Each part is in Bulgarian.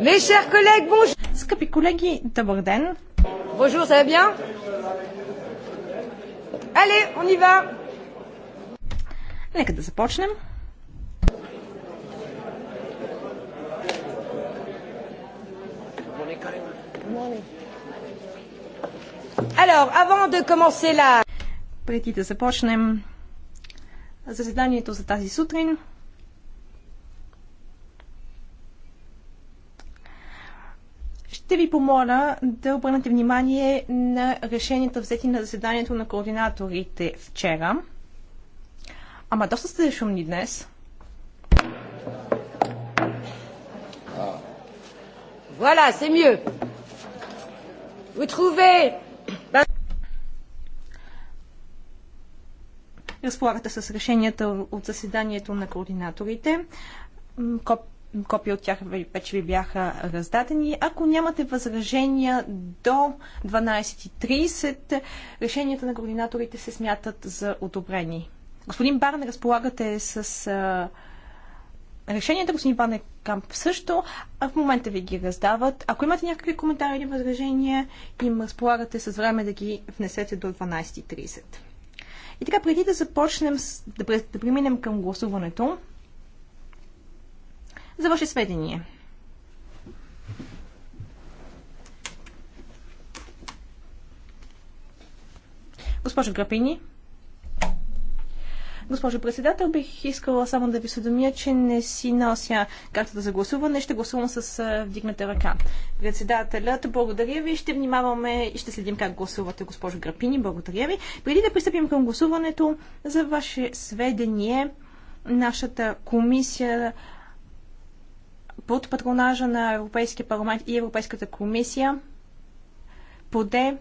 Mes chers collègues, bonjour. Скъпи колеги, добър ден. Bonjour, ça va bien? Allez, on y va. Нека да започнем. Alors, avant de commencer la... Преди да започнем заседанието за тази сутрин, ще ви помоля да обърнете внимание на решенията взети на заседанието на координаторите вчера. Ама доста сте шумни днес. Voilà, c'est mieux. Vous trouvez... разполагате с решенията от заседанието на координаторите. Коп, копия от тях вече ви бяха раздадени. Ако нямате възражения до 12.30, решенията на координаторите се смятат за одобрени. Господин Барн, разполагате с а, решенията, господин Барн Камп също, а в момента ви ги раздават. Ако имате някакви коментари или възражения, им разполагате с време да ги внесете до 12.30. И така, преди да започнем, с, да, да преминем към гласуването, за ваше сведение. Госпожо Грапини, Госпожо председател, бих искала само да ви съдомя, че не си нося картата за гласуване. Ще гласувам с вдигната ръка. Председателят, благодаря ви. Ще внимаваме и ще следим как гласувате, госпожо Грапини. Благодаря ви. Преди да пристъпим към гласуването, за ваше сведение, нашата комисия под патронажа на Европейския парламент и Европейската комисия поде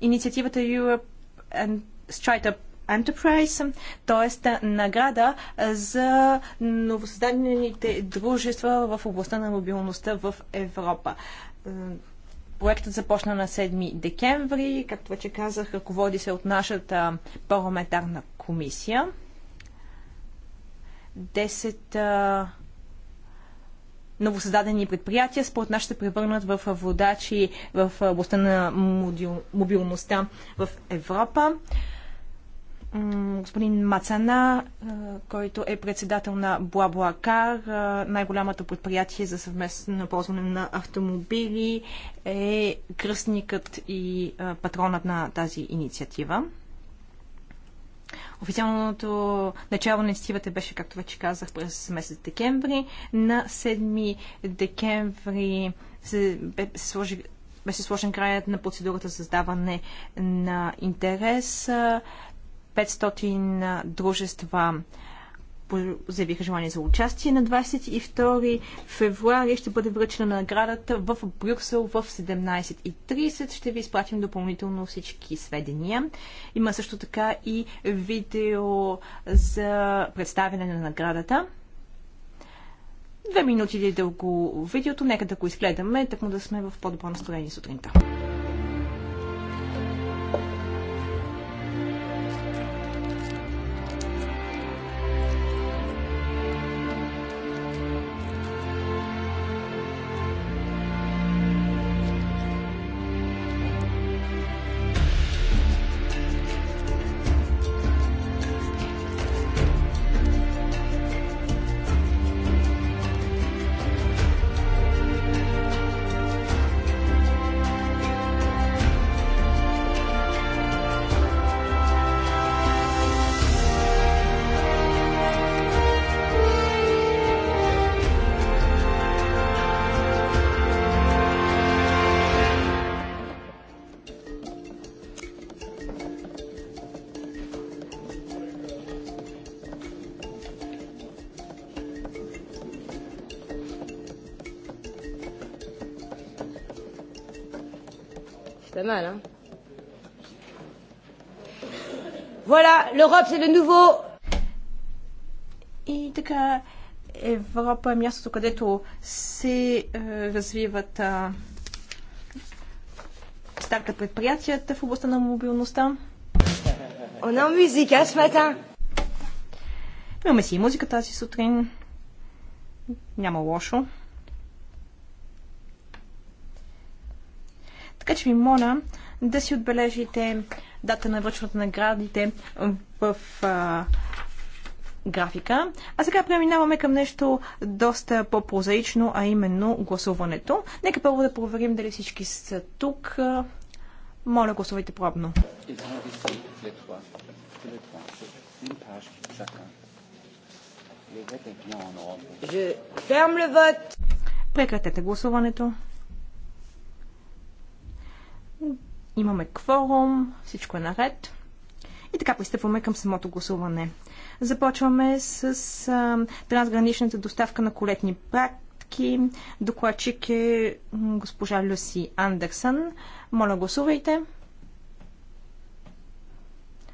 инициативата Europe and Strike Up Enterprise, т.е. награда за новосъздадените дружества в областта на мобилността в Европа. Проектът започна на 7 декември, както вече казах, ръководи се от нашата парламентарна комисия. 10 новосъздадени предприятия, според нас ще превърнат в водачи в областта на мобилността в Европа господин Мацана, който е председател на Блаблакар, най-голямото предприятие за съвместно ползване на автомобили, е кръстникът и патронът на тази инициатива. Официалното начало на инициативата беше, както вече казах, през месец декември. На 7 декември се, сложи беше сложен краят на процедурата за създаване на интерес. 500 дружества заявиха желание за участие. На 22 февруари ще бъде връчена наградата в Брюксел в 17.30. Ще ви изпратим допълнително всички сведения. Има също така и видео за представяне на наградата. Две минути дълго видеото. Нека да го изгледаме, така да сме в по-добро настроение сутринта. mal. Hein. Voilà, l'Europe, c'est de nouveau. И така, Европа е мястото, където се е, развиват е, старта предприятията в областта на мобилността. On a musique, hein, ce matin. Имаме си и музика тази сутрин. Няма лошо. Така че ви моля да си отбележите дата на връчването на наградите в а, графика. А сега преминаваме към нещо доста по-прозаично, а именно гласуването. Нека първо да проверим дали всички са тук. Моля, гласувайте пробно. Прекратете гласуването. Имаме кворум, всичко е наред. И така пристъпваме към самото гласуване. Започваме с а, трансграничната доставка на колетни практики. Докладчик е госпожа Люси Андерсън. Моля, гласувайте.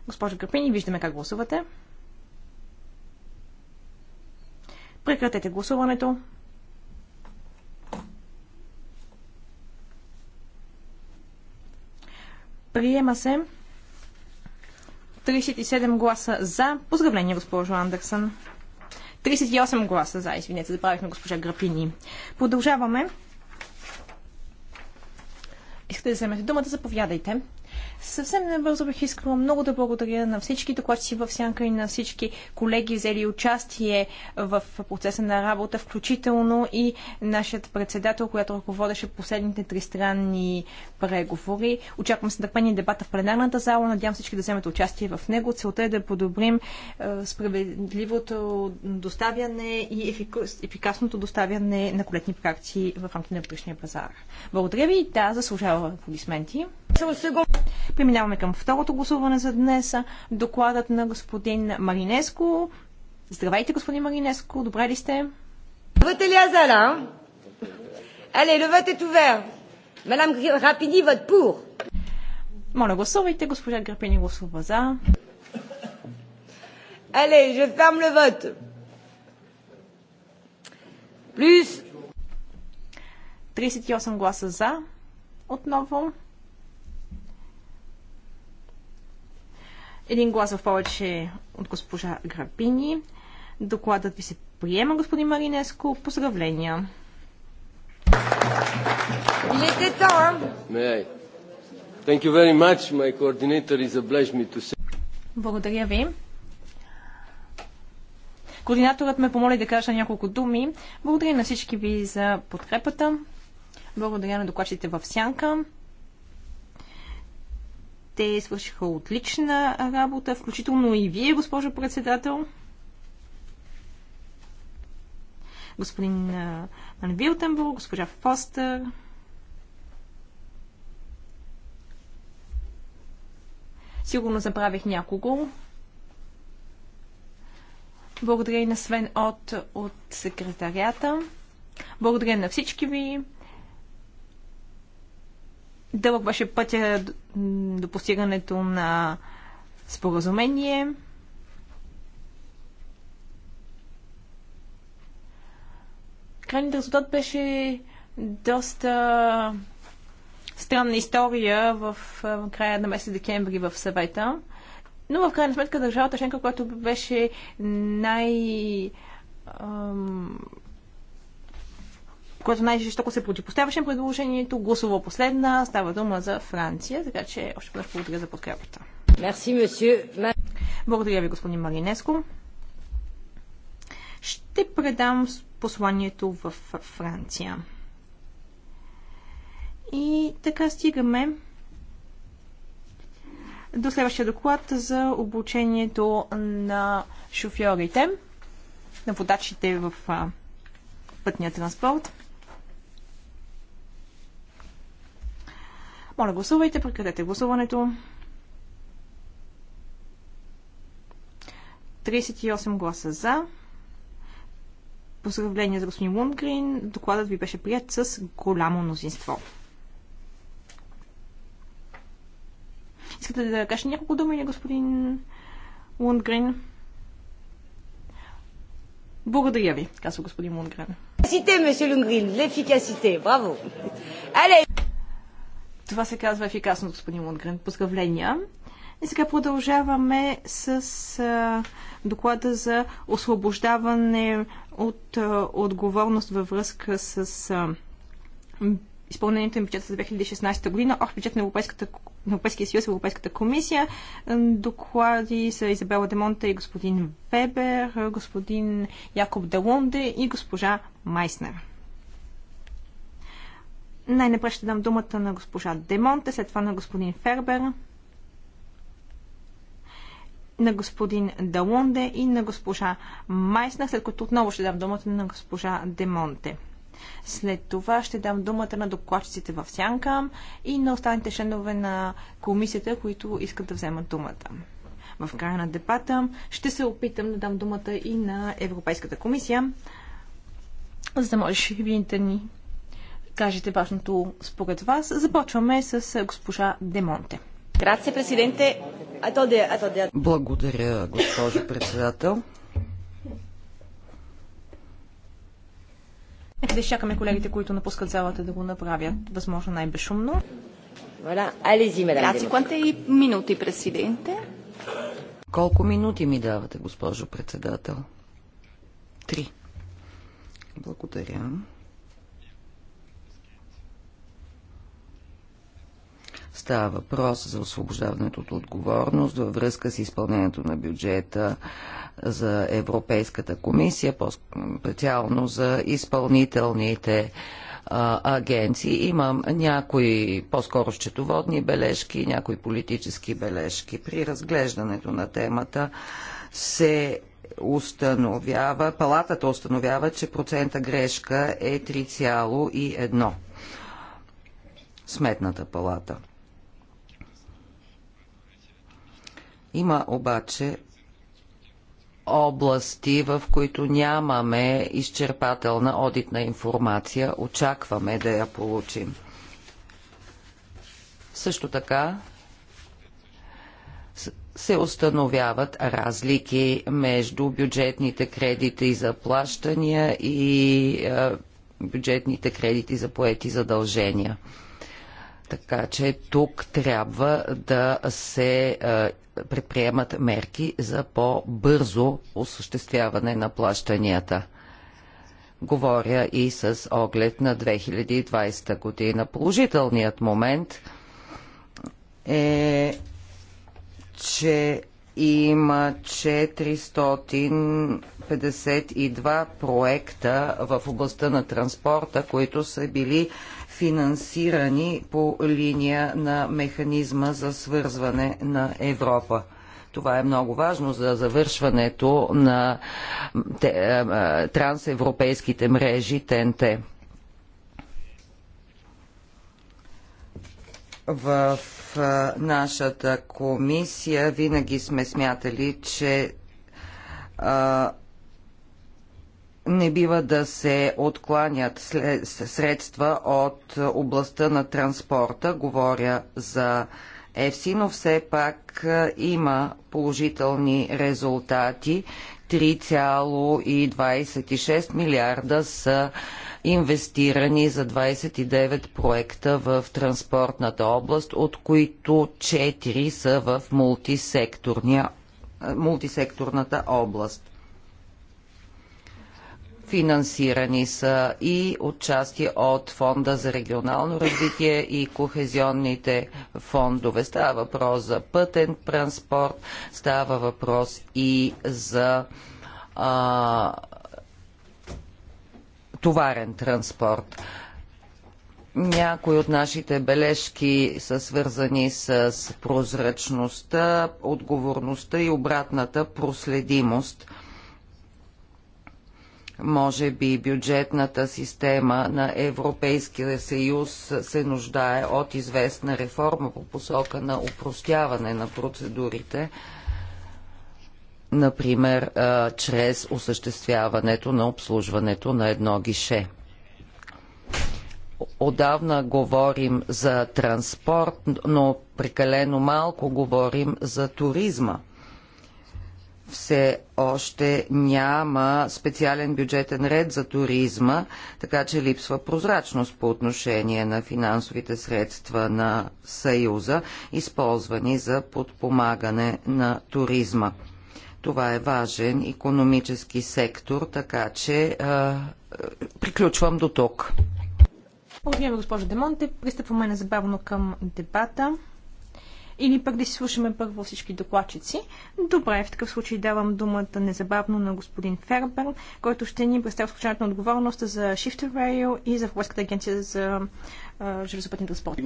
Госпожо Грапини, виждаме как гласувате. Прекратете гласуването. Приема се 37 гласа за. Поздравление, госпожо Андерсън. 38 гласа за, извинете, забравихме госпожа Грапини. Продължаваме. Искате да вземете думата, заповядайте. Съвсем набързо бих искала много да благодаря на всички докладчици в Сянка и на всички колеги, взели участие в процеса на работа, включително и нашият председател, която ръководеше последните тристранни преговори. Очаквам се да пъни дебата в пленарната зала. Надявам всички да вземат участие в него. Целта е да подобрим е, справедливото доставяне и ефикасното доставяне на колетни практики в рамките на вътрешния пазар. Благодаря ви и да, заслужава аплодисменти. Преминаваме към второто гласуване за днес. Докладът на господин Маринеско. Здравейте, господин Маринеско. Добре ли сте? Vote ли Ала? Але, левът е това. Мадам Рапини, vote Моля, гласувайте. Госпожа Грапини гласува за. Але, je ferme le vote. Плюс 38 гласа за. Отново. Един глас в повече от госпожа Грабини. Докладът ви се приема, господин Маринеско. Поздравления! Благодаря ви. Координаторът ме помоли да кажа няколко думи. Благодаря на всички ви за подкрепата. Благодаря на докладчите в Сянка. Те свършиха отлична работа, включително и вие, госпожо председател. Господин Ан Вилтенбург, госпожа Фостер. Сигурно забравих някого. Благодаря и на Свен от, от секретарията. Благодаря на всички ви. Дълъг беше пътя до постигането на споразумение. Крайният резултат беше доста странна история в края на месец декември в съвета. Но в крайна сметка държавата Шенка, е която беше най- което най-жестоко се противопоставяше на предложението, гласува последна. Става дума за Франция, така че още веднъж благодаря за подкрепата. Благодаря ви, господин Маринеско. Ще предам посланието в Франция. И така стигаме до следващия доклад за обучението на шофьорите, на водачите в пътния транспорт. Моля, гласувайте, прекратете гласуването. 38 гласа за. Поздравление за господин Лунгрин. Докладът ви беше прият с голямо мнозинство. Искате да кажете няколко думи ли, господин Лунгрин? Благодаря ви, казва господин Лунгрин. Ефикасите, месе Лунгрин, лефикасите. Браво! Але! Това се казва ефикасно, господин Лунгрен. Поздравления! И сега продължаваме с а, доклада за освобождаване от а, отговорност във връзка с а, изпълнението на бюджета за 2016 година, ох, бюджет на, Европейската, на Европейския съюз Европейската комисия. Доклади са Изабела Демонта и господин Вебер, господин Якоб Далунде и госпожа Майснер. Най-напред ще дам думата на госпожа Демонте, след това на господин Фербер, на господин Далунде и на госпожа Майсна, след като отново ще дам думата на госпожа Демонте. След това ще дам думата на докладчиците в Сянка и на останалите членове на комисията, които искат да вземат думата. В края на дебата ще се опитам да дам думата и на Европейската комисия, за да може видите ни кажете важното според вас. Започваме с госпожа Демонте. президенте. Благодаря, госпожо председател. Нека да изчакаме колегите, които напускат залата да го направят възможно най-бешумно. Грация, кванте и минути, президенте? Колко минути ми давате, госпожо председател? Три. Благодаря. Става въпрос за освобождаването от отговорност във връзка с изпълнението на бюджета за Европейската комисия, по-специално за изпълнителните а, агенции. Имам някои по-скоро счетоводни бележки, някои политически бележки. При разглеждането на темата се установява, палатата установява, че процента грешка е 3,1. Сметната палата – Има обаче области, в които нямаме изчерпателна одитна информация. Очакваме да я получим. Също така се установяват разлики между бюджетните кредити за плащания и е, бюджетните кредити за поети задължения. Така че тук трябва да се е, предприемат мерки за по-бързо осъществяване на плащанията. Говоря и с оглед на 2020 година. Положителният момент е, че има 452 проекта в областта на транспорта, които са били финансирани по линия на механизма за свързване на Европа. Това е много важно за завършването на е, е, трансевропейските мрежи ТНТ. В нашата комисия винаги сме смятали, че а, не бива да се откланят средства от областта на транспорта. Говоря за ЕФСИ, но все пак има положителни резултати. 3,26 милиарда са инвестирани за 29 проекта в транспортната област, от които 4 са в е, мултисекторната област. Финансирани са и отчасти от Фонда за регионално развитие и кохезионните фондове. Става въпрос за пътен транспорт, става въпрос и за а, товарен транспорт. Някои от нашите бележки са свързани с прозрачността, отговорността и обратната проследимост. Може би бюджетната система на Европейския съюз се нуждае от известна реформа по посока на упростяване на процедурите например, чрез осъществяването на обслужването на едно гише. Отдавна говорим за транспорт, но прекалено малко говорим за туризма. Все още няма специален бюджетен ред за туризма, така че липсва прозрачност по отношение на финансовите средства на Съюза, използвани за подпомагане на туризма това е важен економически сектор, така че а, приключвам до тук. Благодаря ви, госпожо Демонте. Пристъпваме незабавно към дебата. Или пък да си слушаме първо всички докладчици. Добре, в такъв случай давам думата незабавно на господин Фербер, който ще ни представи случайната отговорност за Shift Rail и за Европейската агенция за железопътния транспорт.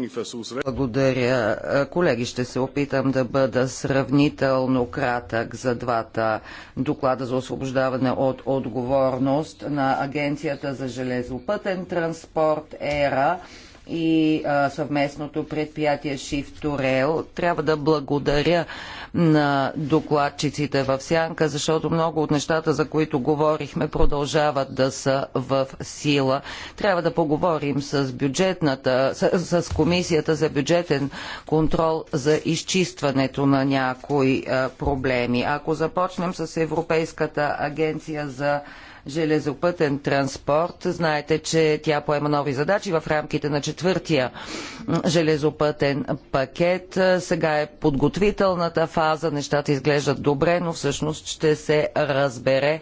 Благодаря. Колеги, ще се опитам да бъда сравнително кратък за двата доклада за освобождаване от отговорност на Агенцията за железопътен транспорт ЕРА и а, съвместното предприятие Shift to Rail. Трябва да благодаря на докладчиците в Сянка, защото много от нещата, за които говорихме, продължават да са в сила. Трябва да поговорим с бюджетната, с, с комисията за бюджетен контрол за изчистването на някои а, проблеми. Ако започнем с Европейската агенция за железопътен транспорт. Знаете, че тя поема нови задачи в рамките на четвъртия железопътен пакет. Сега е подготвителната фаза, нещата изглеждат добре, но всъщност ще се разбере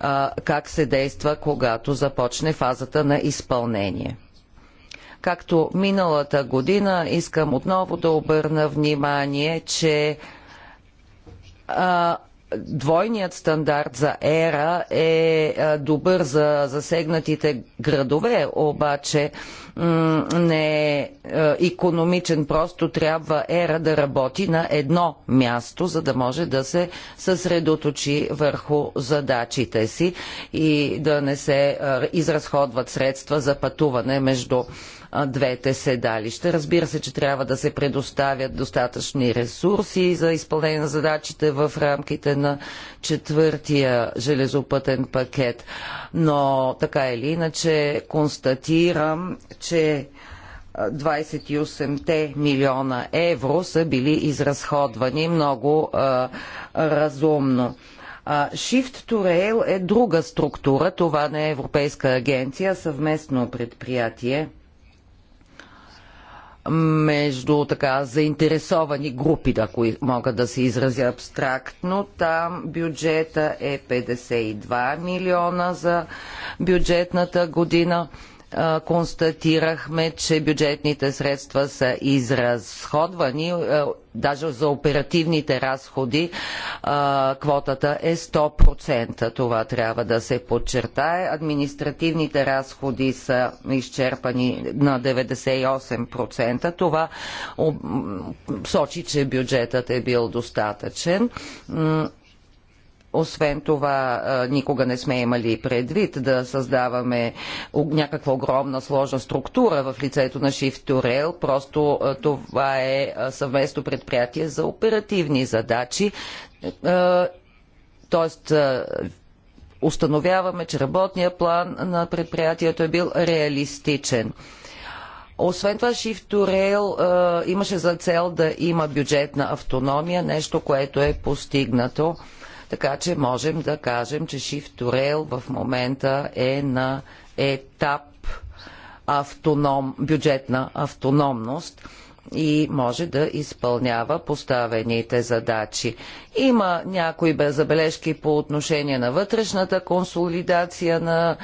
а, как се действа, когато започне фазата на изпълнение. Както миналата година, искам отново да обърна внимание, че а, двойният стандарт за ера е, е добър за засегнатите градове, обаче не е економичен. Просто трябва ера да работи на едно място, за да може да се съсредоточи върху задачите си и да не се е, изразходват средства за пътуване между двете седалища. Разбира се, че трябва да се предоставят достатъчни ресурси за изпълнение на задачите в рамките на четвъртия железопътен пакет. Но така или иначе констатирам, че 28-те милиона евро са били изразходвани много а, разумно. А, Shift to Rail е друга структура. Това не е Европейска агенция, съвместно предприятие между така заинтересовани групи, ако мога да се изразя абстрактно. Там бюджета е 52 милиона за бюджетната година констатирахме, че бюджетните средства са изразходвани, даже за оперативните разходи квотата е 100%. Това трябва да се подчертае. Административните разходи са изчерпани на 98%. Това сочи, че бюджетът е бил достатъчен. Освен това, никога не сме имали предвид да създаваме някаква огромна сложна структура в лицето на Shift to Rail. Просто това е съвместно предприятие за оперативни задачи. Тоест, установяваме, че работният план на предприятието е бил реалистичен. Освен това, Shift to Rail е, имаше за цел да има бюджетна автономия, нещо, което е постигнато така че можем да кажем, че Shift Rail в момента е на етап автоном, бюджетна автономност и може да изпълнява поставените задачи. Има някои беззабележки по отношение на вътрешната консолидация на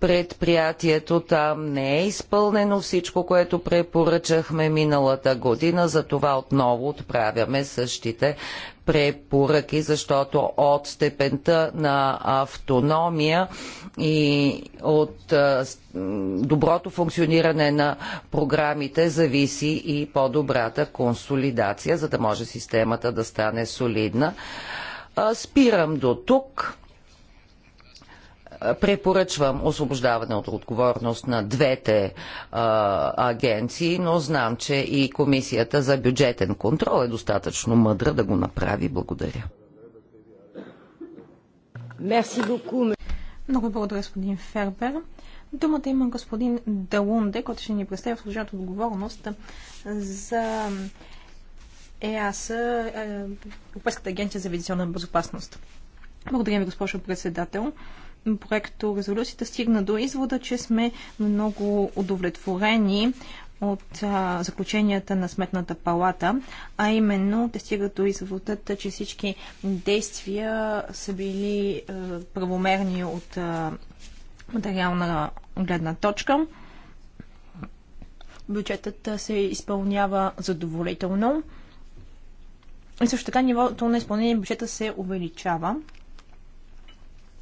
предприятието. Там не е изпълнено всичко, което препоръчахме миналата година. За това отново отправяме същите препоръки, защото от степента на автономия и от доброто функциониране на програмите зависи и по-добрата консолидация, за да може системата да стане солидна. Спирам до тук. Препоръчвам освобождаване от отговорност на двете а, агенции, но знам, че и Комисията за бюджетен контрол е достатъчно мъдра да го направи. Благодаря. Много благодаря, господин Фербер. Думата има господин Далунде, който ще ни представя служебната отговорност за ЕАСА, е, Европейската агенция за авиационна безопасност. Благодаря ви, госпожо председател проекто резолюцията стигна до извода, че сме много удовлетворени от а, заключенията на Сметната палата, а именно те стигат до изводът, че всички действия са били а, правомерни от а, материална гледна точка. Бюджетът се изпълнява задоволително. И също така нивото на изпълнение бюджета се увеличава.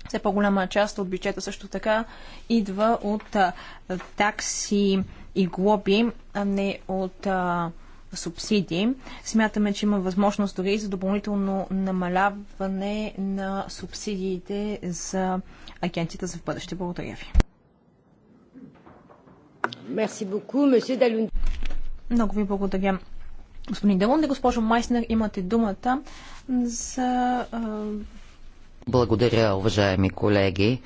Все по-голяма част от бюджета също така идва от а, такси и глоби, а не от а, субсидии. Смятаме, че има възможност дори за допълнително намаляване на субсидиите за агенцията за в бъдеще. Благодаря ви. Много ви благодаря. Господин Делунде, госпожо Майснер, имате думата за благодаря, уважаеми колеги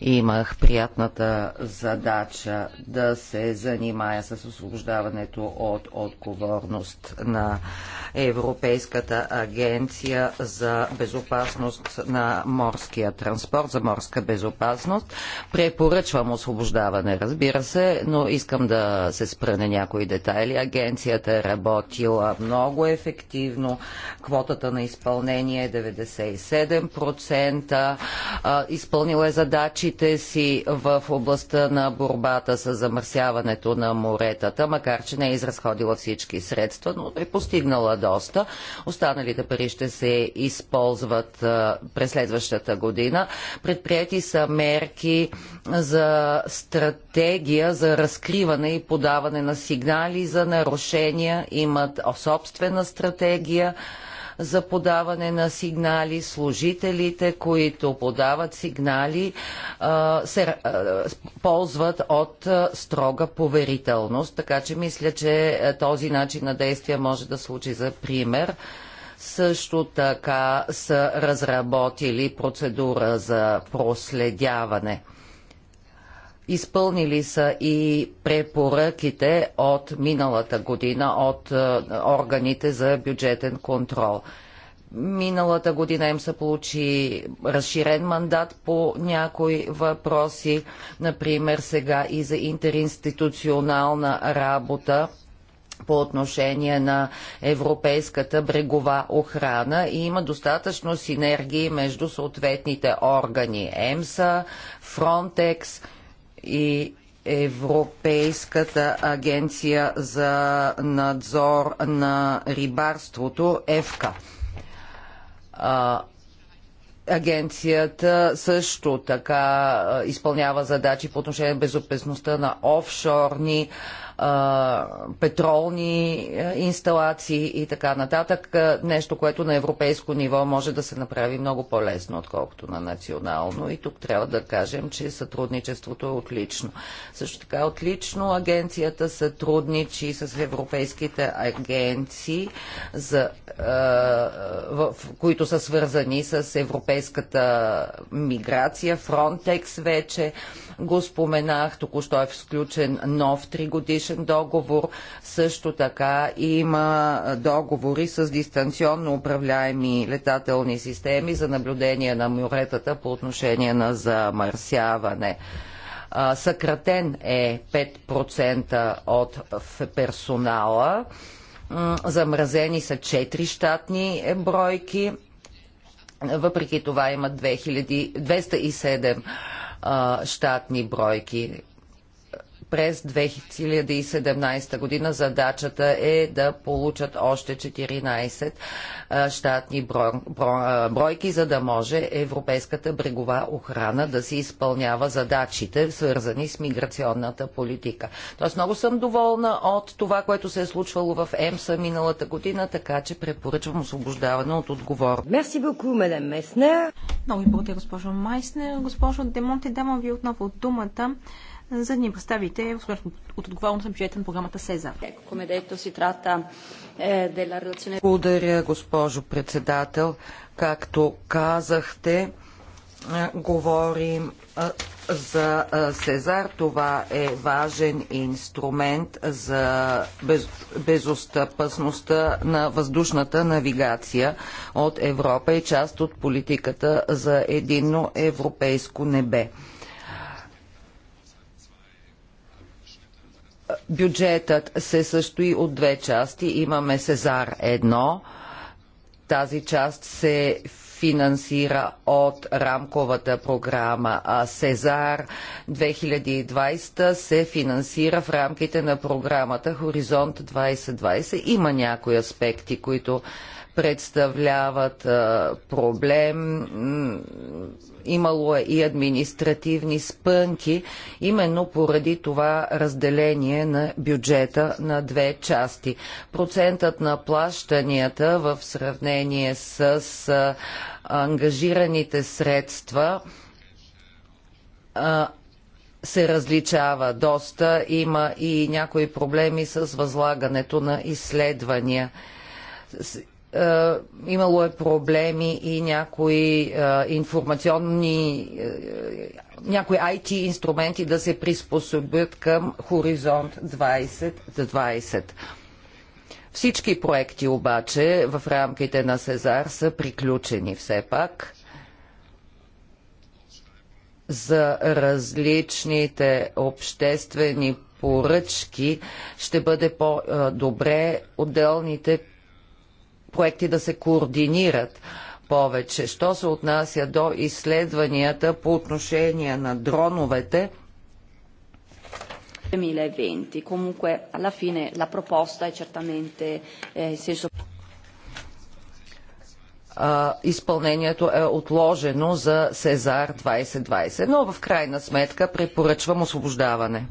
имах приятната задача да се занимая с освобождаването от отговорност на Европейската агенция за безопасност на морския транспорт, за морска безопасност. Препоръчвам освобождаване, разбира се, но искам да се спра на някои детайли. Агенцията е работила много ефективно. Квотата на изпълнение е 97%. Изпълнила е задачи задачите си в областта на борбата с замърсяването на моретата, макар че не е изразходила всички средства, но е постигнала доста. Останалите пари ще се използват през следващата година. Предприяти са мерки за стратегия за разкриване и подаване на сигнали за нарушения. Имат собствена стратегия за подаване на сигнали, служителите, които подават сигнали, се ползват от строга поверителност, така че мисля, че този начин на действие може да случи за пример. Също така са разработили процедура за проследяване. Изпълнили са и препоръките от миналата година от е, органите за бюджетен контрол. Миналата година им се получи разширен мандат по някои въпроси, например сега и за интеринституционална работа по отношение на европейската брегова охрана и има достатъчно синергии между съответните органи ЕМСА, Фронтекс – и Европейската агенция за надзор на рибарството ЕФКА. Агенцията също така изпълнява задачи по отношение на безопасността на офшорни а, петролни инсталации и така нататък. Нещо, което на европейско ниво може да се направи много по-лесно, отколкото на национално. И тук трябва да кажем, че сътрудничеството е отлично. Също така отлично агенцията сътрудничи с европейските агенции, за, в, които са свързани с европейската миграция, Frontex вече го споменах, току-що е включен нов тригодишен договор. Също така има договори с дистанционно управляеми летателни системи за наблюдение на моретата по отношение на замърсяване съкратен е 5% от персонала. Замразени са 4 щатни бройки. Въпреки това има 2207 а, щатни бройки през 2017 година задачата е да получат още 14 щатни бройки, за да може Европейската брегова охрана да си изпълнява задачите, свързани с миграционната политика. Тоест много съм доволна от това, което се е случвало в ЕМСА миналата година, така че препоръчвам освобождаване от отговор. Мерси beaucoup, мадам Меснер. Много ви благодаря, госпожо Майснер. Госпожо Демонте, давам ви отново думата за да ни представите от отговорност на бюджета на програмата СЕЗА. Eh, Благодаря, госпожо председател. Както казахте, е, говорим е, за е, Сезар. Това е важен инструмент за без, безостъпността на въздушната навигация от Европа и част от политиката за единно европейско небе. Бюджетът се състои от две части. Имаме Сезар 1. Тази част се финансира от рамковата програма а Сезар 2020 се финансира в рамките на програмата Хоризонт 2020. Има някои аспекти, които представляват проблем имало е и административни спънки, именно поради това разделение на бюджета на две части. Процентът на плащанията в сравнение с ангажираните средства се различава доста. Има и някои проблеми с възлагането на изследвания е, имало е проблеми и някои е, информационни, е, някои IT инструменти да се приспособят към Хоризонт 2020. 20. Всички проекти обаче в рамките на Сезар са приключени все пак за различните обществени поръчки ще бъде по-добре отделните проекти да се координират повече. Що се отнася до изследванията по отношение на дроновете, 2020. Comunque alla fine la proposta è certamente изпълнението е отложено за Сезар 2020. Но в крайна сметка препоръчвам освобождаване.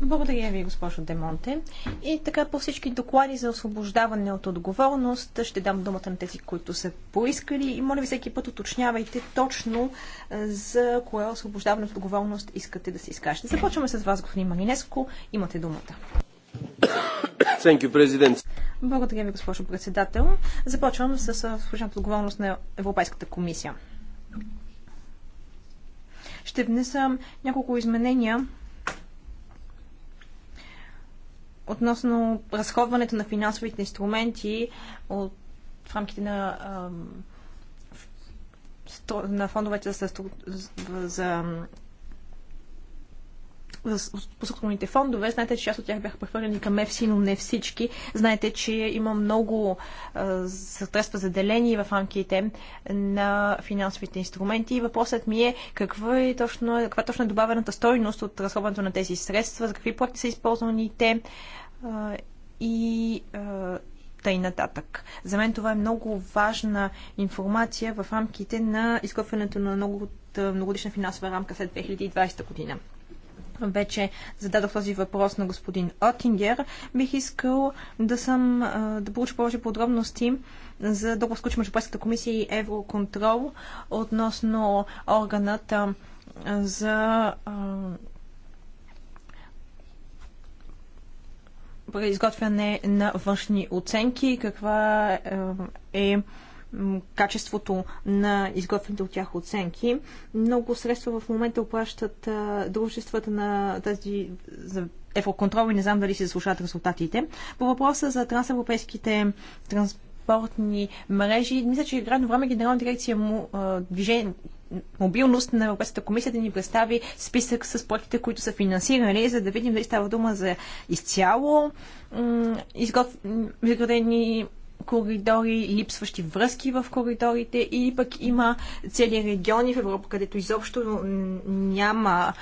Благодаря ви, госпожо Демонте. И така по всички доклади за освобождаване от отговорност ще дам думата на тези, които са поискали. И моля ви всеки път уточнявайте точно е, за кое освобождаване от отговорност искате да се изкажете. Започваме с вас, господин Маринеско. Имате думата. You, Благодаря ви, госпожо председател. Започвам с служебната отговорност на Европейската комисия. Ще внесам няколко изменения относно разходването на финансовите инструменти от, в рамките на, на фондовете за, за структурните фондове. Знаете, че част от тях бяха прехвърлени към ЕФСИ, но не всички. Знаете, че има много средства за деление в рамките на финансовите инструменти. И въпросът ми е каква е точно, каква точно е добавената стойност от разходването на тези средства, за какви проекти са използвани те, и тъй нататък. За мен това е много важна информация в рамките на изготвянето на многодишна финансова рамка след 2020 година. Вече зададох този въпрос на господин Отингер. Бих искал да, съм, да получа повече подробности за договор сключен между Европейската комисия и Евроконтрол относно органата за изготвяне на външни оценки, каква е качеството на изготвените от тях оценки. Много средства в момента оплащат дружествата на тази Евроконтрол и не знам дали се слушат резултатите. По въпроса за трансевропейските транспорти транспортни мрежи. Мисля, че градно време Генерална дирекция му, движение, мобилност на Европейската комисия да ни представи списък с проектите, които са финансирани, за да видим дали става дума за изцяло изградени коридори, липсващи връзки в коридорите или пък има цели региони в Европа, където изобщо няма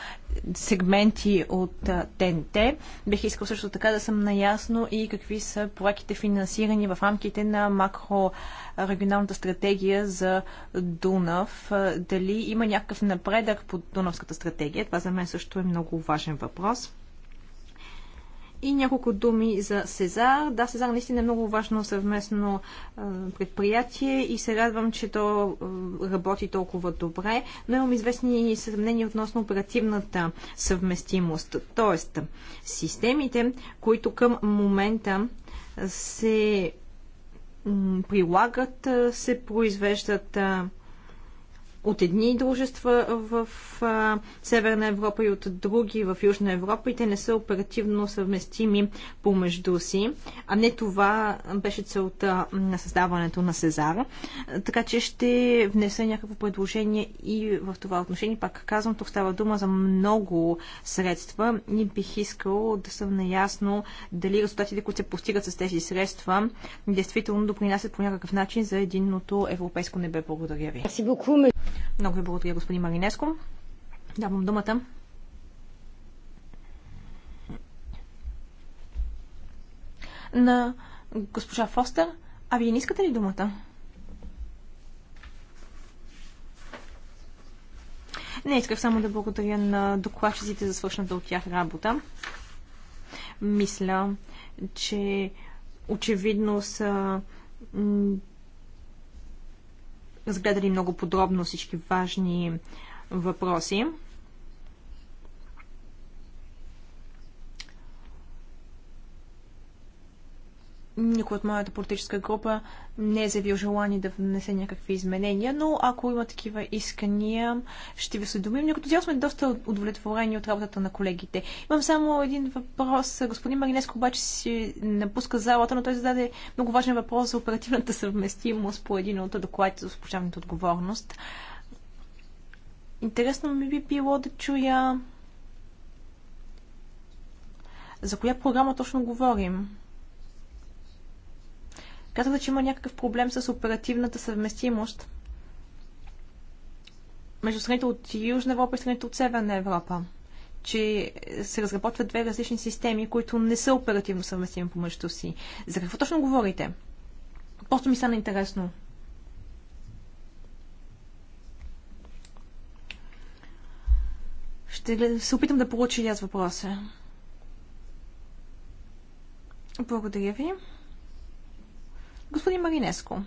сегменти от ТНТ. Бих искал също така да съм наясно и какви са проектите финансирани в рамките на макрорегионалната стратегия за Дунав. Дали има някакъв напредък по Дунавската стратегия? Това за мен също е много важен въпрос. И няколко думи за Сезар. Да, Сезар наистина е много важно съвместно предприятие и се радвам, че то работи толкова добре, но имам известни съмнения относно оперативната съвместимост. Тоест, системите, които към момента се прилагат, се произвеждат от едни дружества в а, Северна Европа и от други в Южна Европа и те не са оперативно съвместими помежду си. А не това беше целта на създаването на Сезара. Така че ще внеса някакво предложение и в това отношение. Пак казвам, тук става дума за много средства и бих искал да съм наясно дали резултатите, които се постигат с тези средства, действително допринасят по някакъв начин за единното европейско небе. Благодаря ви. Много ви благодаря, господин Маринеско. Давам думата. На госпожа Фостер, а вие не искате ли думата? Не, исках само да благодаря на докладчиците за свършната от тях работа. Мисля, че очевидно са разгледали много подробно всички важни въпроси. никой от моята политическа група не е заявил желание да внесе някакви изменения, но ако има такива искания, ще ви съдомим. Но като цяло сме доста удовлетворени от работата на колегите. Имам само един въпрос. Господин Маринеско обаче си напуска залата, но той зададе много важен въпрос за оперативната съвместимост по един от докладите за освобождаването отговорност. Интересно ми би било да чуя за коя програма точно говорим. Казвате, че има някакъв проблем с оперативната съвместимост между страните от Южна Европа и страните от Северна Европа. Че се разработват две различни системи, които не са оперативно съвместими помежду си. За какво точно говорите? Просто ми стана интересно. Ще се опитам да получа и аз въпроса. Благодаря ви. Господин Маринеско,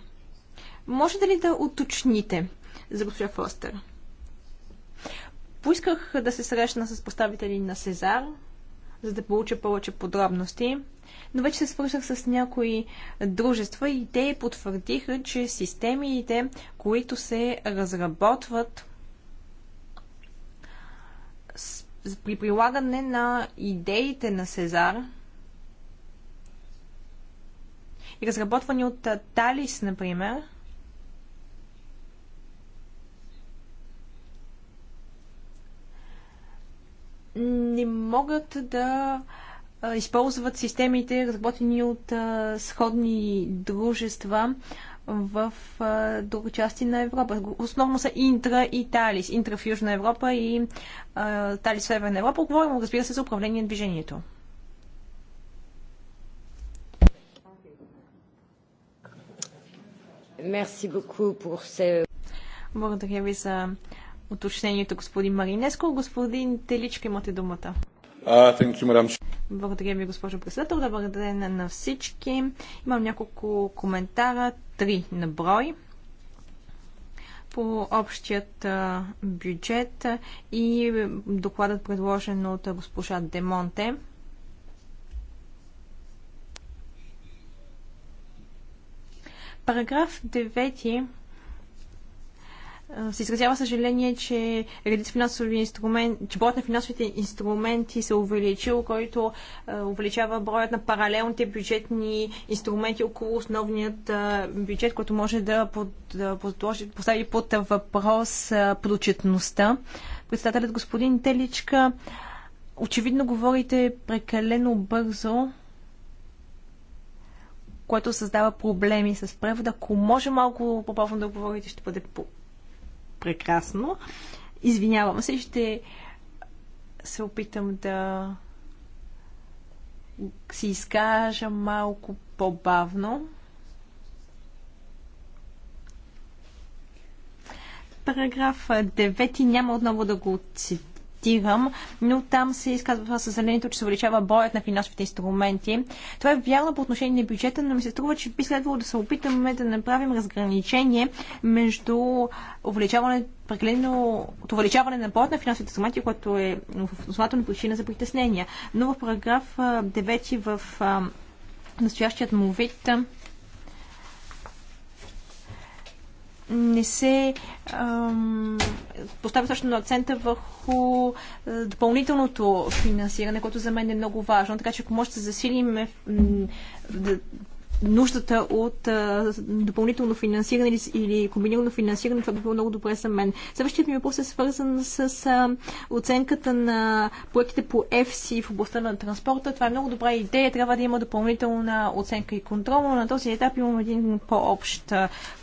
можете ли да уточните за госпожа Фостер? Поисках да се срещна с представители на Сезар, за да получа повече подробности, но вече се свързах с някои дружества и те потвърдиха, че системите, които се разработват при прилагане на идеите на Сезар, разработвани от Талис, например, не могат да използват системите, разработени от а, сходни дружества в а, други части на Европа. Основно са Интра и Талис. Интра в Южна Европа и а, Талис в Северна Европа. Говорим, разбира се, за управление на движението. Merci beaucoup pour ce... Благодаря ви за уточнението, господин Маринеско. Господин Теличка, имате думата. you, Благодаря ви, госпожо председател. Добър ден на всички. Имам няколко коментара, три на брой по общият бюджет и докладът предложен от госпожа Демонте. Параграф 9 се изразява съжаление, че редица финансови инструмент, че броят на финансовите инструменти се е увеличил, който увеличава броят на паралелните бюджетни инструменти около основният бюджет, който може да, под, да подложи, постави под въпрос е, прочетността. Председателят господин Теличка, очевидно говорите прекалено бързо което създава проблеми с превода. Ако може малко по бавно да говорите, ще бъде по- прекрасно. Извинявам се, ще се опитам да си изкажа малко по-бавно. Параграф 9 няма отново да го цитирам цитирам, но там се изказва това съзнанието, че се увеличава броят на финансовите инструменти. Това е вярно по отношение на бюджета, но ми се струва, че би следвало да се опитаме да направим разграничение между увеличаването прекалено от увеличаване на броят на финансовите инструменти, което е основателна причина за притеснения. Но в параграф 9 в настоящият му вид не се ам, поставя точно акцента върху е, допълнителното финансиране, което за мен е много важно. Така че ако може да засилим нуждата от а, допълнително финансиране или, или комбинирано финансиране, това би било много добре за мен. Следващият ми въпрос е свързан с а, оценката на проектите по Ефси в областта на транспорта. Това е много добра идея. Трябва да има допълнителна оценка и контрол. Но на този етап имам един по-общ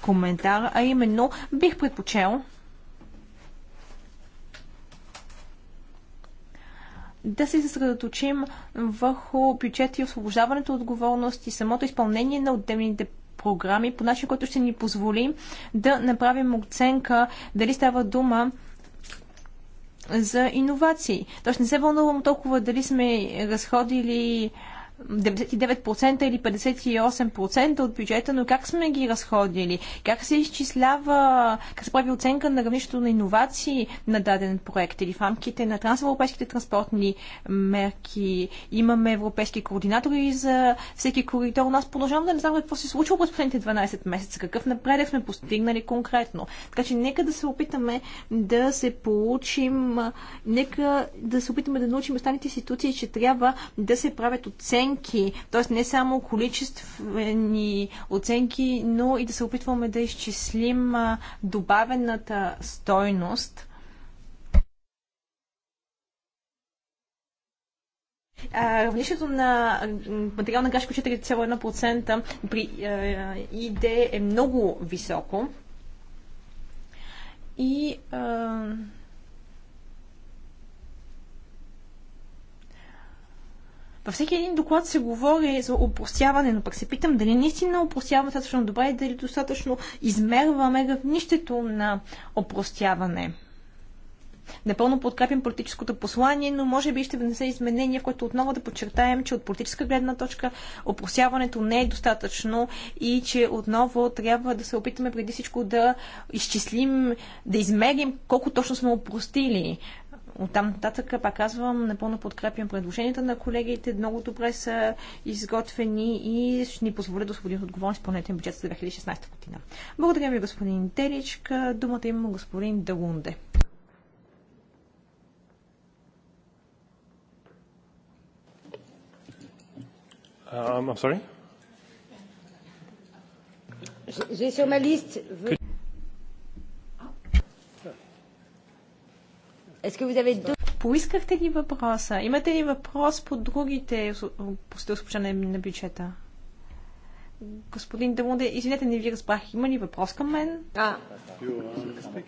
коментар, а именно бих предпочел да се съсредоточим върху бюджет и освобождаването от отговорност и самото изпълнение на отделните програми по начин, който ще ни позволи да направим оценка дали става дума за иновации. Тоест не се вълнувам толкова дали сме разходили 99% или 58% от бюджета, но как сме ги разходили? Как се изчислява, как се прави оценка на равнището на иновации на даден проект или в рамките на трансевропейските транспортни мерки? Имаме европейски координатори за всеки коридор. У нас продължавам да не знам какво се е случва през последните 12 месеца, какъв напредък сме постигнали конкретно. Така че нека да се опитаме да се получим, нека да се опитаме да научим останалите институции, че трябва да се правят оценки оценки, т.е. не само количествени оценки, но и да се опитваме да изчислим добавената стойност. Равнището на материал на грешка 4,1% при ИД е много високо. И Във всеки един доклад се говори за упростяване, но пък се питам дали наистина упростяваме достатъчно добре и дали достатъчно измерваме равнището на упростяване. Напълно подкрепим политическото послание, но може би ще внесе изменения, в което отново да подчертаем, че от политическа гледна точка опросяването не е достатъчно и че отново трябва да се опитаме преди всичко да изчислим, да измерим колко точно сме опростили. От там нататък, пак казвам, напълно подкрепям предложенията на колегите. Много добре са изготвени и ще ни позволя да освободим отговорност по нетен бюджет за 2016 година. Благодаря ви, господин Теричка. Думата има господин Далунде. Um, I'm sorry? J'ai sur ma liste. Поискахте ли въпроса? Имате ли въпрос по другите постоянстване на бюджета? Господин Дамуде, извинете, не ви разбрах. Има ли въпрос към мен? А,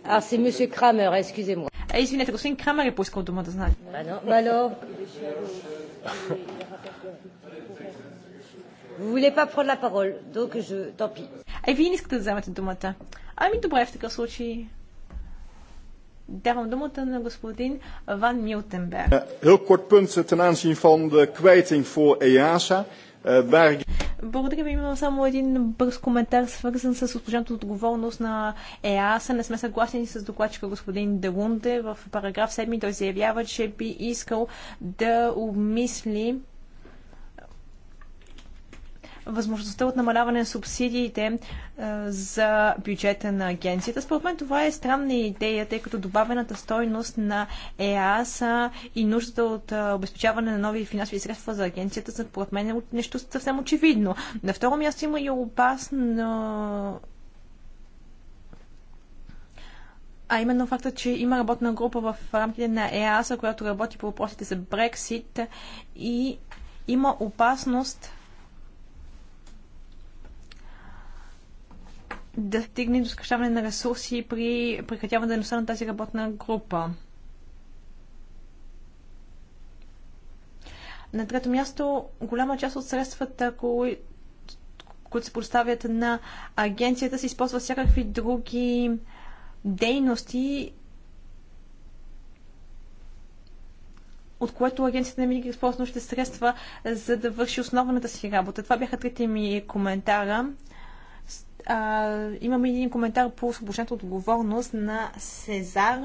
а си мисля Крамер, ескюзе му. А, извинете, господин Крамер е поискал дума да знае. Мало. Vous voulez pas prendre la parole, donc je... Tant pis. А, вие не искате да вземете думата. Ами добре, в такъв случай. Давам думата на господин Ван Uh, Heel kort punt eh, ten aanzien van de kwijting voor EASA. Eh, Благодаря ви. Имам само един бърз коментар, свързан с служебната отговорност на ЕАСА. E Не сме съгласни с докладчика господин Делунде. В параграф 7 той заявява, че би искал да обмисли възможността от намаляване на субсидиите е, за бюджета на агенцията. Според мен това е странна идея, тъй като добавената стойност на ЕАСА и нуждата от е, обезпечаване на нови финансови средства за агенцията, според мен е нещо съвсем очевидно. На второ място има и опасно а именно факта, че има работна група в рамките на ЕАСА, която работи по въпросите за Брексит и има опасност да стигне до скъщаване на ресурси при прекратяване дейността на тази работна група. На трето място, голяма част от средствата, кои, които се поставят на агенцията, се използва всякакви други дейности, от което агенцията не винаги използва нужните средства, за да върши основната си работа. Това бяха трите ми коментара а, имаме един коментар по освобождената отговорност на Сезар.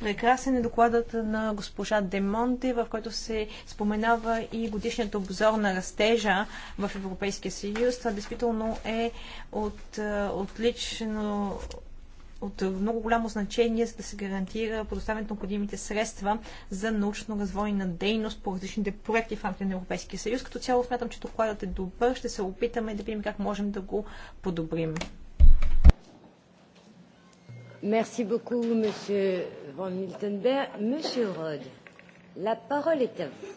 Прекрасен е докладът на госпожа Демонте, в който се споменава и годишният обзор на растежа в Европейския съюз. Това действително е от, отлично от много голямо значение, за да се гарантира предоставянето на необходимите средства за научно-развойна дейност по различните проекти в рамките на Европейския съюз. Като цяло смятам, че докладът е добър. Ще се опитаме да видим как можем да го подобрим. Merci beaucoup, monsieur Van Miltenberg. Monsieur Rod, la parole est à vous.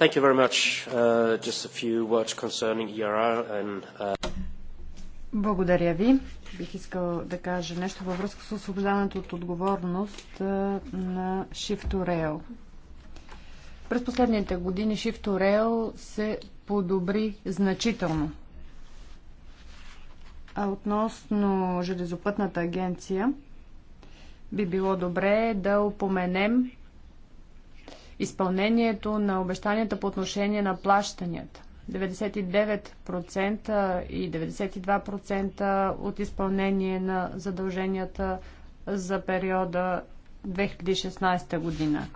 Thank you very much. Uh, just a few words concerning ERR and uh благодаря ви. Бих искал да кажа нещо във връзка с освобождаването от отговорност на Shift Rail. През последните години Shift Rail се подобри значително. А относно Железопътната агенция, би било добре да упоменем изпълнението на обещанията по отношение на плащанията. 99% и 92% от изпълнение на задълженията за периода 2016 година.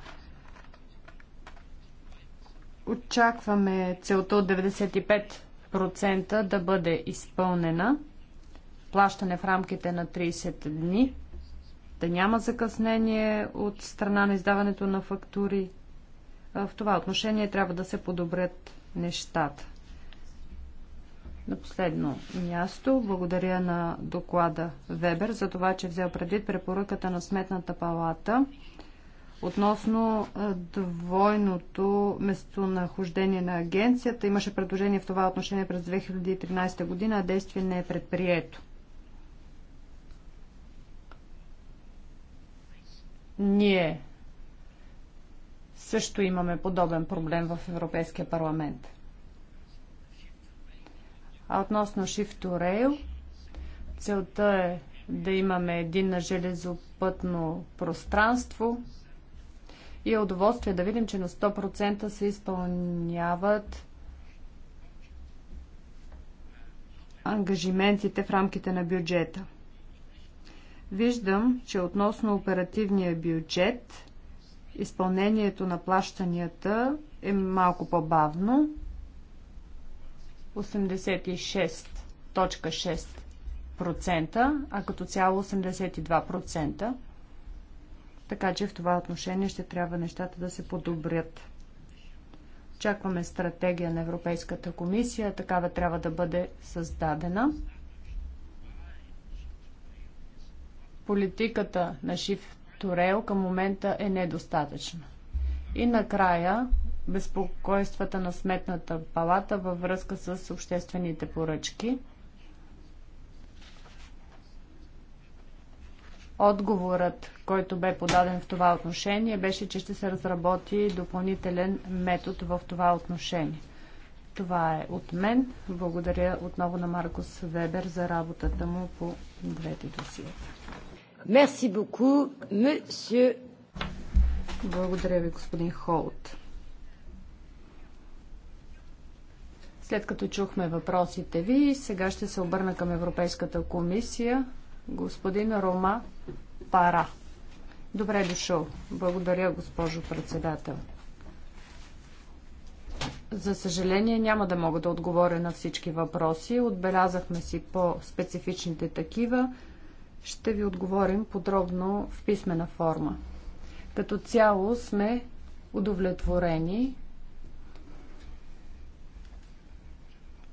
Очакваме целта от 95% да бъде изпълнена. Плащане в рамките на 30 дни. Да няма закъснение от страна на издаването на фактури. В това отношение трябва да се подобрят нещата. На последно място, благодаря на доклада Вебер за това, че взел предвид препоръката на Сметната палата относно двойното местонахождение на агенцията. Имаше предложение в това отношение през 2013 година, а действие не е предприето. Ние също имаме подобен проблем в Европейския парламент. А относно Shift to Rail, целта е да имаме един на железопътно пространство и е удоволствие да видим, че на 100% се изпълняват ангажиментите в рамките на бюджета. Виждам, че относно оперативния бюджет изпълнението на плащанията е малко по-бавно. 86.6%, а като цяло 82%. Така че в това отношение ще трябва нещата да се подобрят. Очакваме стратегия на Европейската комисия. Такава трябва да бъде създадена. Политиката на Shift Торел към момента е недостатъчно. И накрая, безпокойствата на Сметната палата във връзка с обществените поръчки. Отговорът, който бе подаден в това отношение, беше, че ще се разработи допълнителен метод в това отношение. Това е от мен. Благодаря отново на Маркос Вебер за работата му по двете досиета. Мерси Боку, месье. Благодаря ви, господин Холт. След като чухме въпросите ви, сега ще се обърна към Европейската комисия. Господин Рома Пара. Добре дошъл. Благодаря, госпожо председател. За съжаление няма да мога да отговоря на всички въпроси. Отбелязахме си по-специфичните такива ще ви отговорим подробно в писмена форма. Като цяло сме удовлетворени.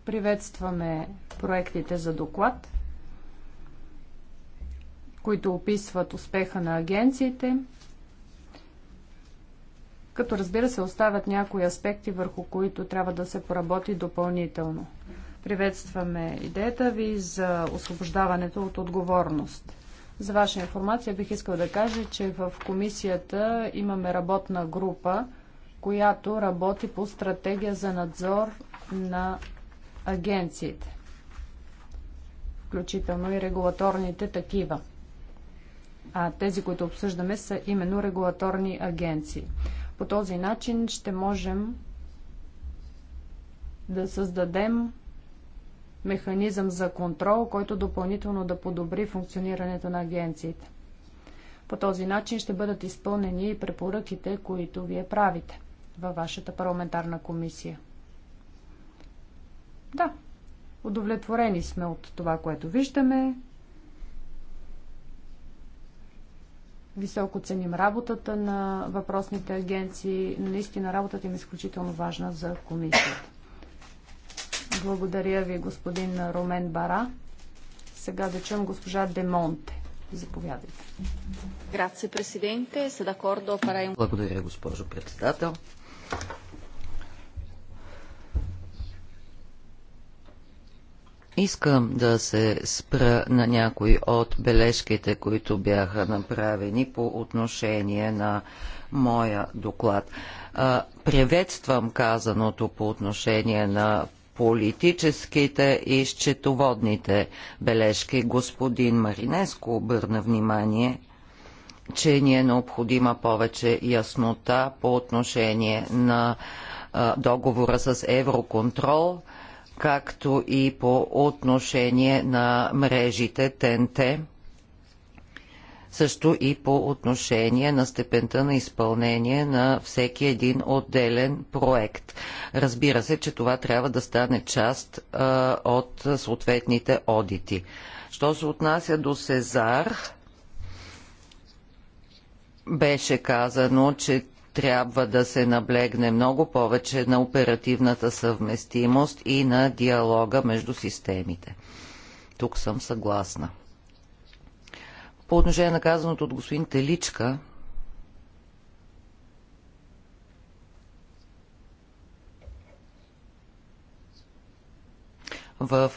Приветстваме проектите за доклад, които описват успеха на агенциите, като разбира се оставят някои аспекти, върху които трябва да се поработи допълнително. Приветстваме идеята ви за освобождаването от отговорност. За ваша информация бих искал да кажа, че в комисията имаме работна група, която работи по стратегия за надзор на агенциите, включително и регулаторните такива. А тези, които обсъждаме, са именно регулаторни агенции. По този начин ще можем да създадем механизъм за контрол, който допълнително да подобри функционирането на агенциите. По този начин ще бъдат изпълнени и препоръките, които вие правите във вашата парламентарна комисия. Да, удовлетворени сме от това, което виждаме. Високо ценим работата на въпросните агенции. Наистина работата им е изключително важна за комисията. Благодаря ви, господин Ромен Бара. Сега да чуем госпожа Демонте. Заповядайте. Грация, президенте. Благодаря, госпожо председател. Искам да се спра на някои от бележките, които бяха направени по отношение на моя доклад. Приветствам казаното по отношение на политическите и счетоводните бележки. Господин Маринеско обърна внимание, че ни е необходима повече яснота по отношение на договора с Евроконтрол, както и по отношение на мрежите ТНТ също и по отношение на степента на изпълнение на всеки един отделен проект. Разбира се, че това трябва да стане част а, от съответните одити. Що се отнася до Сезар, беше казано, че трябва да се наблегне много повече на оперативната съвместимост и на диалога между системите. Тук съм съгласна. По отношение на казаното от господин Теличка, в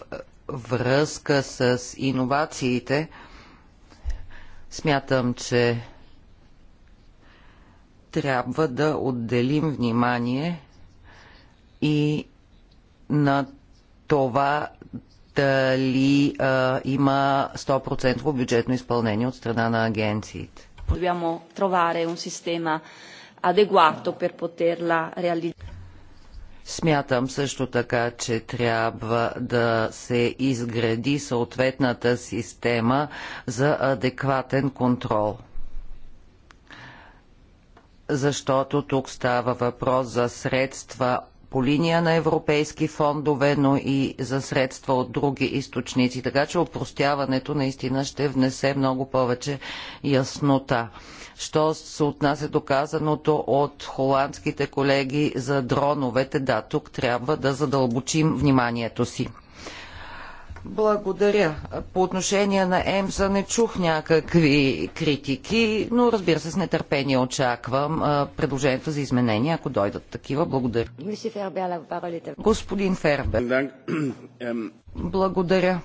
връзка с иновациите, смятам, че трябва да отделим внимание и на това дали а, има 100% бюджетно изпълнение от страна на агенциите. Dobbiamo trovare un sistema adeguato per poterla realizzare. Смятам също така, че трябва да се изгради съответната система за адекватен контрол. Защото тук става въпрос за средства по линия на европейски фондове, но и за средства от други източници. Така че опростяването наистина ще внесе много повече яснота. Що се отнася до казаното от холандските колеги за дроновете, да, тук трябва да задълбочим вниманието си. Благодаря. По отношение на ЕМСА не чух някакви критики, но разбира се, с нетърпение очаквам предложението за изменения, ако дойдат такива. Благодаря. Господин Фербер. Благодаря.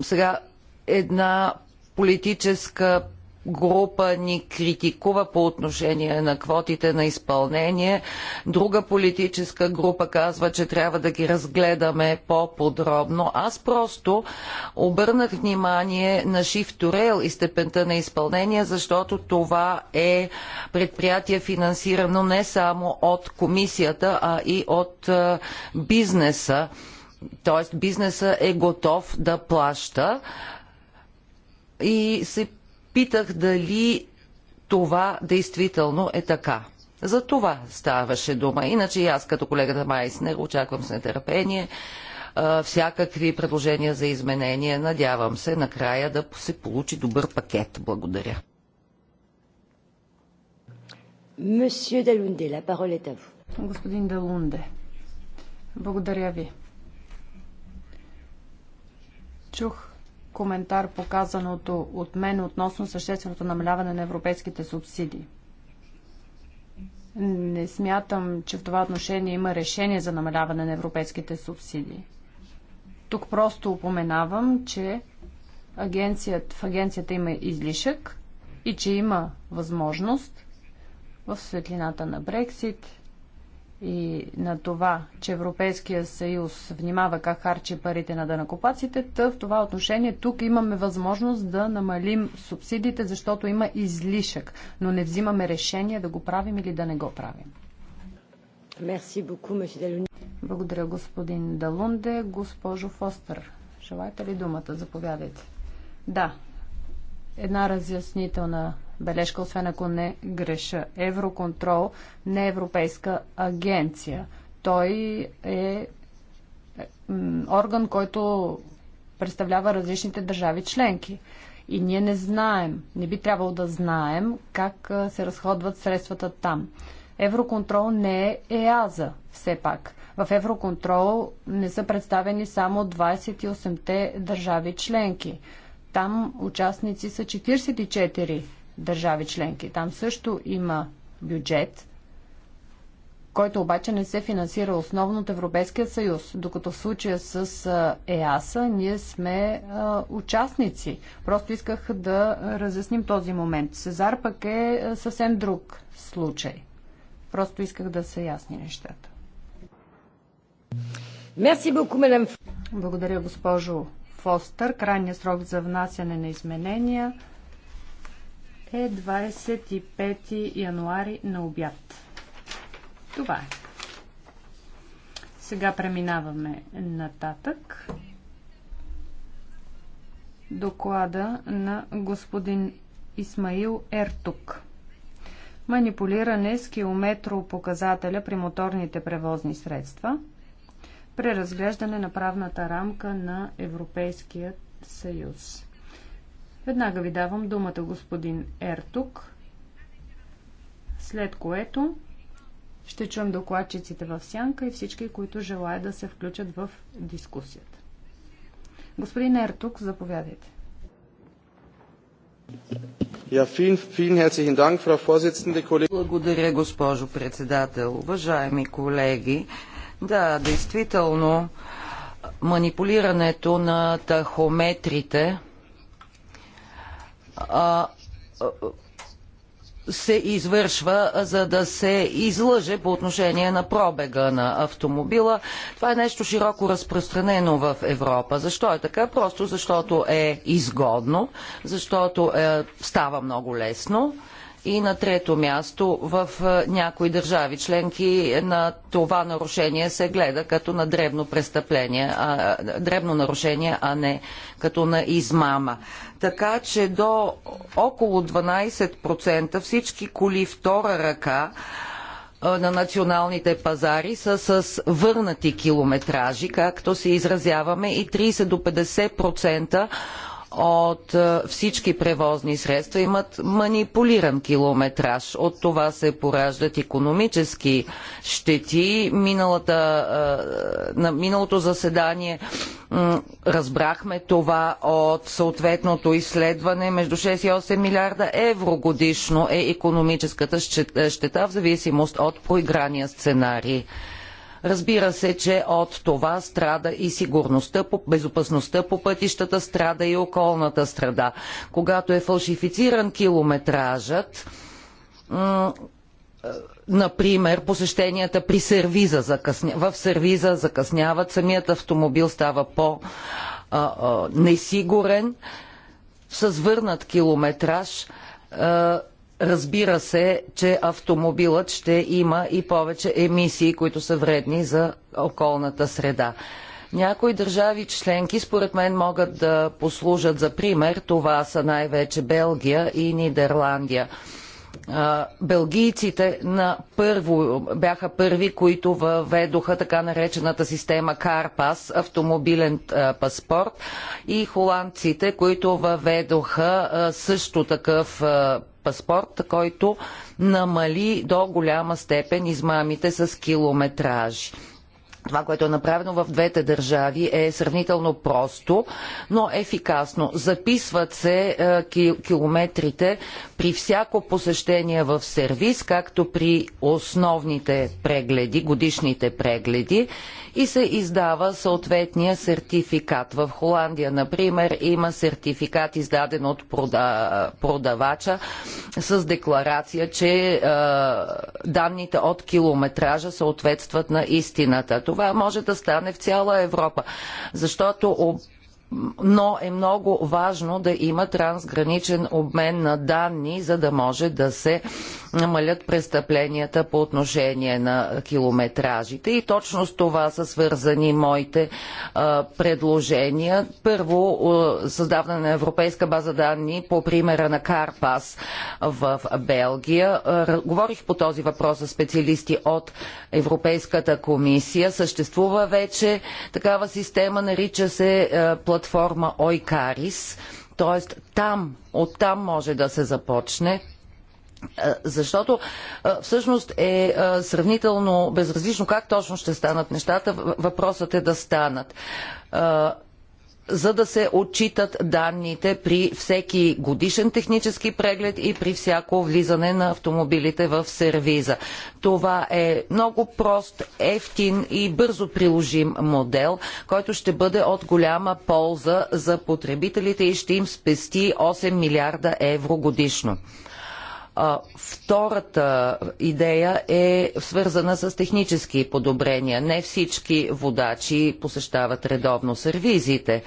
Сега една политическа група ни критикува по отношение на квотите на изпълнение. Друга политическа група казва, че трябва да ги разгледаме по-подробно. Аз просто обърнах внимание на Shift Rail и степента на изпълнение, защото това е предприятие финансирано не само от комисията, а и от е, бизнеса. Тоест бизнеса е готов да плаща и се питах дали това действително е така. За това ставаше дума. Иначе и аз като колегата Майснер очаквам с нетърпение всякакви предложения за изменение. Надявам се накрая да се получи добър пакет. Благодаря. Господин Далунде, благодаря ви. Чух коментар показаното от мен относно същественото намаляване на европейските субсидии. Не смятам, че в това отношение има решение за намаляване на европейските субсидии. Тук просто упоменавам, че агенцият, в агенцията има излишък и че има възможност в светлината на Брексит и на това, че Европейския съюз внимава как харчи парите на дънакопаците, та в това отношение тук имаме възможност да намалим субсидиите, защото има излишък, но не взимаме решение да го правим или да не го правим. Благодаря, господин Далунде. Госпожо Фостер, желаете ли думата? Заповядайте. Да, една разяснителна бележка, освен ако не греша. Евроконтрол не е европейска агенция. Той е, е орган, който представлява различните държави членки. И ние не знаем, не би трябвало да знаем как се разходват средствата там. Евроконтрол не е ЕАЗа, все пак. В Евроконтрол не са представени само 28-те държави членки. Там участници са 44 държави членки. Там също има бюджет, който обаче не се финансира основно от Европейския съюз, докато в случая с ЕАСА ние сме а, участници. Просто исках да разясним този момент. Сезар пък е съвсем друг случай. Просто исках да са ясни нещата. Мерси Благодаря, госпожо Фостър. Крайният срок за внасяне на изменения е 25 януари на обяд. Това е. Сега преминаваме нататък. Доклада на господин Исмаил Ертук. Манипулиране с километропоказателя при моторните превозни средства. Преразглеждане на правната рамка на Европейския съюз. Веднага ви давам думата господин Ертук, след което ще чуем докладчиците в сянка и всички, които желаят да се включат в дискусията. Господин Ертук, заповядайте. Благодаря, госпожо председател. Уважаеми колеги, да, действително, манипулирането на тахометрите – се извършва, за да се излъже по отношение на пробега на автомобила. Това е нещо широко разпространено в Европа. Защо е така? Просто защото е изгодно, защото е, става много лесно и на трето място, в е, някои държави членки е, на това нарушение се гледа като на дребно престъпление, а, дребно нарушение, а не като на измама. Така че до около 12% всички коли втора ръка е, на националните пазари са с върнати километражи, както се изразяваме, и 30 до 50% от е, всички превозни средства имат манипулиран километраж. От това се пораждат економически щети. Миналата, е, на миналото заседание разбрахме това от съответното изследване. Между 6 и 8 милиарда евро годишно е економическата е, щета в зависимост от проиграния сценарий. Разбира се, че от това страда и сигурността, безопасността по пътищата, страда и околната среда. Когато е фалшифициран километражът, е, например, посещенията при сервиза закъсня... в сервиза закъсняват, самият автомобил става по-несигурен, с върнат километраж Разбира се, че автомобилът ще има и повече емисии, които са вредни за околната среда. Някои държави членки, според мен, могат да послужат за пример. Това са най-вече Белгия и Нидерландия. Белгийците на първо, бяха първи, които въведоха така наречената система CarPass, автомобилен паспорт и холандците, които въведоха също такъв паспорт, който намали до голяма степен измамите с километражи това, което е направено в двете държави е сравнително просто, но ефикасно. Записват се е, километрите при всяко посещение в сервис, както при основните прегледи, годишните прегледи и се издава съответния сертификат. В Холандия, например, има сертификат издаден от продавача с декларация, че е, данните от километража съответстват на истината това може да стане в цяла Европа, защото но е много важно да има трансграничен обмен на данни, за да може да се намалят престъпленията по отношение на километражите. И точно с това са свързани моите а, предложения. Първо, създаване на европейска база данни по примера на Карпас в Белгия. Говорих по този въпрос с специалисти от Европейската комисия. Съществува вече такава система, нарича се платформа Ойкарис. Тоест там, оттам може да се започне е, защото е, всъщност е, е сравнително безразлично как точно ще станат нещата. Въпросът е да станат за да се отчитат данните при всеки годишен технически преглед и при всяко влизане на автомобилите в сервиза. Това е много прост, ефтин и бързо приложим модел, който ще бъде от голяма полза за потребителите и ще им спести 8 милиарда евро годишно. А, втората идея е свързана с технически подобрения. Не всички водачи посещават редовно сервизите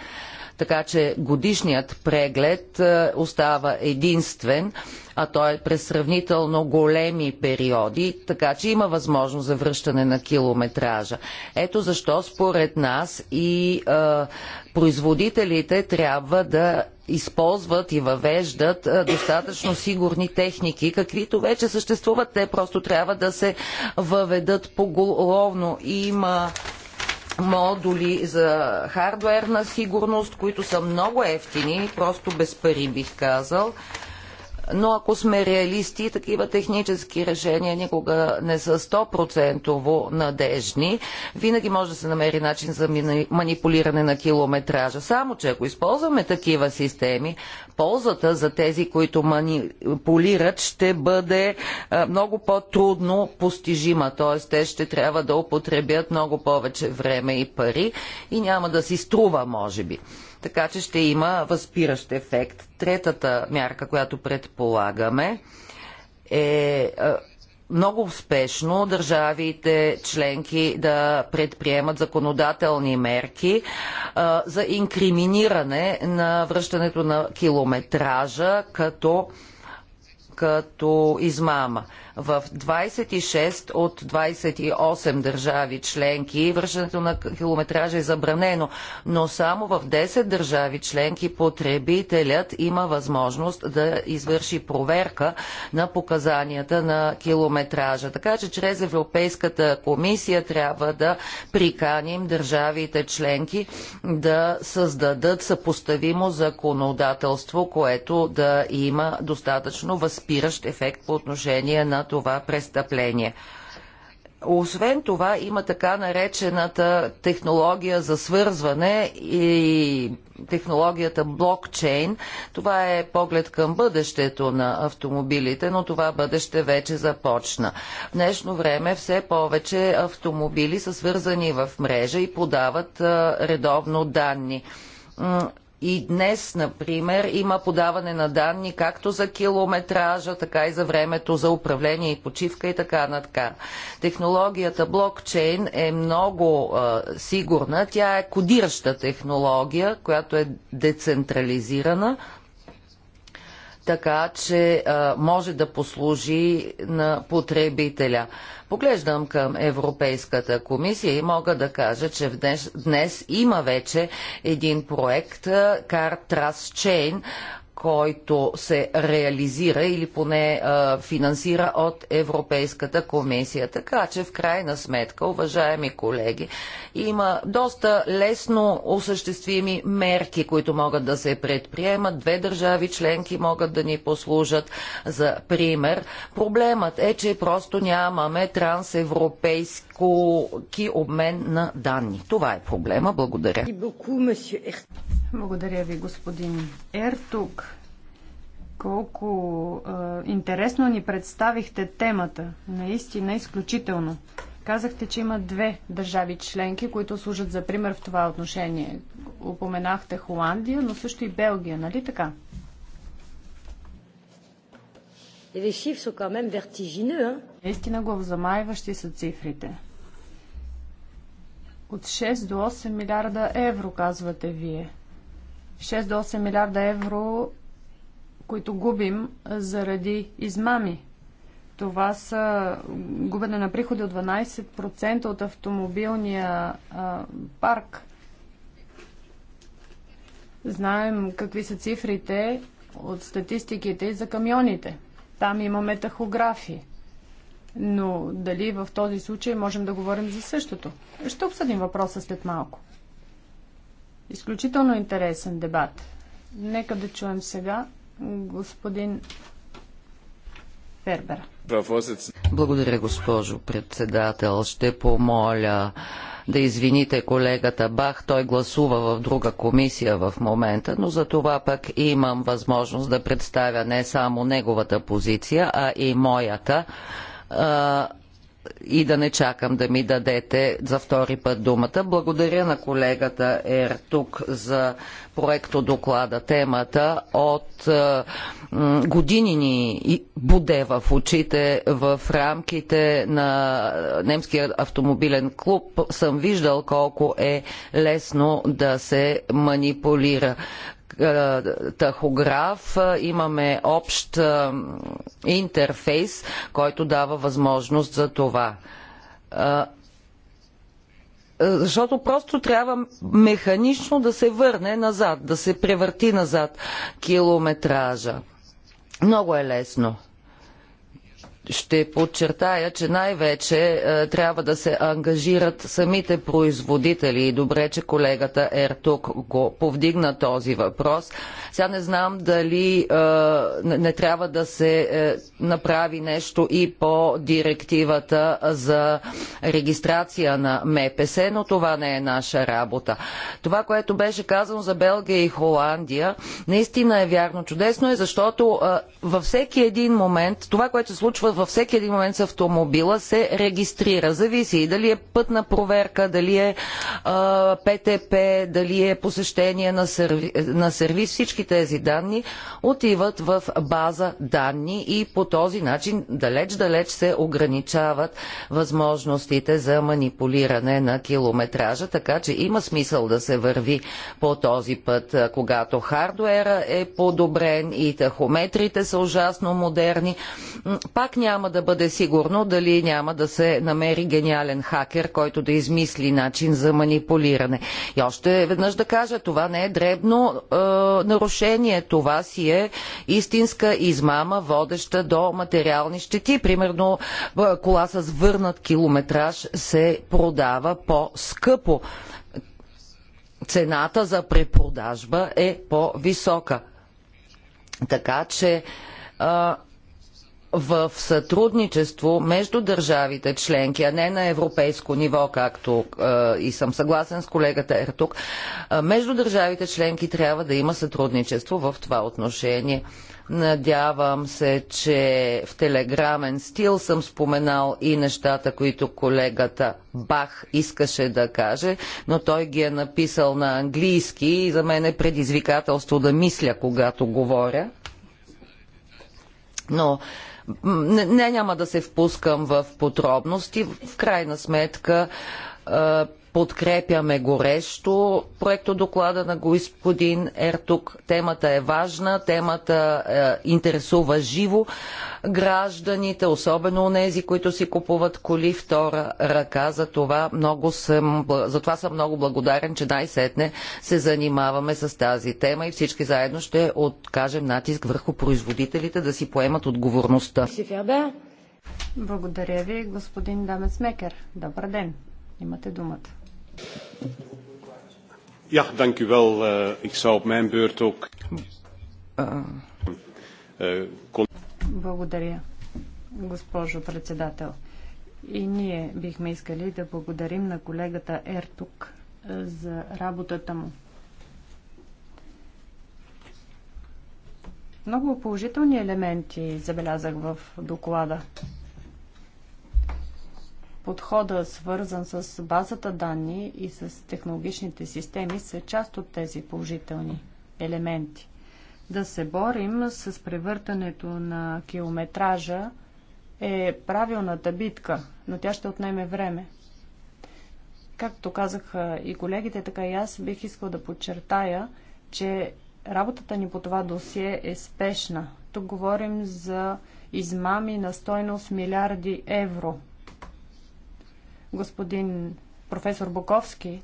така че годишният преглед остава единствен, а той е през сравнително големи периоди, така че има възможност за връщане на километража. Ето защо според нас и е, производителите трябва да използват и въвеждат достатъчно сигурни техники, каквито вече съществуват. Те просто трябва да се въведат поголовно. Има модули за хардуерна сигурност, които са много ефтини, просто без пари бих казал но ако сме реалисти, такива технически решения никога не са 100% надежни. Винаги може да се намери начин за манипулиране на километража. Само, че ако използваме такива системи, ползата за тези, които манипулират, ще бъде много по-трудно постижима. Т.е. те ще трябва да употребят много повече време и пари и няма да си струва, може би така че ще има възпиращ ефект. Третата мярка, която предполагаме, е, е много успешно държавите членки да предприемат законодателни мерки а, е, за инкриминиране на връщането на километража като, като измама в 26 от 28 държави членки връщането на километража е забранено, но само в 10 държави членки потребителят има възможност да извърши проверка на показанията на километража. Така че чрез Европейската комисия трябва да приканим държавите членки да създадат съпоставимо законодателство, което да има достатъчно възпиращ ефект по отношение на това престъпление. Освен това има така наречената технология за свързване и технологията блокчейн. Това е поглед към бъдещето на автомобилите, но това бъдеще вече започна. В днешно време все повече автомобили са свързани в мрежа и подават редовно данни и днес, например, има подаване на данни както за километража, така и за времето за управление и почивка и така на така. Технологията блокчейн е много а, сигурна. Тя е кодираща технология, която е децентрализирана – така че а, може да послужи на потребителя. Поглеждам към Европейската комисия и мога да кажа, че днес, днес има вече един проект Car Trust Chain, който се реализира или поне а, финансира от Европейската комисия. Така че в крайна сметка, уважаеми колеги, има доста лесно осъществими мерки, които могат да се предприемат. Две държави членки могат да ни послужат за пример. Проблемът е, че просто нямаме трансевропейски обмен на данни. Това е проблема. Благодаря. Благодаря ви, господин Ертук колко а, интересно ни представихте темата. Наистина изключително. Казахте, че има две държави членки, които служат за пример в това отношение. Упоменахте Холандия, но също и Белгия, нали така? Наистина замайващи са цифрите. От 6 до 8 милиарда евро, казвате вие. 6 до 8 милиарда евро които губим заради измами. Това са губене на приходи от 12% от автомобилния а, парк. Знаем какви са цифрите от статистиките за камионите. Там имаме тахографи. Но дали в този случай можем да говорим за същото? Ще обсъдим въпроса след малко. Изключително интересен дебат. Нека да чуем сега господин Фербер. Благодаря, госпожо председател. Ще помоля да извините колегата Бах. Той гласува в друга комисия в момента, но за това пък имам възможност да представя не само неговата позиция, а и моята и да не чакам да ми дадете за втори път думата. Благодаря на колегата Ертук за проекто доклада. Темата от е, години ни буде в очите в рамките на немския автомобилен клуб. Съм виждал колко е лесно да се манипулира тахограф имаме общ интерфейс, който дава възможност за това. Защото просто трябва механично да се върне назад, да се превърти назад километража. Много е лесно ще подчертая, че най-вече е, трябва да се ангажират самите производители и добре, че колегата Ертук го повдигна този въпрос. Сега не знам дали е, не, не трябва да се е, направи нещо и по директивата за регистрация на МПС, но това не е наша работа. Това, което беше казано за Белгия и Холандия, наистина е вярно. Чудесно е, защото е, във всеки един момент това, което се случва във всеки един момент с автомобила се регистрира. Зависи и дали е пътна проверка, дали е а, ПТП, дали е посещение на, серви, на сервис. Всички тези данни отиват в база данни и по този начин далеч-далеч се ограничават възможностите за манипулиране на километража, така че има смисъл да се върви по този път, когато хардуера е подобрен и тахометрите са ужасно модерни. Пак няма да бъде сигурно дали няма да се намери гениален хакер, който да измисли начин за манипулиране. И още веднъж да кажа, това не е дребно е, нарушение, това си е истинска измама, водеща до материални щети. Примерно е, кола с върнат километраж се продава по-скъпо. Цената за препродажба е по-висока. Така че е, в сътрудничество между държавите членки, а не на европейско ниво, както е, и съм съгласен с колегата Ертук, е, между държавите членки трябва да има сътрудничество в това отношение. Надявам се, че в телеграмен стил съм споменал и нещата, които колегата Бах искаше да каже, но той ги е написал на английски и за мен е предизвикателство да мисля, когато говоря. Но не, не няма да се впускам в подробности. В крайна сметка Подкрепяме горещо проекто доклада на господин Ертук. Темата е важна, темата е, интересува живо гражданите, особено онези, които си купуват коли втора ръка. За това, много съм, за това съм много благодарен, че най-сетне се занимаваме с тази тема и всички заедно ще откажем натиск върху производителите да си поемат отговорността. Благодаря ви, господин Дамец Мекер. Добър ден. Имате думата. Ja, dank u wel. Uh, ik zou op mijn beurt ook. Е, eh, Благодаря, госпожо председател. И ние бихме искали да благодарим на колегата Ертук е, за работата му. Много положителни елементи забелязах в доклада. Подхода, свързан с базата данни и с технологичните системи, са част от тези положителни елементи. Да се борим с превъртането на километража е правилната битка, но тя ще отнеме време. Както казаха и колегите, така и аз бих искал да подчертая, че работата ни по това досие е спешна. Тук говорим за измами на стойност милиарди евро – Господин професор Буковски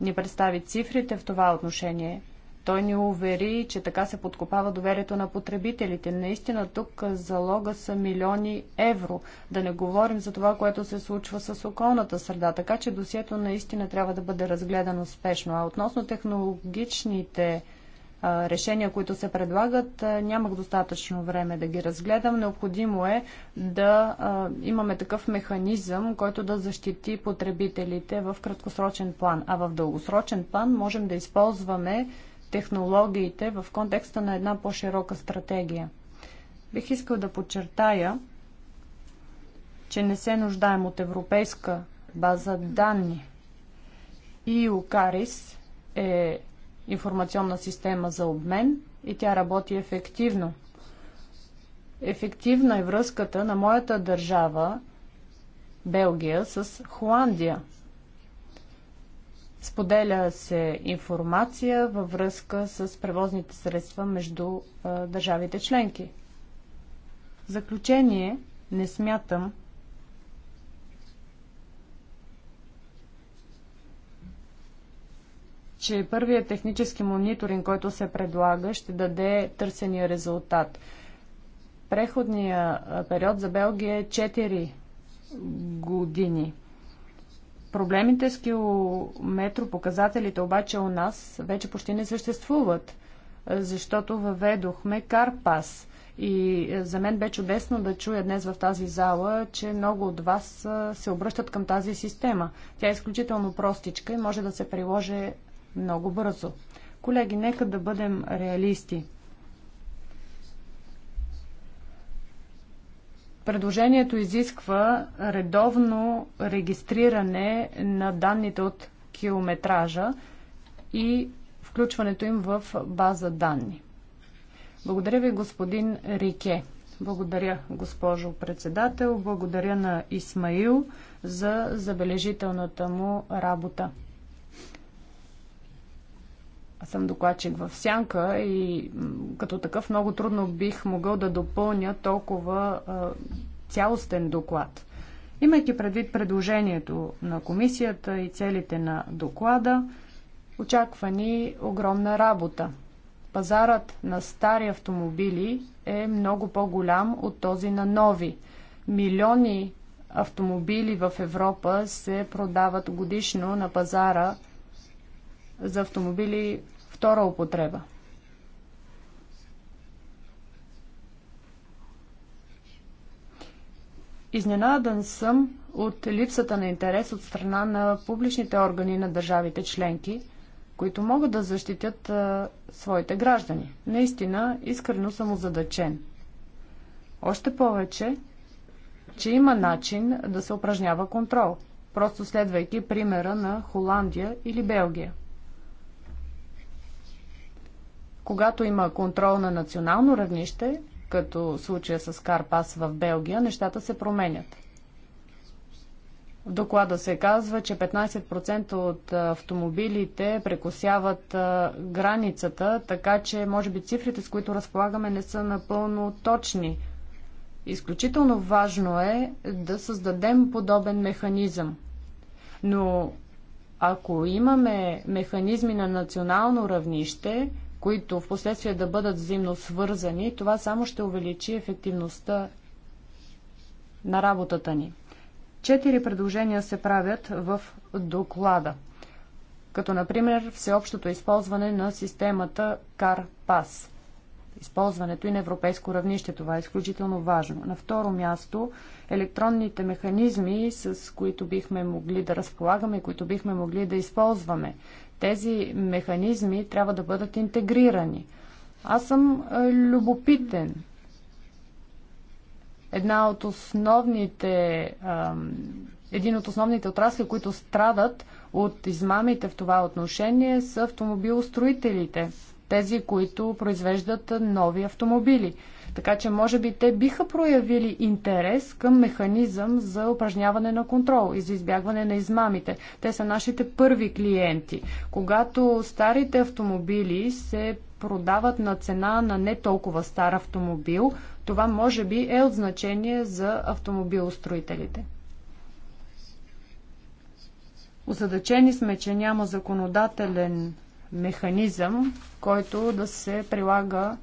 ни представи цифрите в това отношение. Той ни увери, че така се подкопава доверието на потребителите. Наистина тук залога са милиони евро. Да не говорим за това, което се случва с околната среда. Така че досието наистина трябва да бъде разгледано спешно. А относно технологичните решения, които се предлагат. Нямах достатъчно време да ги разгледам. Необходимо е да имаме такъв механизъм, който да защити потребителите в краткосрочен план. А в дългосрочен план можем да използваме технологиите в контекста на една по-широка стратегия. Бих искал да подчертая, че не се нуждаем от европейска база данни. И Укарис е информационна система за обмен и тя работи ефективно. Ефективна е връзката на моята държава, Белгия, с Холандия. Споделя се информация във връзка с превозните средства между държавите членки. В заключение, не смятам, че първият технически мониторинг, който се предлага, ще даде търсения резултат. Преходният период за Белгия е 4 години. Проблемите с километропоказателите обаче у нас вече почти не съществуват, защото въведохме Карпас. И за мен бе чудесно да чуя днес в тази зала, че много от вас се обръщат към тази система. Тя е изключително простичка и може да се приложи много бързо. Колеги, нека да бъдем реалисти. Предложението изисква редовно регистриране на данните от километража и включването им в база данни. Благодаря ви, господин Рике. Благодаря, госпожо председател. Благодаря на Исмаил за забележителната му работа съм докладчик в Сянка и като такъв много трудно бих могъл да допълня толкова а, цялостен доклад. Имайки предвид предложението на комисията и целите на доклада, очаква ни огромна работа. Пазарът на стари автомобили е много по-голям от този на нови. Милиони автомобили в Европа се продават годишно на пазара за автомобили втора употреба. Изненадан съм от липсата на интерес от страна на публичните органи на държавите членки, които могат да защитят а, своите граждани. Наистина, искрено съм озадачен. Още повече, че има начин да се упражнява контрол, просто следвайки примера на Холандия или Белгия. Когато има контрол на национално равнище, като случая с Карпас в Белгия, нещата се променят. В доклада се казва, че 15% от автомобилите прекосяват границата, така че може би цифрите, с които разполагаме, не са напълно точни. Изключително важно е да създадем подобен механизъм. Но ако имаме механизми на национално равнище, които в последствие да бъдат взаимно свързани, това само ще увеличи ефективността на работата ни. Четири предложения се правят в доклада, като например всеобщото използване на системата CarPass. Използването и на европейско равнище, това е изключително важно. На второ място, електронните механизми, с които бихме могли да разполагаме, които бихме могли да използваме. Тези механизми трябва да бъдат интегрирани. Аз съм е, любопитен. Една от основните, един от основните отрасли, които страдат от измамите в това отношение, са автомобилостроителите. Тези, които произвеждат нови автомобили. Така че може би те биха проявили интерес към механизъм за упражняване на контрол и за избягване на измамите. Те са нашите първи клиенти. Когато старите автомобили се продават на цена на не толкова стар автомобил, това може би е от значение за автомобилостроителите. Озадачени сме, че няма законодателен механизъм, който да се прилага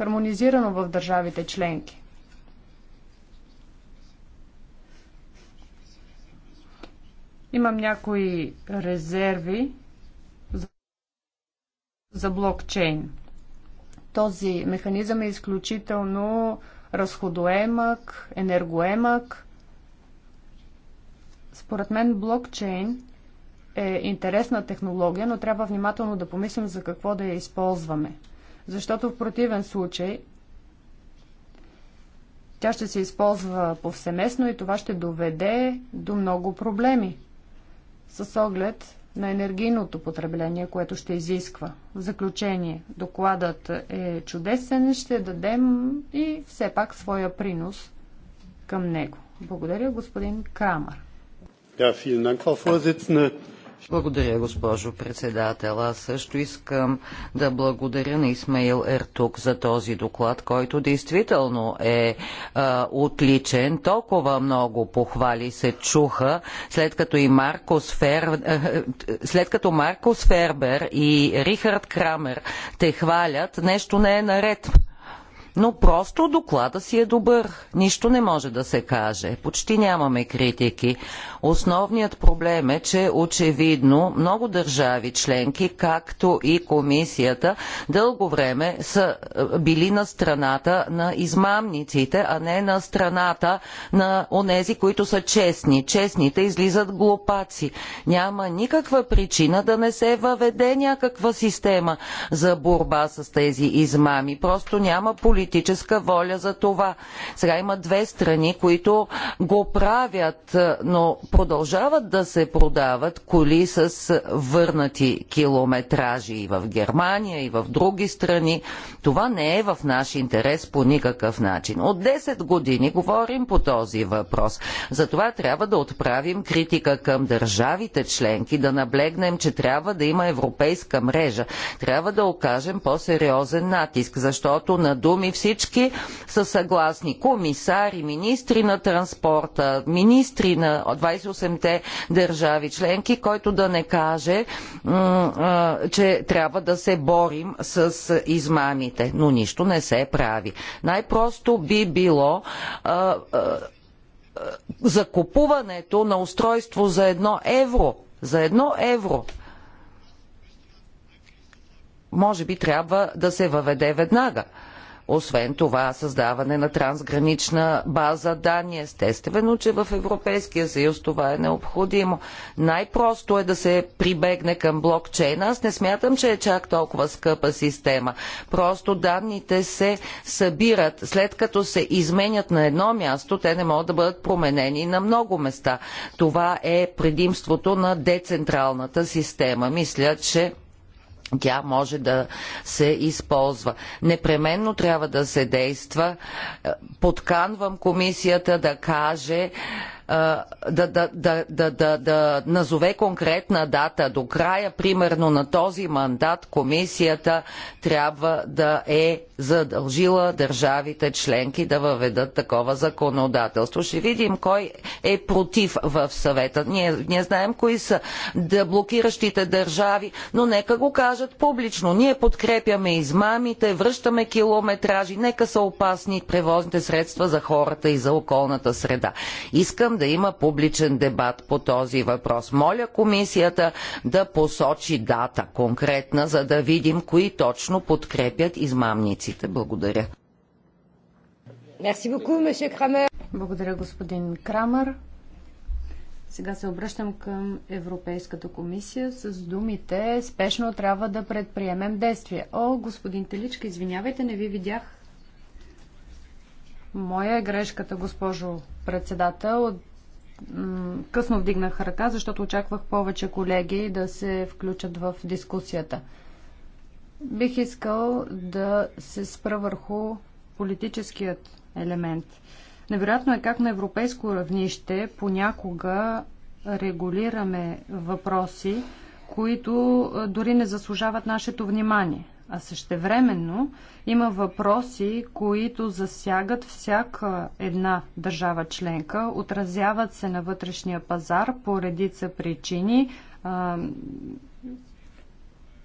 хармонизирано в държавите членки. Имам някои резерви за блокчейн. Този механизъм е изключително разходоемък, енергоемък. Според мен блокчейн е интересна технология, но трябва внимателно да помислим за какво да я използваме защото в противен случай тя ще се използва повсеместно и това ще доведе до много проблеми с оглед на енергийното потребление, което ще изисква. В заключение, докладът е чудесен, ще дадем и все пак своя принос към него. Благодаря, господин Крамър. Ja, благодаря, госпожо председател. Аз също искам да благодаря на Исмаил Ертук за този доклад, който действително е а, отличен. Толкова много похвали се чуха, след като и Маркос Фер... след като Маркос Фербер и Рихард Крамер те хвалят, нещо не е наред. Но просто доклада си е добър. Нищо не може да се каже. Почти нямаме критики. Основният проблем е, че очевидно много държави членки, както и комисията, дълго време са е, били на страната на измамниците, а не на страната на онези, които са честни. Честните излизат глупаци. Няма никаква причина да не се въведе някаква система за борба с тези измами. Просто няма политика политическа воля за това. Сега има две страни, които го правят, е, но продължават да се продават коли с върнати километражи и в Германия, и в други страни. Това не е в наш интерес по никакъв начин. От 10 години говорим по този въпрос. Затова трябва да отправим критика към държавите членки, да наблегнем, че трябва да има европейска мрежа. Трябва да окажем по-сериозен натиск, защото на думи и всички са съгласни. Комисари, министри на транспорта, министри на 28-те държави членки, който да не каже, че трябва да се борим с измамите. Но нищо не се прави. Най-просто би било закупуването на устройство за едно евро. За едно евро. Може би трябва да се въведе веднага. Освен това, създаване на трансгранична база данни. Естествено, че в Европейския съюз това е необходимо. Най-просто е да се прибегне към блокчейна. Аз не смятам, че е чак толкова скъпа система. Просто данните се събират. След като се изменят на едно място, те не могат да бъдат променени на много места. Това е предимството на децентралната система. Мисля, че тя може да се използва. Непременно трябва да се действа. Подканвам комисията да каже да, да, да, да, да, да назове конкретна дата. До края, примерно, на този мандат комисията трябва да е задължила държавите членки да въведат такова законодателство. Ще видим кой е против в съвета. Ние, ние знаем кои са да блокиращите държави, но нека го кажат публично. Ние подкрепяме измамите, връщаме километражи, нека са опасни превозните средства за хората и за околната среда. Искам да има публичен дебат по този въпрос. Моля комисията да посочи дата конкретна, за да видим кои точно подкрепят измамниците. Благодаря. Благодаря, господин Крамер. Сега се обръщам към Европейската комисия с думите спешно трябва да предприемем действия. О, господин Теличка, извинявайте, не ви видях. Моя е грешката, госпожо председател. от късно вдигнах ръка, защото очаквах повече колеги да се включат в дискусията. Бих искал да се спра върху политическият елемент. Невероятно е как на европейско равнище понякога регулираме въпроси, които дори не заслужават нашето внимание. А същевременно има въпроси, които засягат всяка една държава членка, отразяват се на вътрешния пазар по редица причини, а,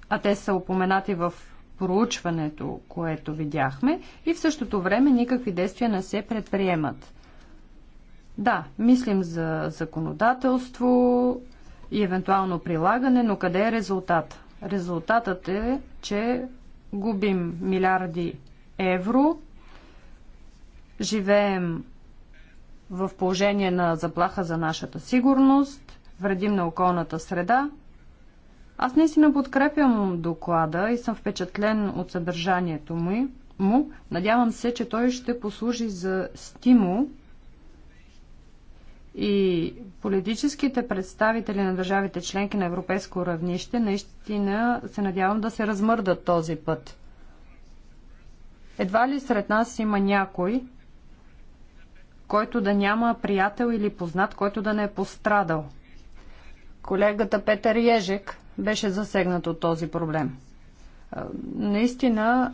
а те са упоменати в проучването, което видяхме, и в същото време никакви действия не се предприемат. Да, мислим за законодателство и евентуално прилагане, но къде е резултат? Резултатът е, че губим милиарди евро, живеем в положение на заплаха за нашата сигурност, вредим на околната среда. Аз наистина подкрепям доклада и съм впечатлен от съдържанието му. му. Надявам се, че той ще послужи за стимул и политическите представители на държавите членки на европейско равнище наистина се надявам да се размърдат този път. Едва ли сред нас има някой, който да няма приятел или познат, който да не е пострадал. Колегата Петър Ежек беше засегнат от този проблем. Наистина,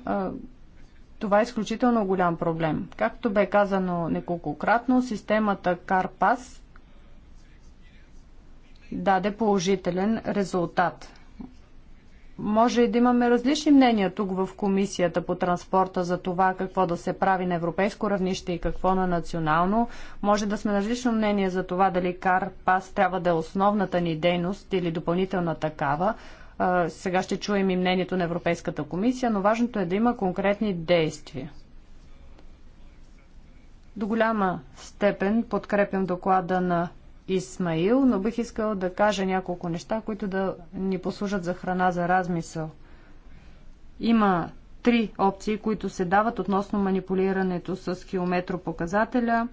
това е изключително голям проблем. Както бе казано неколкократно, системата CarPass даде положителен резултат. Може и да имаме различни мнения тук в Комисията по транспорта за това какво да се прави на европейско равнище и какво на национално. Може да сме различно мнение за това дали CarPass трябва да е основната ни дейност или допълнителна такава, сега ще чуем и мнението на Европейската комисия, но важното е да има конкретни действия. До голяма степен подкрепям доклада на Исмаил, но бих искал да кажа няколко неща, които да ни послужат за храна за размисъл. Има три опции, които се дават относно манипулирането с километропоказателя.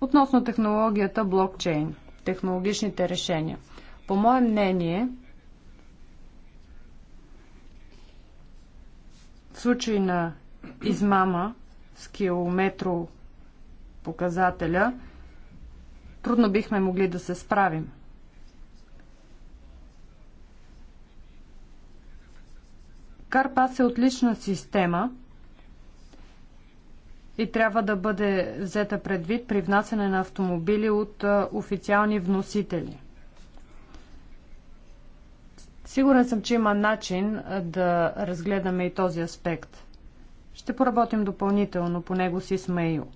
Относно технологията блокчейн технологичните решения. По мое мнение, в случай на измама с километро показателя, трудно бихме могли да се справим. Карпас е отлична система – и трябва да бъде взета предвид при внасяне на автомобили от официални вносители. Сигурен съм, че има начин да разгледаме и този аспект. Ще поработим допълнително по него си с Мейл.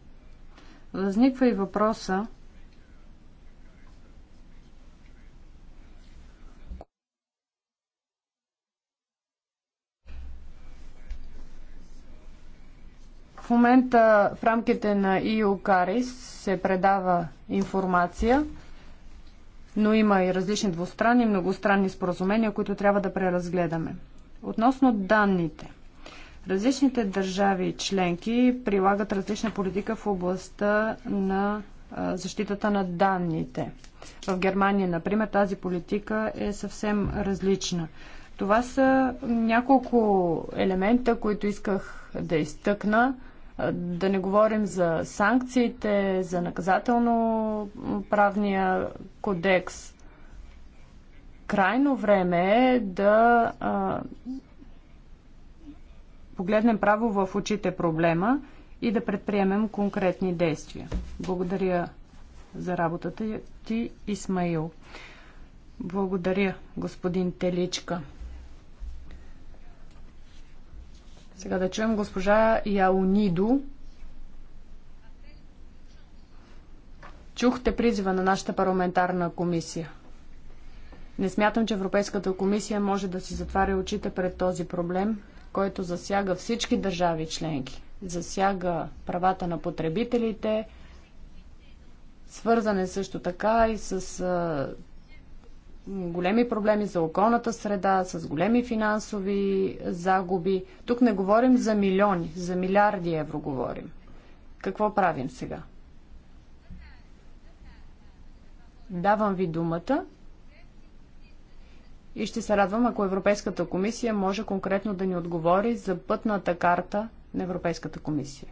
Възниква и въпроса В момента в рамките на EUCARIS се предава информация, но има и различни двустранни и многостранни споразумения, които трябва да преразгледаме. Относно данните. Различните държави и членки прилагат различна политика в областта на защитата на данните. В Германия, например, тази политика е съвсем различна. Това са няколко елемента, които исках да изтъкна. Да не говорим за санкциите, за наказателно-правния кодекс. Крайно време е да а, погледнем право в очите проблема и да предприемем конкретни действия. Благодаря за работата ти, Исмаил. Благодаря, господин Теличка. Сега да чуем госпожа Яониду. Чухте призива на нашата парламентарна комисия. Не смятам, че Европейската комисия може да си затваря очите пред този проблем, който засяга всички държави членки. Засяга правата на потребителите, свързане също така и с големи проблеми за околната среда, с големи финансови загуби. Тук не говорим за милиони, за милиарди евро говорим. Какво правим сега? Давам ви думата и ще се радвам, ако Европейската комисия може конкретно да ни отговори за пътната карта на Европейската комисия.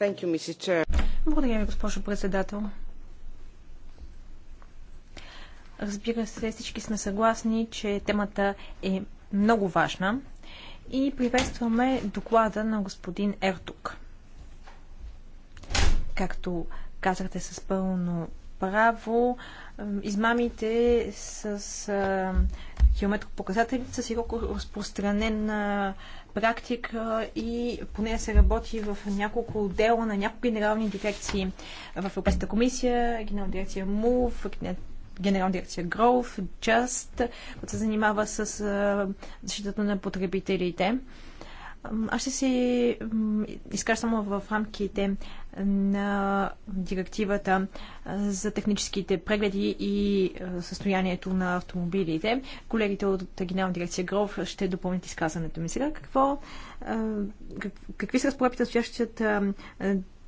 Thank you, Mrs. Chair. Благодаря ви, госпожо председател. Разбира се, всички сме съгласни, че темата е много важна и приветстваме доклада на господин Ертук. Както казахте с пълно право, измамите с километров показатели са широко разпространена практика и поне се работи в няколко отдела на няколко генерални дирекции в Европейската комисия, генерална дирекция МУВ, генерална дирекция Growth, Just, която се занимава с защитата на потребителите. Аз ще се изкажа само в рамките на директивата за техническите прегледи и състоянието на автомобилите. Колегите от Генерална дирекция Гров ще допълнят изказването ми. Сега какво, какви са разпоредбите на стоящата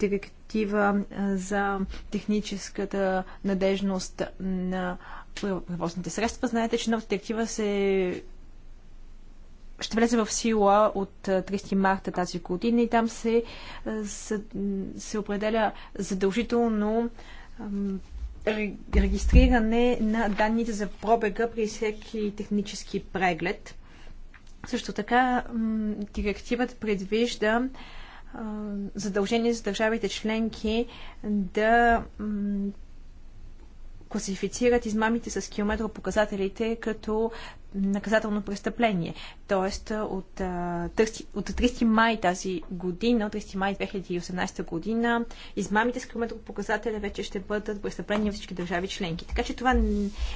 директива за техническата надежност на превозните средства. Знаете, че новата директива се ще влезе в сила от 30 марта тази година и там се, се, се определя задължително регистриране на данните за пробега при всеки технически преглед. Също така директивата предвижда задължение за държавите членки да класифицират измамите с километропоказателите като наказателно престъпление. Тоест от, 30, от 30 май тази година, от 30 май 2018 година, измамите с километров показателя вече ще бъдат престъпления на всички държави членки. Така че това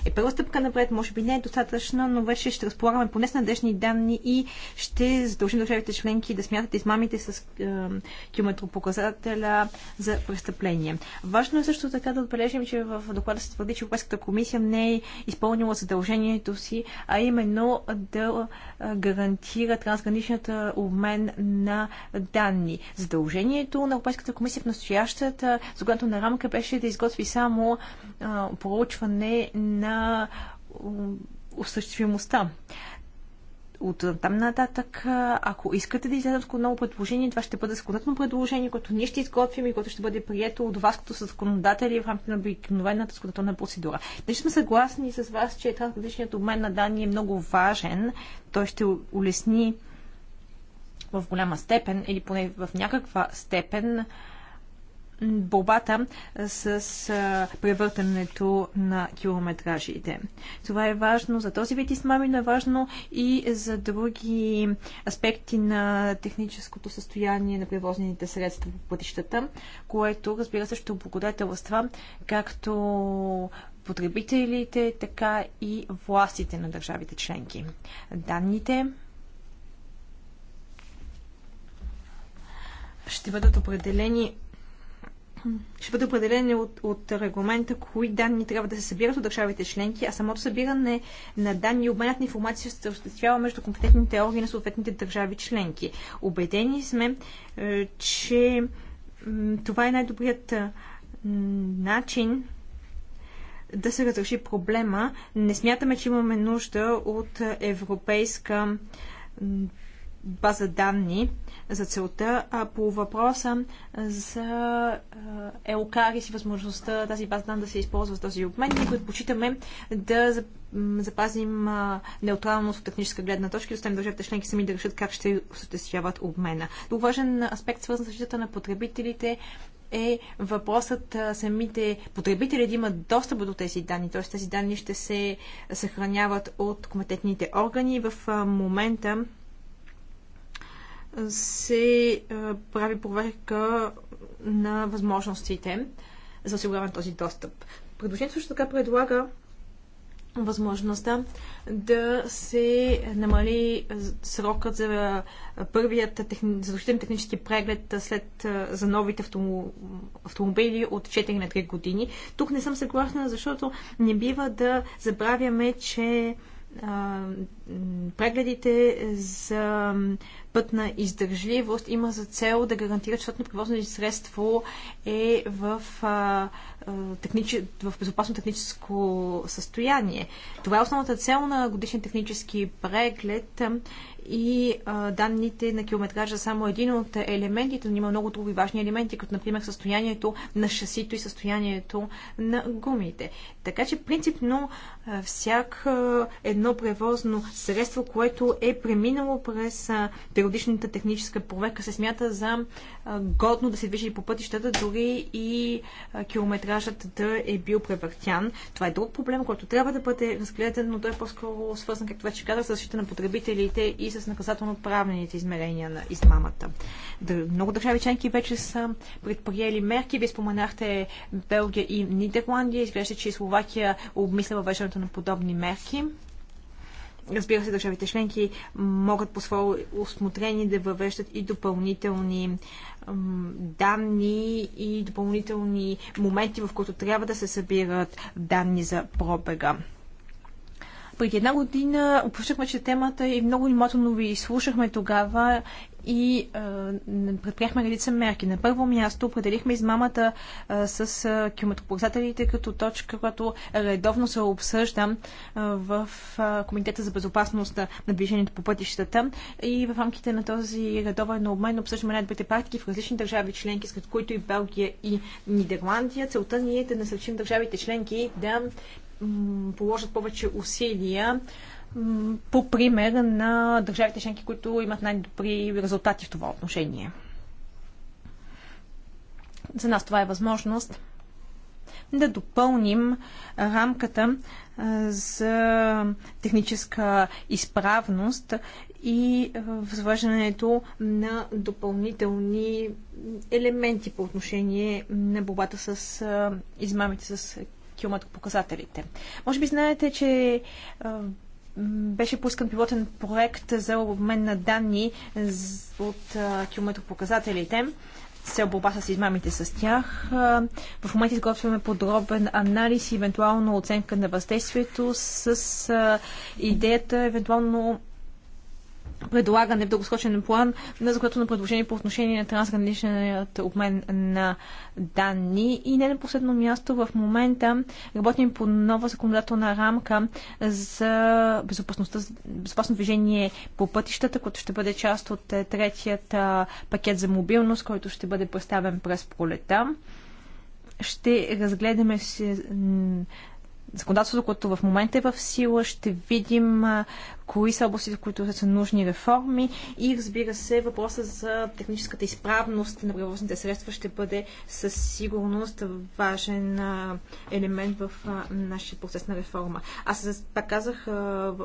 е първа стъпка напред, може би не е достатъчно, но вече ще разполагаме поне с надежни данни и ще задължим държавите членки да смятат измамите с километропоказателя показателя за престъпление. Важно е също така да отбележим, че в доклада се твърди, че Европейската комисия не е изпълнила задължението си, а именно да гарантира трансграничната обмен на данни. Задължението на Европейската комисия в настоящата законодателна рамка беше да изготви само проучване на осъществимостта от там нататък, ако искате да излязат от ново предложение, това ще бъде законодателно предложение, което ние ще изготвим и което ще бъде прието от вас като законодатели в рамките на обикновената законодателна процедура. Не сме съгласни с вас, че трансграничният обмен на данни е много важен. Той ще улесни в голяма степен или поне в някаква степен борбата с превъртането на километражите. Това е важно за този вид измами, но е важно и за други аспекти на техническото състояние на превозните средства по пътищата, което разбира се ще облагодателства както потребителите, така и властите на държавите членки. Данните ще бъдат определени ще бъде определени от, от регламента кои данни трябва да се събират от държавите членки, а самото събиране на данни и обменят на информация се осъществява между компетентните органи на съответните държави членки. Обедени сме, е, че това е най-добрият е, начин да се разреши проблема. Не смятаме, че имаме нужда от европейска база данни за целта, а по въпроса за Елкарис и възможността тази база данни да се използва с този обмен, ние предпочитаме да запазим неутралност от техническа гледна точка и оставим държавите членки сами да решат как ще осъществяват обмена. Друг важен аспект, свързан с защитата на потребителите, е въпросът самите потребители да имат достъп до тези данни, т.е. тези данни ще се съхраняват от компетентните органи. В момента се прави проверка на възможностите за осигуряване на този достъп. Предложението също така предлага възможността да се намали срокът за първият техни... задължителен технически преглед след, за новите автомобили от 4 на 3 години. Тук не съм съгласна, защото не бива да забравяме, че прегледите за пътна издържливост има за цел да гарантира, че превозно средство е в, а, технич... в безопасно техническо състояние. Това е основната цел на годишен технически преглед и а, данните на километража само един от елементите, но има много други важни елементи, като например състоянието на шасито и състоянието на гумите. Така че принципно всяко едно превозно средство, което е преминало през периодичната техническа проверка, се смята за годно да се движи по пътищата, дори и километражът да е бил превъртян. Това е друг проблем, който трябва да бъде разгледан, но той е по-скоро свързан, както вече казах, с защита на потребителите и с наказателно-правените измерения на измамата. Много държави членки вече са предприели мерки. Вие споменахте Белгия и Нидерландия. Изглежда, че и Словакия обмисля въвеждането на подобни мерки. Разбира се, държавите членки могат по свое осмотрение да въвеждат и допълнителни данни и допълнителни моменти, в които трябва да се събират данни за пробега. Преди една година обсъждахме, че темата и е много внимателно ви слушахме тогава и предприехме редица мерки. На първо място определихме измамата с километропоказателите като точка, която редовно се обсъжда в Комитета за безопасност на движението по пътищата и в рамките на този редовен обмен обсъждаме най-добрите практики в различни държави членки, сред които и Белгия и Нидерландия. Целта ни е да насърчим държавите членки да положат повече усилия по пример на държавите членки, които имат най-добри резултати в това отношение. За нас това е възможност да допълним рамката за техническа изправност и възвръждането на допълнителни елементи по отношение на борбата с измамите с километропоказателите. Може би знаете, че беше пускан пилотен проект за обмен на данни от километропоказателите се борба с измамите с тях. В момента изготвяме подробен анализ и евентуално оценка на въздействието с идеята евентуално предлагане в дългосрочен план на законодателно предложение по отношение на трансграничният обмен на данни. И не на последно място, в момента работим по нова законодателна рамка за безопасността, безопасно движение по пътищата, което ще бъде част от е, третият пакет за мобилност, който ще бъде представен през пролета. Ще разгледаме законодателството, което в момента е в сила, ще видим кои са областите, в които са нужни реформи и разбира се, въпроса за техническата изправност на превозните средства ще бъде със сигурност важен елемент в нашия процес на реформа. Аз пак казах в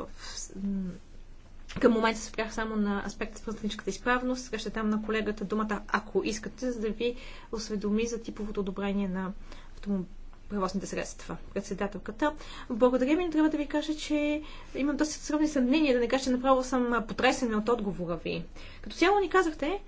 към момента се спрях само на аспекта с техническата изправност. Сега ще дам на колегата думата, ако искате, за да ви осведоми за типовото одобрение на автомобилите превозните средства. Председателката. Благодаря ви, трябва да ви кажа, че имам доста сравни съмнения, да не кажа, че направо съм потресена от отговора ви. Като цяло ни казахте,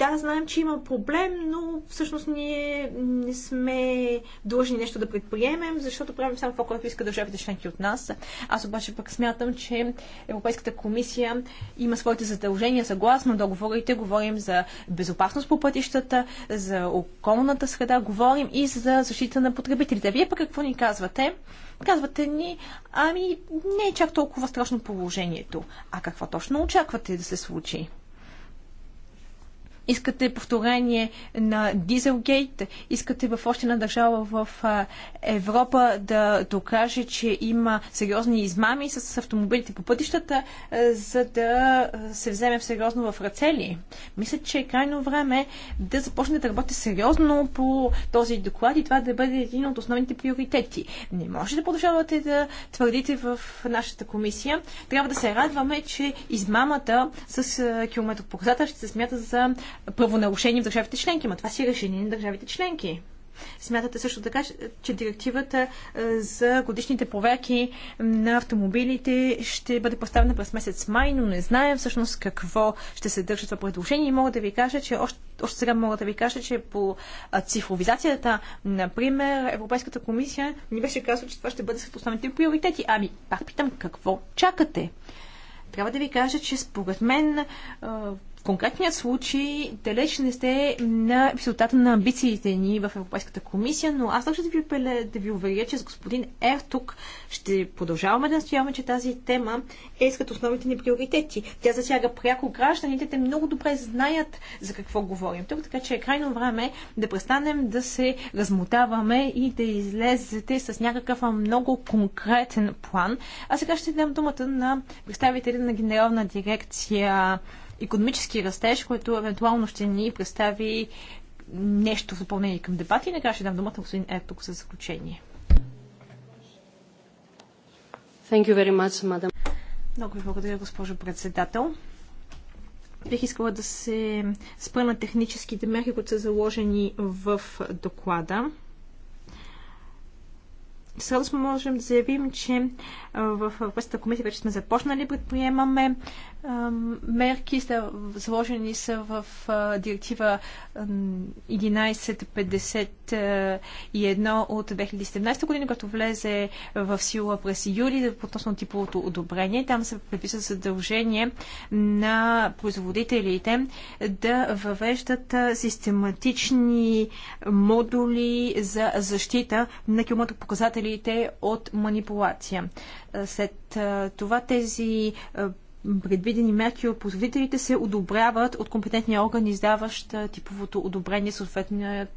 да, знаем, че има проблем, но всъщност ние не сме длъжни нещо да предприемем, защото правим само това, което иска държавите членки от нас. Аз обаче пък смятам, че Европейската комисия има своите задължения съгласно договорите. Говорим за безопасност по пътищата, за околната среда, говорим и за защита на потребителите. Вие пък какво ни казвате? Казвате ни, ами не е чак толкова страшно положението. А какво точно очаквате да се случи? Искате повторение на Дизелгейт, искате в още една държава в Европа да докаже, че има сериозни измами с автомобилите по пътищата, за да се вземе в сериозно в ръце ли? Мисля, че е крайно време да започнете да работите сериозно по този доклад и това да бъде един от основните приоритети. Не може да продължавате да твърдите в нашата комисия. Трябва да се радваме, че измамата с километропоказател ще се смята за правонарушения в държавите членки, но това си е решение на държавите членки. Смятате също така, че директивата е, за годишните проверки на автомобилите ще бъде поставена през месец май, но не знаем всъщност какво ще се държи това предложение. И мога да ви кажа, че още, още сега мога да ви кажа, че по цифровизацията, например, Европейската комисия ни беше казала, че това ще бъде сред основните приоритети. Ами, пак питам, какво чакате? Трябва да ви кажа, че според мен конкретният случай далеч не сте на висотата на амбициите ни в Европейската комисия, но аз ще да ви, да ви уверя, че с господин Ертук ще продължаваме да настояваме, че тази тема е сред основните ни приоритети. Тя засяга пряко гражданите, те много добре знаят за какво говорим тук, така че е крайно време да престанем да се размотаваме и да излезете с някакъв много конкретен план. А сега ще дам думата на представителя на генерална дирекция економически растеж, който евентуално ще ни представи нещо в допълнение към дебати. И накрая ще дам думата господин Ертук за заключение. Thank you very much, madam. Много ви благодаря, госпожо председател. Бих искала да се спра на техническите мерки, които са заложени в доклада. Също можем да заявим, че в Европейската комисия вече сме започнали, предприемаме мерки, заложени са в директива 1151 от 2017 година, като влезе в сила през юли относно типовото одобрение. Там се предписва задължение на производителите да въвеждат систематични модули за защита на километропоказателите потребителите от манипулация. Е, след е, това тези е, предвидени мерки от производителите се одобряват от компетентния орган, издаващ типовото одобрение съответният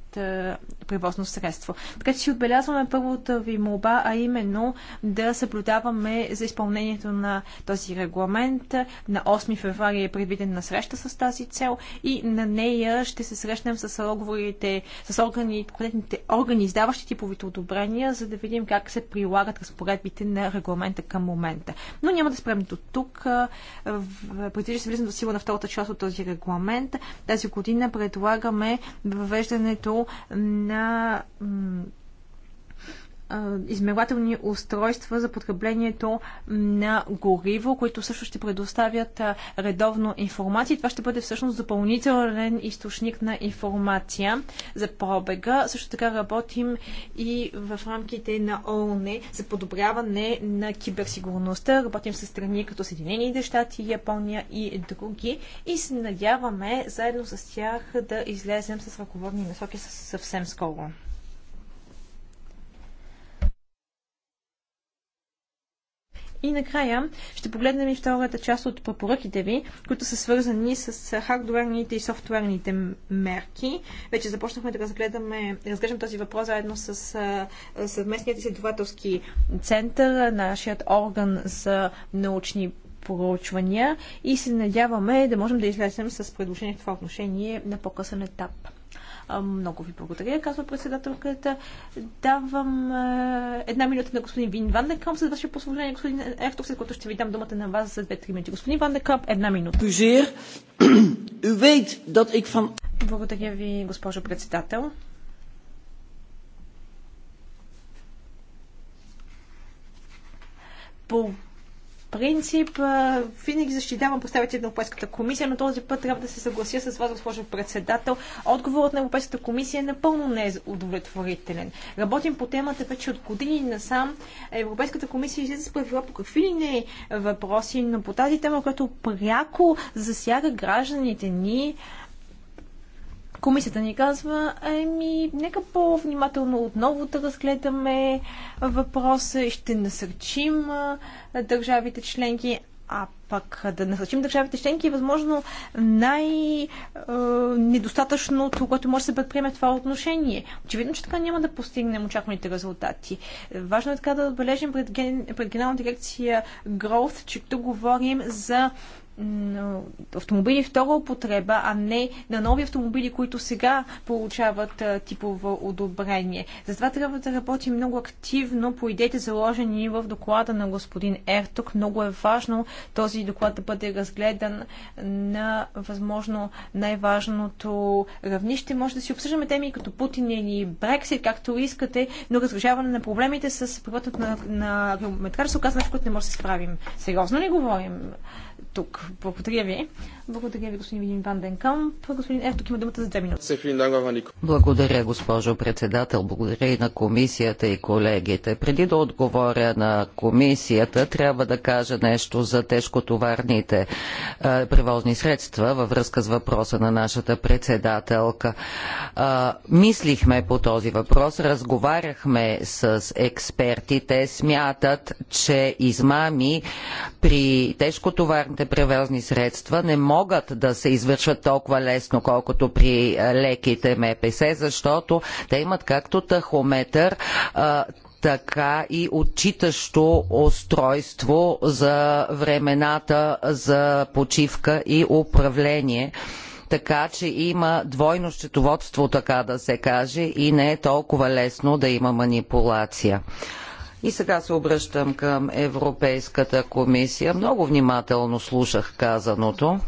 превозно средство. Така че си отбелязваме първата ви молба, а именно да съблюдаваме за изпълнението на този регламент. На 8 февруари е предвидена среща с тази цел и на нея ще се срещнем с, оговорите, с органи, компетентните органи, издаващи типовите одобрения, за да видим как се прилагат разпоредбите на регламента към момента. Но няма да спрем до тук предвижда се влизането в сила на втората част от този регламент. Тази година предлагаме въвеждането на измервателни устройства за потреблението на гориво, които също ще предоставят редовно информация. Това ще бъде всъщност допълнителен източник на информация за пробега. Също така работим и в рамките на ООН за подобряване на киберсигурността. Работим с страни като Съединените щати, Япония и други и се надяваме заедно с тях да излезем с ръководни насоки съвсем скоро. И накрая ще погледнем и втората част от препоръките ви, които са свързани с хардуерните и софтуерните мерки. Вече започнахме да разгледаме, разглеждам този въпрос заедно с съвместният изследователски център, нашият орган за научни проучвания и се надяваме да можем да излезем с предложение в това отношение на по-късен етап. Много ви благодаря, казва председателката. Давам една минута на господин Вин Ван Декамп след ваше послужение, господин Ертов, след което ще ви дам думата на вас за две-три минути. Господин Ван Декамп, една минута. Благодаря ви, госпожо председател. По принцип винаги защитавам представите на Европейската комисия, но този път трябва да се съглася с вас, госпожо председател. Отговорът на Европейската комисия е напълно не е удовлетворителен. Работим по темата вече от години насам. Европейската комисия излиза с правила по какви ли не въпроси, но по тази тема, която пряко засяга гражданите ни, Комисията ни казва, еми, нека по-внимателно отново да разгледаме въпроса и ще насърчим държавите членки, а пък да насърчим държавите членки е възможно най-недостатъчното, което може да се предприеме в това отношение. Очевидно, че така няма да постигнем очакваните резултати. Важно е така да отбележим пред, ген... пред генерална дирекция Growth, че тук говорим за автомобили втора употреба, а не на нови автомобили, които сега получават типово одобрение. Затова трябва да работим много активно по идеите заложени в доклада на господин Ерток. Много е важно този доклад да бъде разгледан на възможно най-важното равнище. Може да си обсъждаме теми като Путин или Брексит, както искате, но разрешаване на проблемите с преводът на, на, се оказа че което не може да се справим. Сериозно ли говорим? тук. Благодаря ви. Благодаря ви, господин Винин Ван Денкам. Господин Ефтоки има думата за две минути. Благодаря, госпожо председател. Благодаря и на комисията и колегите. Преди да отговоря на комисията, трябва да кажа нещо за тежкотоварните е, превозни средства във връзка с въпроса на нашата председателка. Е, мислихме по този въпрос, разговаряхме с експерти. Те смятат, че измами при тежкотоварните превозни средства не могат могат да се извършват толкова лесно, колкото при е, леките МПС, защото те имат както тахометър, е, така и отчитащо устройство за времената за почивка и управление така че има двойно счетоводство, така да се каже, и не е толкова лесно да има манипулация. И сега се обръщам към Европейската комисия. Много внимателно слушах казаното.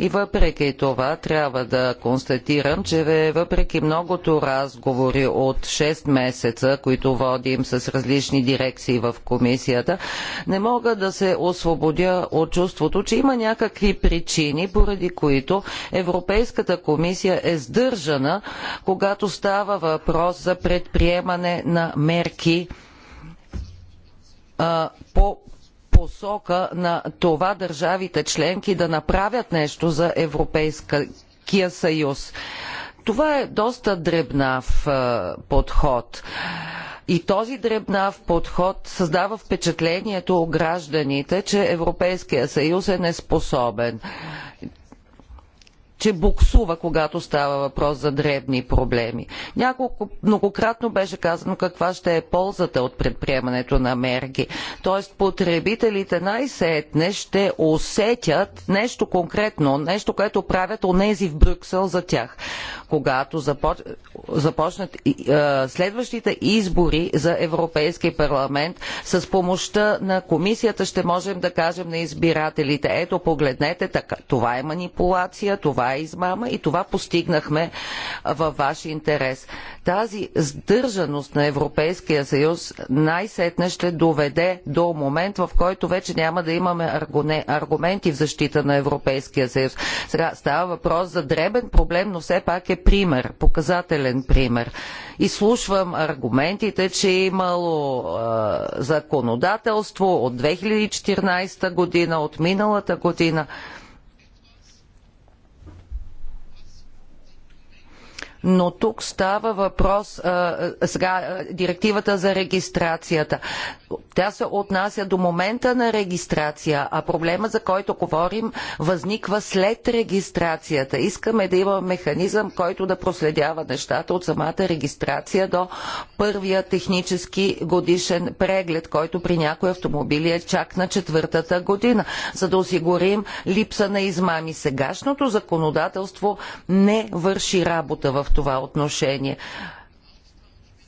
И въпреки това трябва да констатирам, че въпреки многото разговори от 6 месеца, които водим с различни дирекции в комисията, не мога да се освободя от чувството, че има някакви причини, поради които Европейската комисия е сдържана, когато става въпрос за предприемане на мерки по посока на това държавите членки да направят нещо за Европейския съюз. Това е доста дребнав е, подход. И този дребнав подход създава впечатлението у гражданите, че Европейския съюз е неспособен че буксува, когато става въпрос за дребни проблеми. Няколко, многократно беше казано каква ще е ползата от предприемането на мерки. Тоест потребителите най-сетне ще усетят нещо конкретно, нещо, което правят онези в Брюксел за тях. Когато започ... започнат е, следващите избори за Европейски парламент, с помощта на комисията ще можем да кажем на избирателите, ето погледнете, така, това е манипулация, това е измама и това постигнахме във ваш интерес. Тази сдържаност на Европейския съюз най-сетне ще доведе до момент, в който вече няма да имаме аргументи в защита на Европейския съюз. Сега става въпрос за дребен проблем, но все пак е пример, показателен пример. Изслушвам аргументите, че е имало е, законодателство от 2014 година, от миналата година. но тук става въпрос а, сега директивата за регистрацията. Тя се отнася до момента на регистрация, а проблема за който говорим възниква след регистрацията. Искаме да има механизъм, който да проследява нещата от самата регистрация до първия технически годишен преглед, който при някои автомобили е чак на четвъртата година, за да осигурим липса на измами. Сегашното законодателство не върши работа в това отношение.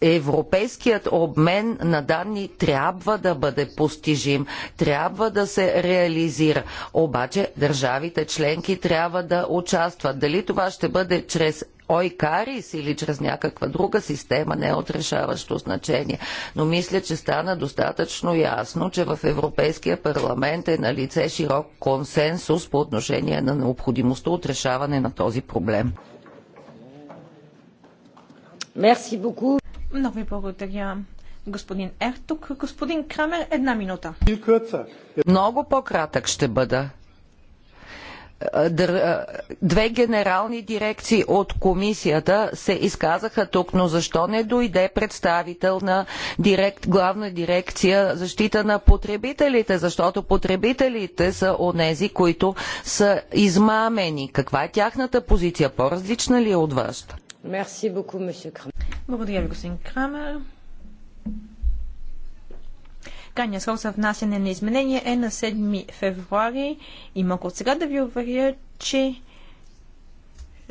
Европейският обмен на данни трябва да бъде постижим, трябва да се реализира. Обаче държавите членки трябва да участват. Дали това ще бъде чрез ОИКАРИС или чрез някаква друга система не е от решаващо значение. Но мисля, че стана достатъчно ясно, че в Европейския парламент е на лице широк консенсус по отношение на необходимостта от решаване на този проблем. Мерси Много ви благодаря. Господин Ертук, господин Крамер, една минута. Много по-кратък ще бъда е, е, две генерални дирекции от комисията се изказаха тук, но защо не дойде представител на директ, главна дирекция защита на потребителите? Защото потребителите са онези, които са измамени. Каква е тяхната позиция? По-различна ли е от вашата? Благодаря ви, господин Крамер. Крайният срок за внасяне на изменения е на 7 февруари и мога от сега да ви уверя, че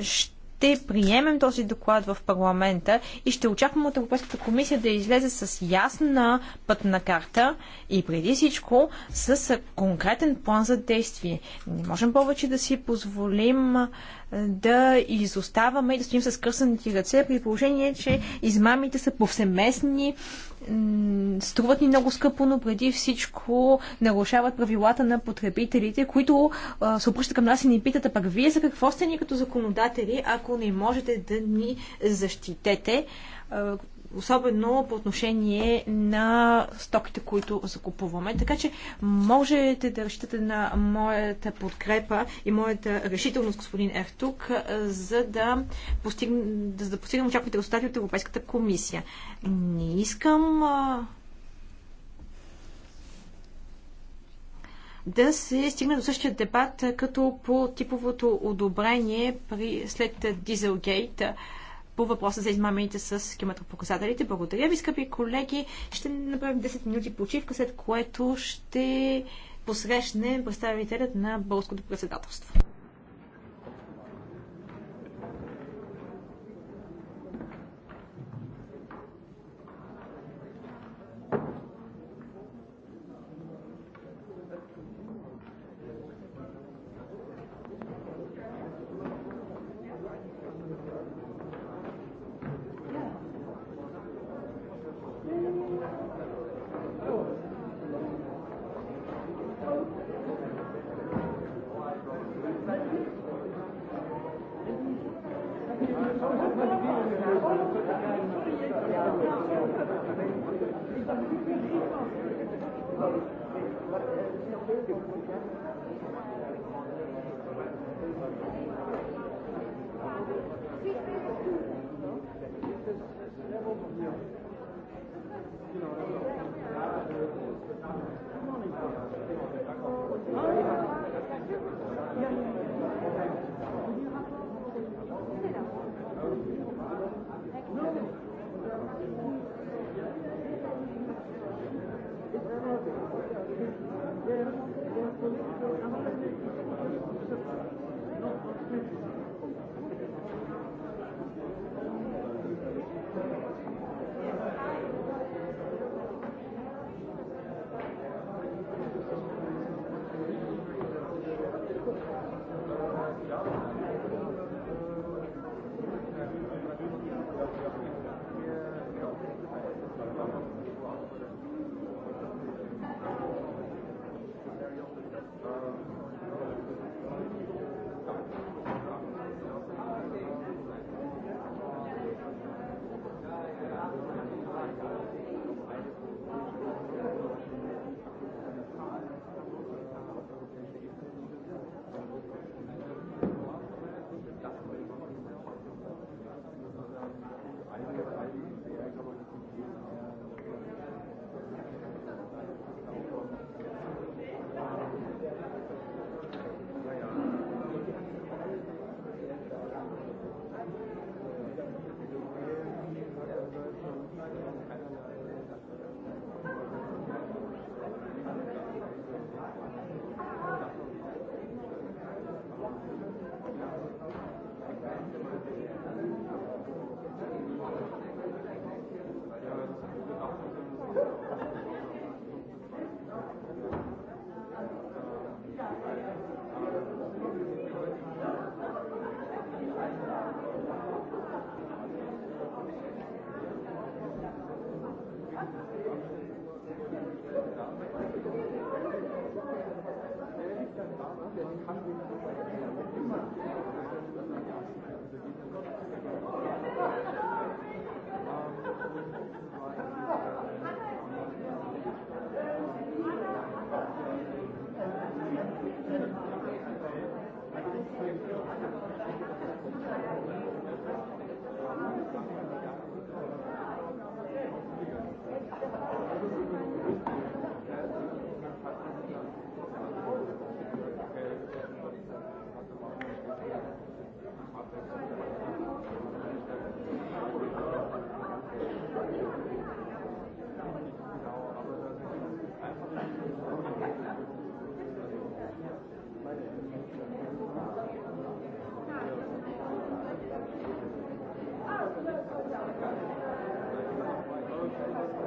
ще ще приемем този доклад в парламента и ще очакваме от Европейската комисия да излезе с ясна пътна карта и преди всичко с конкретен план за действие. Не можем повече да си позволим да изоставаме и да стоим с кръсаните ръце при положение, че измамите са повсеместни струват ни много скъпо, но преди всичко нарушават правилата на потребителите, които се обръщат към нас и ни питат, а пък вие за какво сте ни като законодатели, ако не можете да ни защитете? особено по отношение на стоките, които закупуваме. Така че можете да разчитате на моята подкрепа и моята решителност, господин Ертук, за да постигнем, за да постигнем очакваните резултати от Европейската комисия. Не искам да се стигне до същия дебат, като по типовото одобрение при, след дизелгейта. Uh, по въпроса за измамените с километропоказателите. Благодаря ви, скъпи колеги. Ще направим 10 минути почивка, след което ще посрещнем представителят на Българското председателство.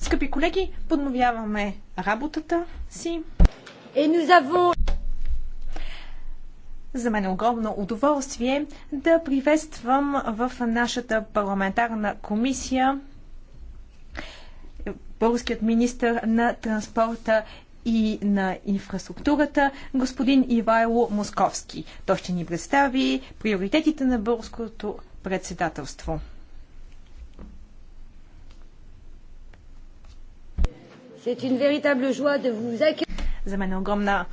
Скъпи колеги, подновяваме работата си. За мен е огромно удоволствие да приветствам в нашата парламентарна комисия българският министр на транспорта и на инфраструктурата, господин Ивайло Московски. Той ще ни представи приоритетите на българското председателство. За мен е огромна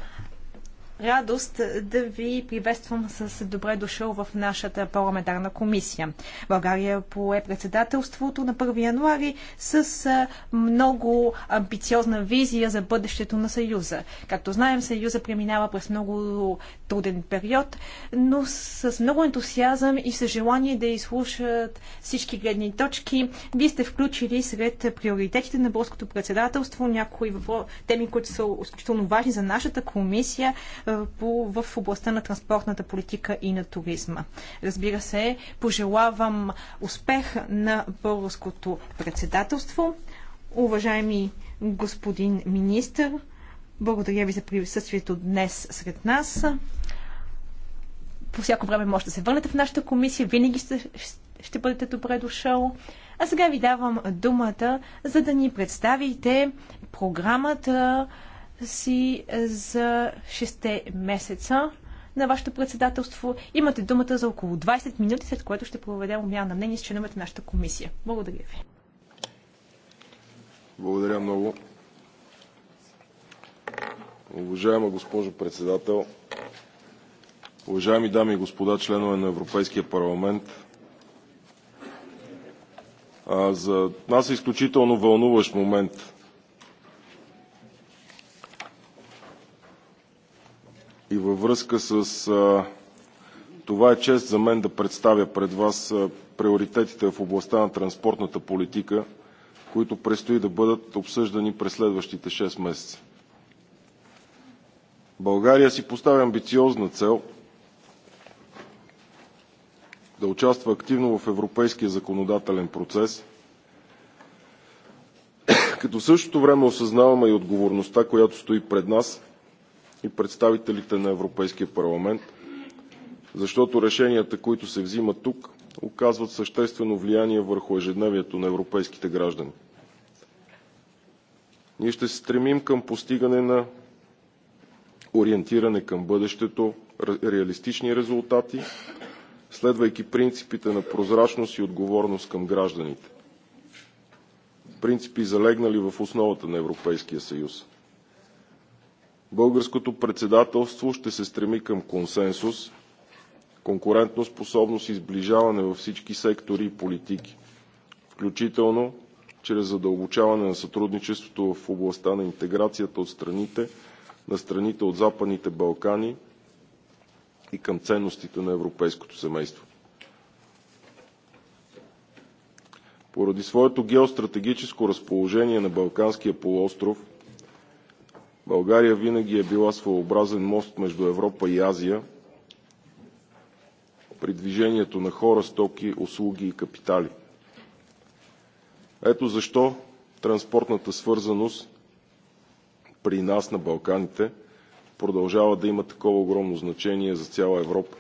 радост да ви приветствам с добре дошъл в нашата парламентарна комисия. България пое председателството на 1 януари с много амбициозна визия за бъдещето на Съюза. Както знаем, Съюза преминава през много труден период, но с много ентусиазъм и съжелание желание да изслушат всички гледни точки. Вие сте включили сред приоритетите на българското председателство някои теми, които са изключително важни за нашата комисия, е, по, в областта на транспортната политика и на туризма. Разбира се, пожелавам успех на българското председателство. Уважаеми господин министр, благодаря ви за присъствието днес сред нас. По всяко време може да се върнете в нашата комисия. Винаги ще, ще бъдете добре дошъл. А сега ви давам думата, за да ни представите програмата, си за 6 месеца на вашето председателство. Имате думата за около 20 минути, след което ще проведем умяна на мнение с членовете на нашата комисия. Благодаря ви. Благодаря много. Уважаема госпожо председател, уважаеми дами и господа членове на Европейския парламент, за нас е изключително вълнуващ момент и във връзка с това е чест за мен да представя пред вас приоритетите в областта на транспортната политика, които предстои да бъдат обсъждани през следващите 6 месеца. България си поставя амбициозна цел да участва активно в европейския законодателен процес, като в същото време осъзнаваме и отговорността, която стои пред нас и представителите на Европейския парламент, защото решенията, които се взимат тук, оказват съществено влияние върху ежедневието на европейските граждани. Ние ще се стремим към постигане на ориентиране към бъдещето, реалистични резултати, следвайки принципите на прозрачност и отговорност към гражданите. Принципи, залегнали в основата на Европейския съюз. Българското председателство ще се стреми към консенсус, конкурентоспособност и сближаване във всички сектори и политики, включително чрез задълбочаване на сътрудничеството в областта на интеграцията от страните на страните от Западните Балкани и към ценностите на европейското семейство. Поради своето геостратегическо разположение на Балканския полуостров България винаги е била своеобразен мост между Европа и Азия при движението на хора, стоки, услуги и капитали. Ето защо транспортната свързаност при нас на Балканите продължава да има такова огромно значение за цяла Европа.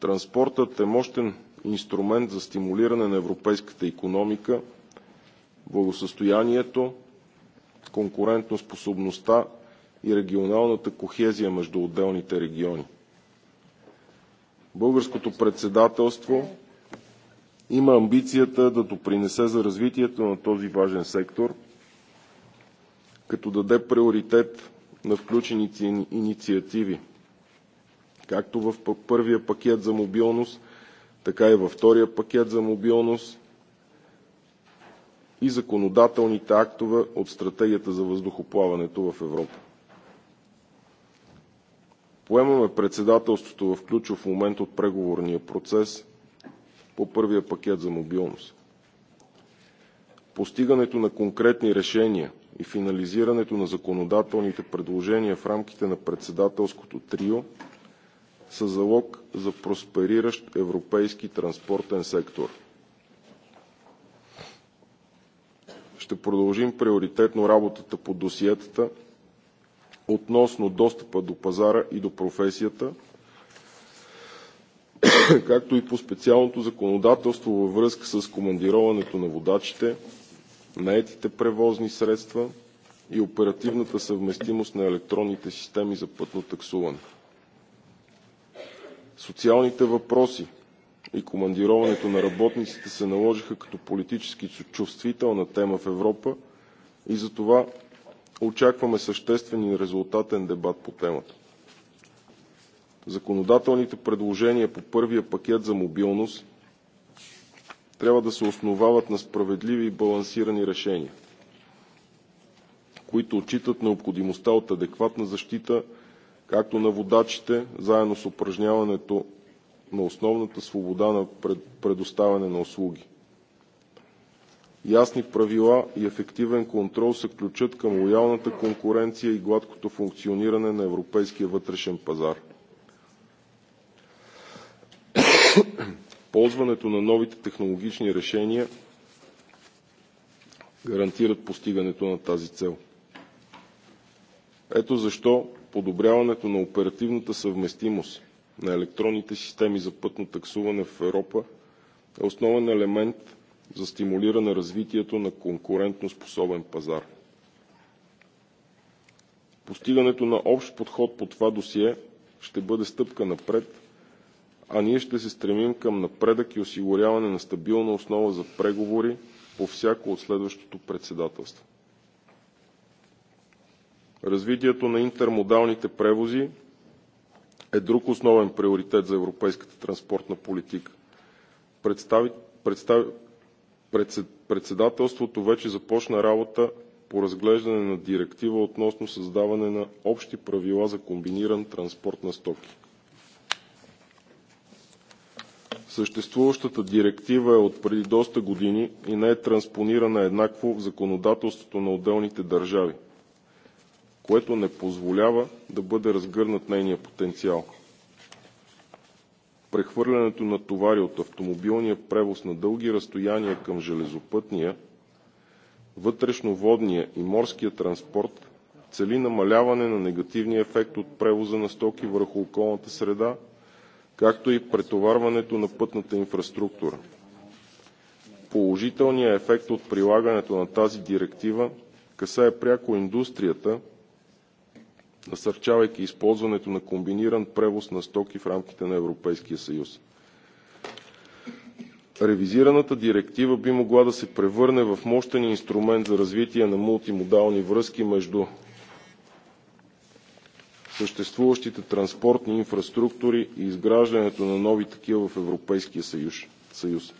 Транспортът е мощен инструмент за стимулиране на европейската економика, благосъстоянието, конкурентоспособността и регионалната кохезия между отделните региони. Българското председателство има амбицията да допринесе за развитието на този важен сектор, като даде приоритет на включените инициативи както в първия пакет за мобилност, така и във втория пакет за мобилност, и законодателните актове от Стратегията за въздухоплаването в Европа. Поемаме председателството в ключов момент от преговорния процес по първия пакет за мобилност. Постигането на конкретни решения и финализирането на законодателните предложения в рамките на председателското трио са залог за проспериращ европейски транспортен сектор – ще продължим приоритетно работата по досиетата относно достъпа до пазара и до професията, както и по специалното законодателство във връзка с командироването на водачите, наетите превозни средства и оперативната съвместимост на електронните системи за пътно таксуване. Социалните въпроси, и командироването на работниците се наложиха като политически чувствителна тема в Европа и затова очакваме съществен и резултатен дебат по темата. Законодателните предложения по първия пакет за мобилност трябва да се основават на справедливи и балансирани решения, които отчитат необходимостта от адекватна защита както на водачите, заедно с упражняването на основната свобода на предоставяне на услуги. Ясни правила и ефективен контрол са ключът към лоялната конкуренция и гладкото функциониране на европейския вътрешен пазар. Ползването на новите технологични решения гарантират постигането на тази цел. Ето защо подобряването на оперативната съвместимост на електронните системи за пътно таксуване в Европа е основен елемент за стимулиране развитието на конкурентоспособен пазар. Постигането на общ подход по това досие ще бъде стъпка напред, а ние ще се стремим към напредък и осигуряване на стабилна основа за преговори по всяко от следващото председателство. Развитието на интермодалните превози е друг основен приоритет за европейската транспортна политика. Председателството вече започна работа по разглеждане на Директива относно създаване на общи правила за комбиниран транспорт на стоки. Съществуващата Директива е от преди доста години и не е транспонирана еднакво в законодателството на отделните държави което не позволява да бъде разгърнат нейният потенциал. Прехвърлянето на товари от автомобилния превоз на дълги разстояния към железопътния, вътрешноводния и морския транспорт цели намаляване на негативния ефект от превоза на стоки върху околната среда, както и претоварването на пътната инфраструктура. Положителният ефект от прилагането на тази директива касае пряко индустрията насърчавайки използването на комбиниран превоз на стоки в рамките на Европейския съюз. Ревизираната директива би могла да се превърне в мощен инструмент за развитие на мултимодални връзки между съществуващите транспортни инфраструктури и изграждането на нови такива в Европейския съюз.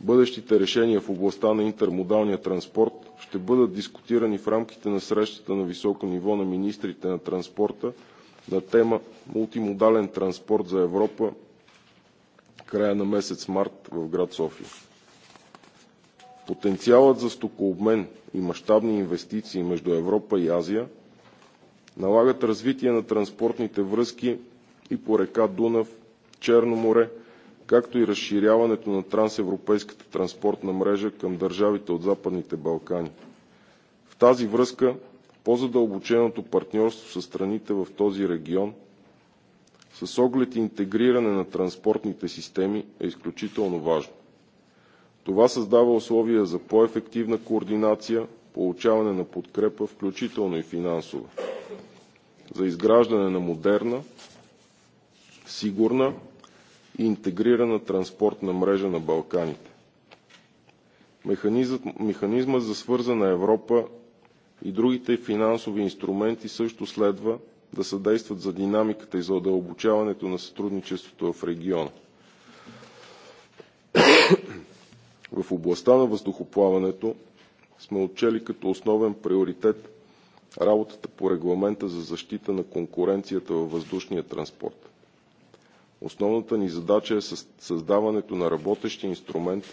Бъдещите решения в областта на интермодалния транспорт ще бъдат дискутирани в рамките на срещата на високо ниво на министрите на транспорта на тема „Мултимодален транспорт за Европа“ в края на месец март в град София. Потенциалът за стокообмен и мащабни инвестиции между Европа и Азия налагат развитие на транспортните връзки и по река Дунав, Черно море, както и разширяването на трансевропейската транспортна мрежа към държавите от Западните Балкани. В тази връзка по-задълбоченото партньорство със страните в този регион с оглед интегриране на транспортните системи е изключително важно. Това създава условия за по-ефективна координация, получаване на подкрепа, включително и финансова, за изграждане на модерна, сигурна и интегрирана транспортна мрежа на Балканите. Механизма за свързана Европа и другите финансови инструменти също следва да съдействат за динамиката и за удълбочаването на сътрудничеството в региона. В областта на въздухоплаването сме отчели като основен приоритет работата по регламента за защита на конкуренцията във въздушния транспорт. Основната ни задача е създаването на работещ инструмент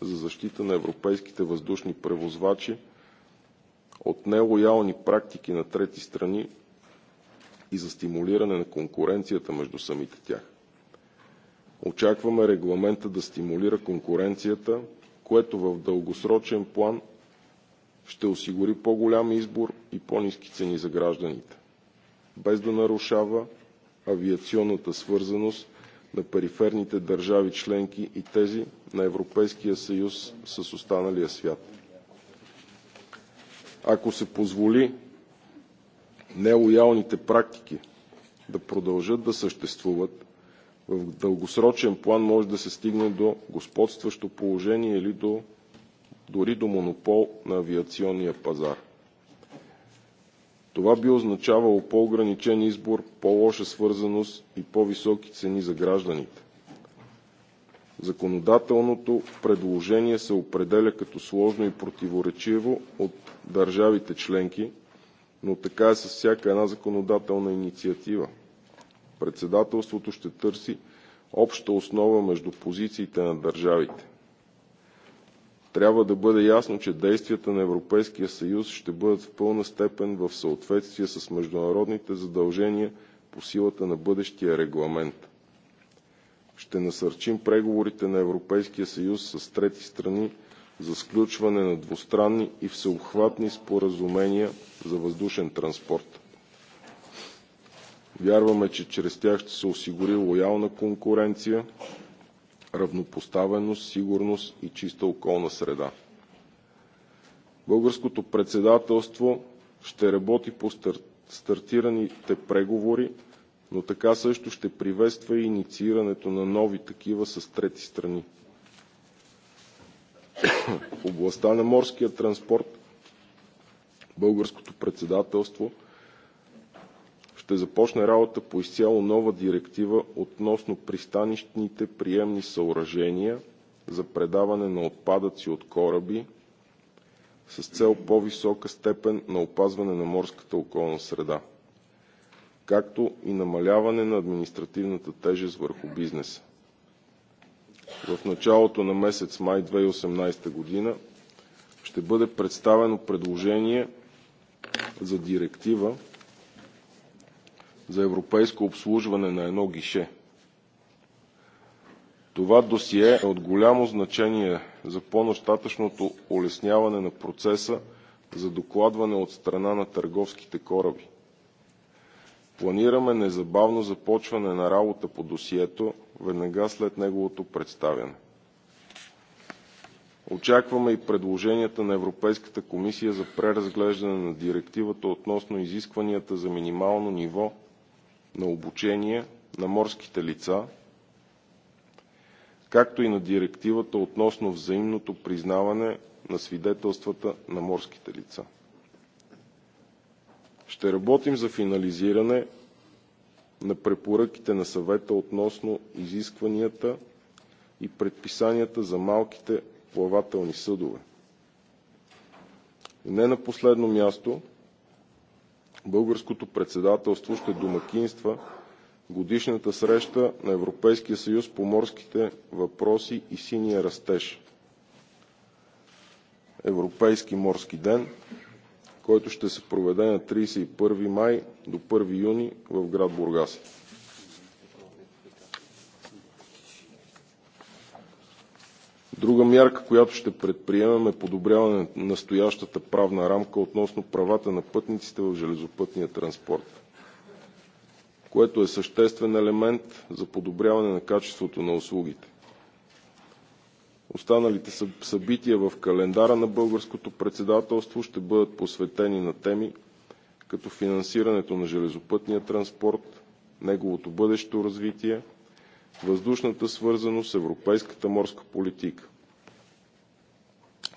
за защита на европейските въздушни превозвачи от нелоялни практики на трети страни и за стимулиране на конкуренцията между самите тях. Очакваме регламента да стимулира конкуренцията, което в дългосрочен план ще осигури по-голям избор и по-ниски цени за гражданите, без да нарушава авиационната свързаност на периферните държави членки и тези на Европейския съюз с останалия свят. Ако се позволи нелоялните практики да продължат да съществуват, в дългосрочен план може да се стигне до господстващо положение или до, дори до монопол на авиационния пазар. Това би означавало по-ограничен избор, по-лоша свързаност и по-високи цени за гражданите. Законодателното предложение се определя като сложно и противоречиво от държавите членки, но така е с всяка една законодателна инициатива. Председателството ще търси обща основа между позициите на държавите. Трябва да бъде ясно, че действията на Европейския съюз ще бъдат в пълна степен в съответствие с международните задължения по силата на бъдещия регламент. Ще насърчим преговорите на Европейския съюз с трети страни за сключване на двустранни и всеобхватни споразумения за въздушен транспорт. Вярваме, че чрез тях ще се осигури лоялна конкуренция, равнопоставеност, сигурност и чиста околна среда. Българското председателство ще работи по стартираните преговори, но така също ще приветства и инициирането на нови такива с трети страни. В областта на морския транспорт Българското председателство ще започне работа по изцяло нова директива относно пристанищните приемни съоръжения за предаване на отпадъци от кораби с цел по-висока степен на опазване на морската околна среда, както и намаляване на административната тежест върху бизнеса. В началото на месец май 2018 година ще бъде представено предложение за директива за европейско обслужване на едно гише. Това досие е от голямо значение за по-нататъчното улесняване на процеса за докладване от страна на търговските кораби. Планираме незабавно започване на работа по досието веднага след неговото представяне. Очакваме и предложенията на Европейската комисия за преразглеждане на Директивата относно изискванията за минимално ниво на обучение на морските лица, както и на Директивата относно взаимното признаване на свидетелствата на морските лица. Ще работим за финализиране на препоръките на Съвета относно изискванията и предписанията за малките плавателни съдове. И не на последно място, Българското председателство ще домакинства Годишната среща на Европейския съюз по морските въпроси и синия растеж – Европейски морски ден, който ще се проведе на 31 май до 1 юни в град Бургас. Друга мярка, която ще предприемем, е подобряване на настоящата правна рамка относно правата на пътниците в железопътния транспорт, което е съществен елемент за подобряване на качеството на услугите. Останалите събития в календара на Българското председателство ще бъдат посветени на теми като финансирането на железопътния транспорт, неговото бъдещо развитие – въздушната свързаност с европейската морска политика.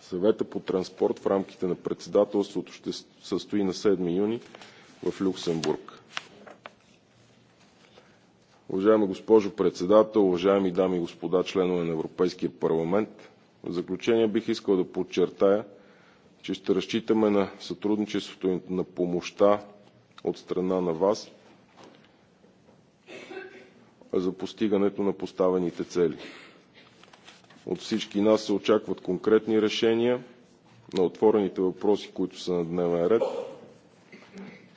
Съветът по транспорт в рамките на председателството ще се състои на 7 юни в Люксембург. Уважаема госпожо Председател, уважаеми дами и господа членове на Европейския парламент! В заключение бих искал да подчертая, че ще разчитаме на сътрудничеството и на помощта от страна на Вас за постигането на поставените цели. От всички нас се очакват конкретни решения на отворените въпроси, които са на дневен ред.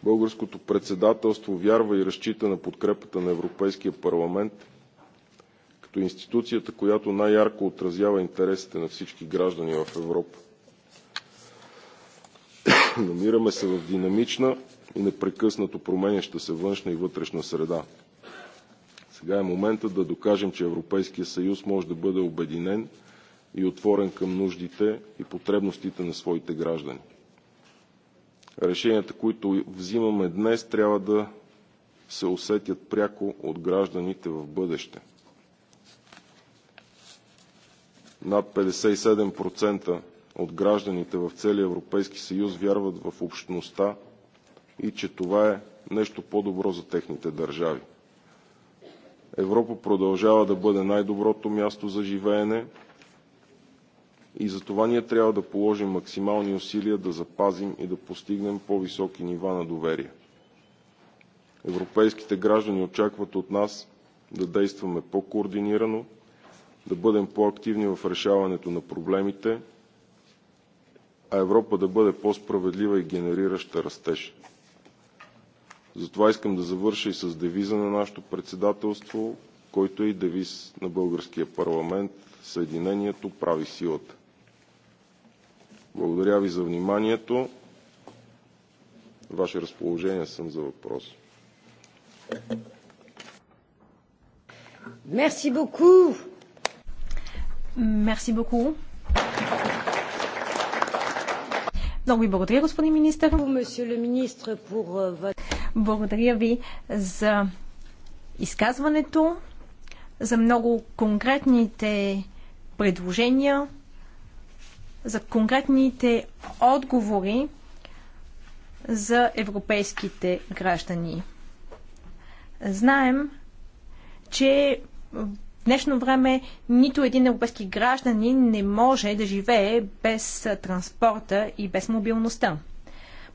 Българското председателство вярва и разчита на подкрепата на Европейския парламент като институцията, която най-ярко отразява интересите на всички граждани в Европа. Намираме се в динамична и непрекъснато променяща се външна и вътрешна среда. Сега е моментът да докажем, че Европейският съюз може да бъде обединен и отворен към нуждите и потребностите на своите граждани. Решенията, които взимаме днес, трябва да се усетят пряко от гражданите в бъдеще. Над 57% от гражданите в целия Европейски съюз вярват в общността и че това е нещо по-добро за техните държави. Европа продължава да бъде най-доброто място за живеене и затова ние трябва да положим максимални усилия да запазим и да постигнем по-високи нива на доверие. Европейските граждани очакват от нас да действаме по-координирано, да бъдем по-активни в решаването на проблемите, а Европа да бъде по-справедлива и генерираща растеж. Затова искам да завърша и с девиза на нашето председателство, който е и девиз на българския парламент Съединението прави силата. Благодаря ви за вниманието. Ваше разположение съм за въпрос. Merci beaucoup. Merci beaucoup. Много ви благодаря, господин министър. Благодаря ви за изказването, за много конкретните предложения, за конкретните отговори за европейските граждани. Знаем, че в днешно време нито един европейски гражданин не може да живее без транспорта и без мобилността.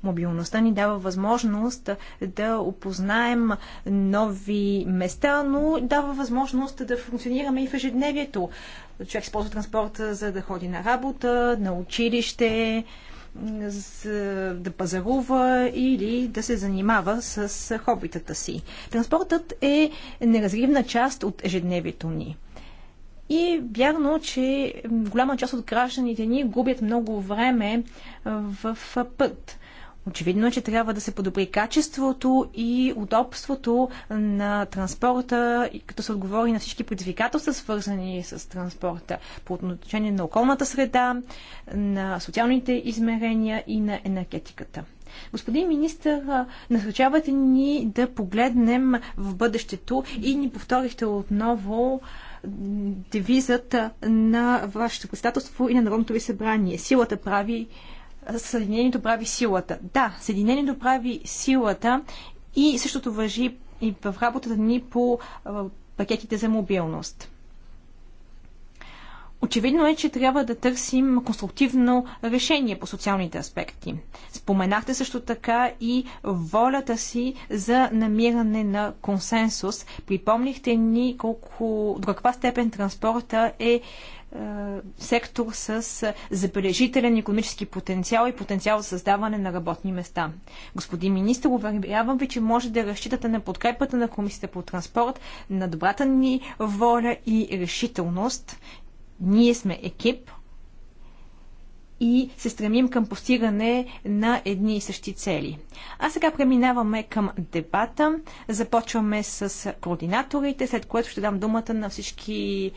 Мобилността ни дава възможност да опознаем нови места, но дава възможност да функционираме и в ежедневието. Човек използва транспорта, за да ходи на работа, на училище, да пазарува или да се занимава с хобитата си. Транспортът е неразривна част от ежедневието ни. И е вярно, че голяма част от гражданите ни губят много време в път. Очевидно е, че трябва да се подобри качеството и удобството на транспорта, като се отговори на всички предизвикателства, свързани с транспорта по отношение на околната среда, на социалните измерения и на енергетиката. Господин министър, насочавате ни да погледнем в бъдещето и ни повторихте отново девизът на вашето председателство и на Народното ви събрание. Силата прави Съединението прави силата. Да, Съединението прави силата и същото въжи и в работата ни по пакетите за мобилност. Очевидно е, че трябва да търсим конструктивно решение по социалните аспекти. Споменахте също така и волята си за намиране на консенсус. Припомнихте ни колко, до каква степен транспорта е е, сектор с забележителен економически потенциал и потенциал за създаване на работни места. Господин министр, уверявам ви, че може да разчитате на подкрепата на Комисията по транспорт, на добрата ни воля и решителност. Ние сме екип, и се стремим към постигане на едни и същи цели. А сега преминаваме към дебата. Започваме с координаторите, след което ще дам думата на всички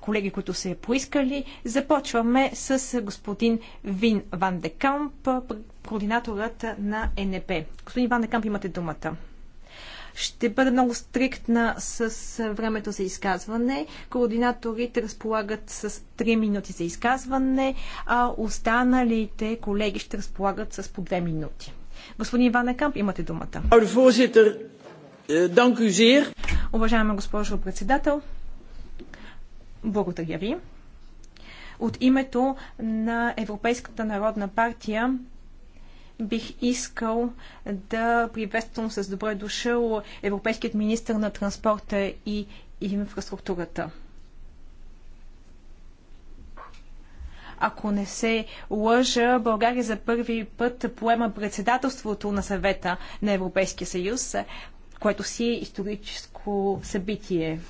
колеги, които се е поискали. Започваме с господин Вин Ван Декамп, координаторът на НП. Господин Ван Декамп, имате думата. Ще бъда много стриктна с времето за изказване. Координаторите разполагат с 3 минути за изказване, а останалите колеги ще разполагат с по 2 минути. Господин Камп, имате думата. Е, Уважаема госпожо председател, благодаря ви. От името на Европейската народна партия бих искал да приветствам с добре дошъл европейският министр на транспорта и инфраструктурата. Ако не се лъжа, България за първи път поема председателството на съвета на Европейския съюз, което си е историческо събитие.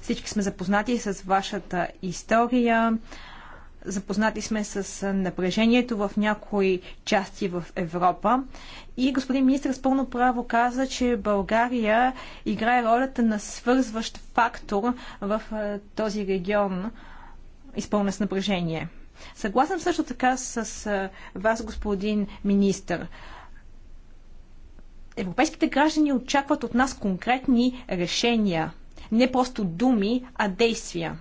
Всички сме запознати с вашата история, Запознати сме с напрежението в някои части в Европа. И господин министр с пълно право каза, че България играе ролята на свързващ фактор в този регион, изпълнен с напрежение. Съгласен също така с вас, господин министр. Европейските граждани очакват от нас конкретни решения, не просто думи, а действия.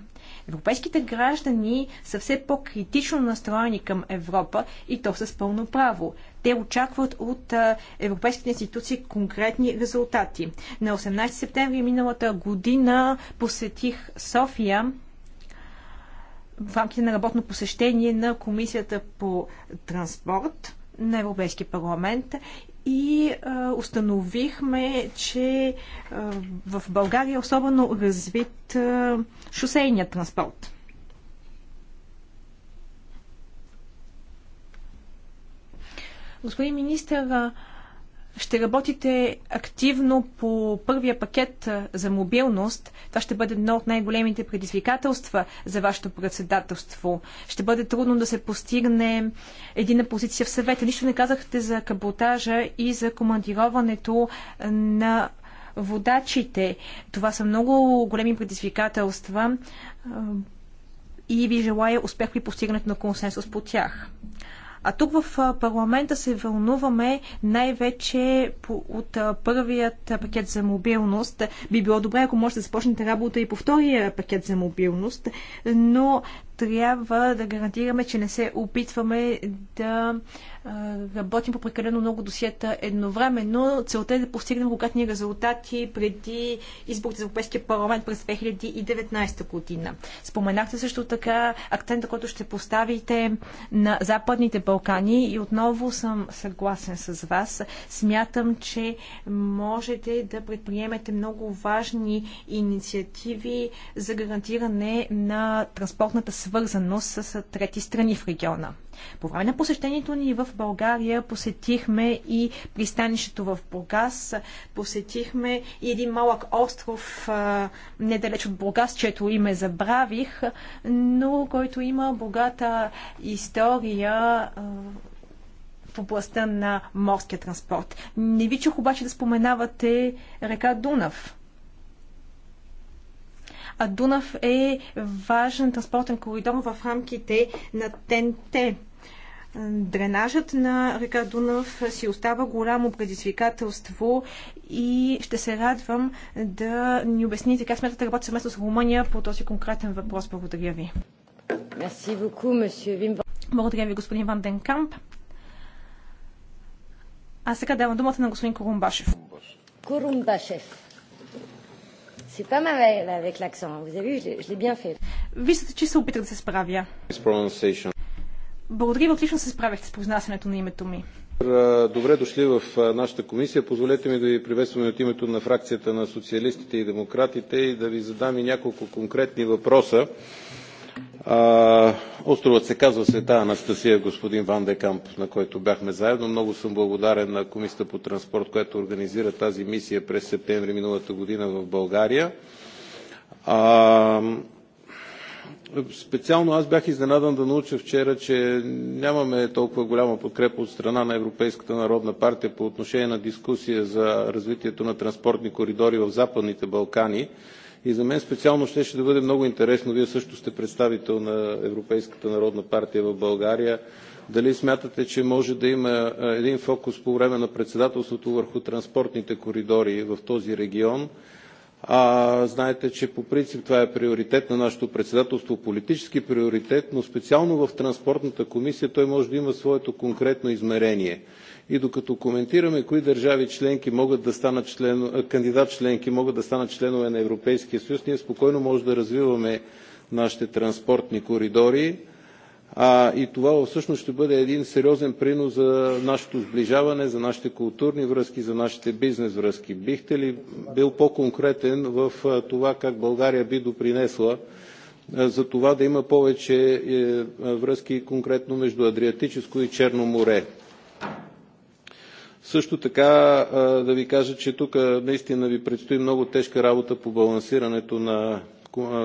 Европейските граждани са все по-критично настроени към Европа и то с пълно право. Те очакват от европейските институции конкретни резултати. На 18 септември миналата година посетих София в рамките на работно посещение на Комисията по транспорт на Европейския парламент и а, установихме, че а, в България е особено развит а, шосейният транспорт. Господин министър, ще работите активно по първия пакет за мобилност. Това ще бъде едно от най-големите предизвикателства за вашето председателство. Ще бъде трудно да се постигне едина позиция в съвета. Нищо не казахте за каботажа и за командироването на водачите. Това са много големи предизвикателства и ви желая успех при постигането на консенсус по тях. А тук в парламента се вълнуваме най-вече от първият пакет за мобилност. Би било добре, ако може да започнете работа и по втория пакет за мобилност, но трябва да гарантираме, че не се опитваме да работим по прекалено много досиета едновременно. Целта е да постигнем конкретни резултати преди изборите за Европейския парламент през 2019 година. Споменахте също така акцента, който ще поставите на Западните Балкани и отново съм съгласен с вас. Смятам, че можете да предприемете много важни инициативи за гарантиране на транспортната сфера свързано с трети страни в региона. По време на посещението ни в България посетихме и пристанището в Бургас, посетихме и един малък остров недалеч от Бургас, чето име забравих, но който има богата история в областта на морския транспорт. Не ви чух обаче да споменавате река Дунав а Дунав е важен транспортен коридор в рамките на ТНТ. Дренажът на река Дунав си остава голямо предизвикателство и ще се радвам да ни обясните как смятате да работите съвместно с Румъния по този конкретен въпрос. Благодаря ви. Благодаря ви, господин Ван Денкамп. А сега давам думата на господин Корумбашев. Корумбашев. C'est pas mal avec l'accent. Vous avez vu, je l'ai bien fait. Виждате, че се опитах да се справя. Благодаря ви, отлично се справихте с произнасянето на името ми. Е, добре дошли в е, нашата комисия. Позволете ми да ви приветстваме от името на фракцията на социалистите и демократите и да ви задам и няколко конкретни въпроса островът се казва Света Анастасия, господин Ван Декамп, на който бяхме заедно. Много съм благодарен на Комисията по транспорт, която организира тази мисия през септември миналата година в България. А, специално аз бях изненадан да науча вчера, че нямаме толкова голяма подкрепа от страна на Европейската народна партия по отношение на дискусия за развитието на транспортни коридори в Западните Балкани. И за мен специално щеше да бъде много интересно, Вие също сте представител на Европейската народна партия в България, дали смятате, че може да има един фокус по време на председателството върху транспортните коридори в този регион? А, знаете, че по принцип това е приоритет на нашето председателство, политически приоритет, но специално в Транспортната комисия той може да има своето конкретно измерение. И докато коментираме кои държави членки могат да станат член, кандидат членки могат да станат членове на Европейския съюз, ние спокойно можем да развиваме нашите транспортни коридори. А, и това всъщност ще бъде един сериозен принос за нашето сближаване, за нашите културни връзки, за нашите бизнес връзки. Бихте ли бил по-конкретен в това как България би допринесла за това да има повече е, връзки конкретно между Адриатическо и Черно море? Също така да ви кажа, че тук наистина ви предстои много тежка работа по балансирането на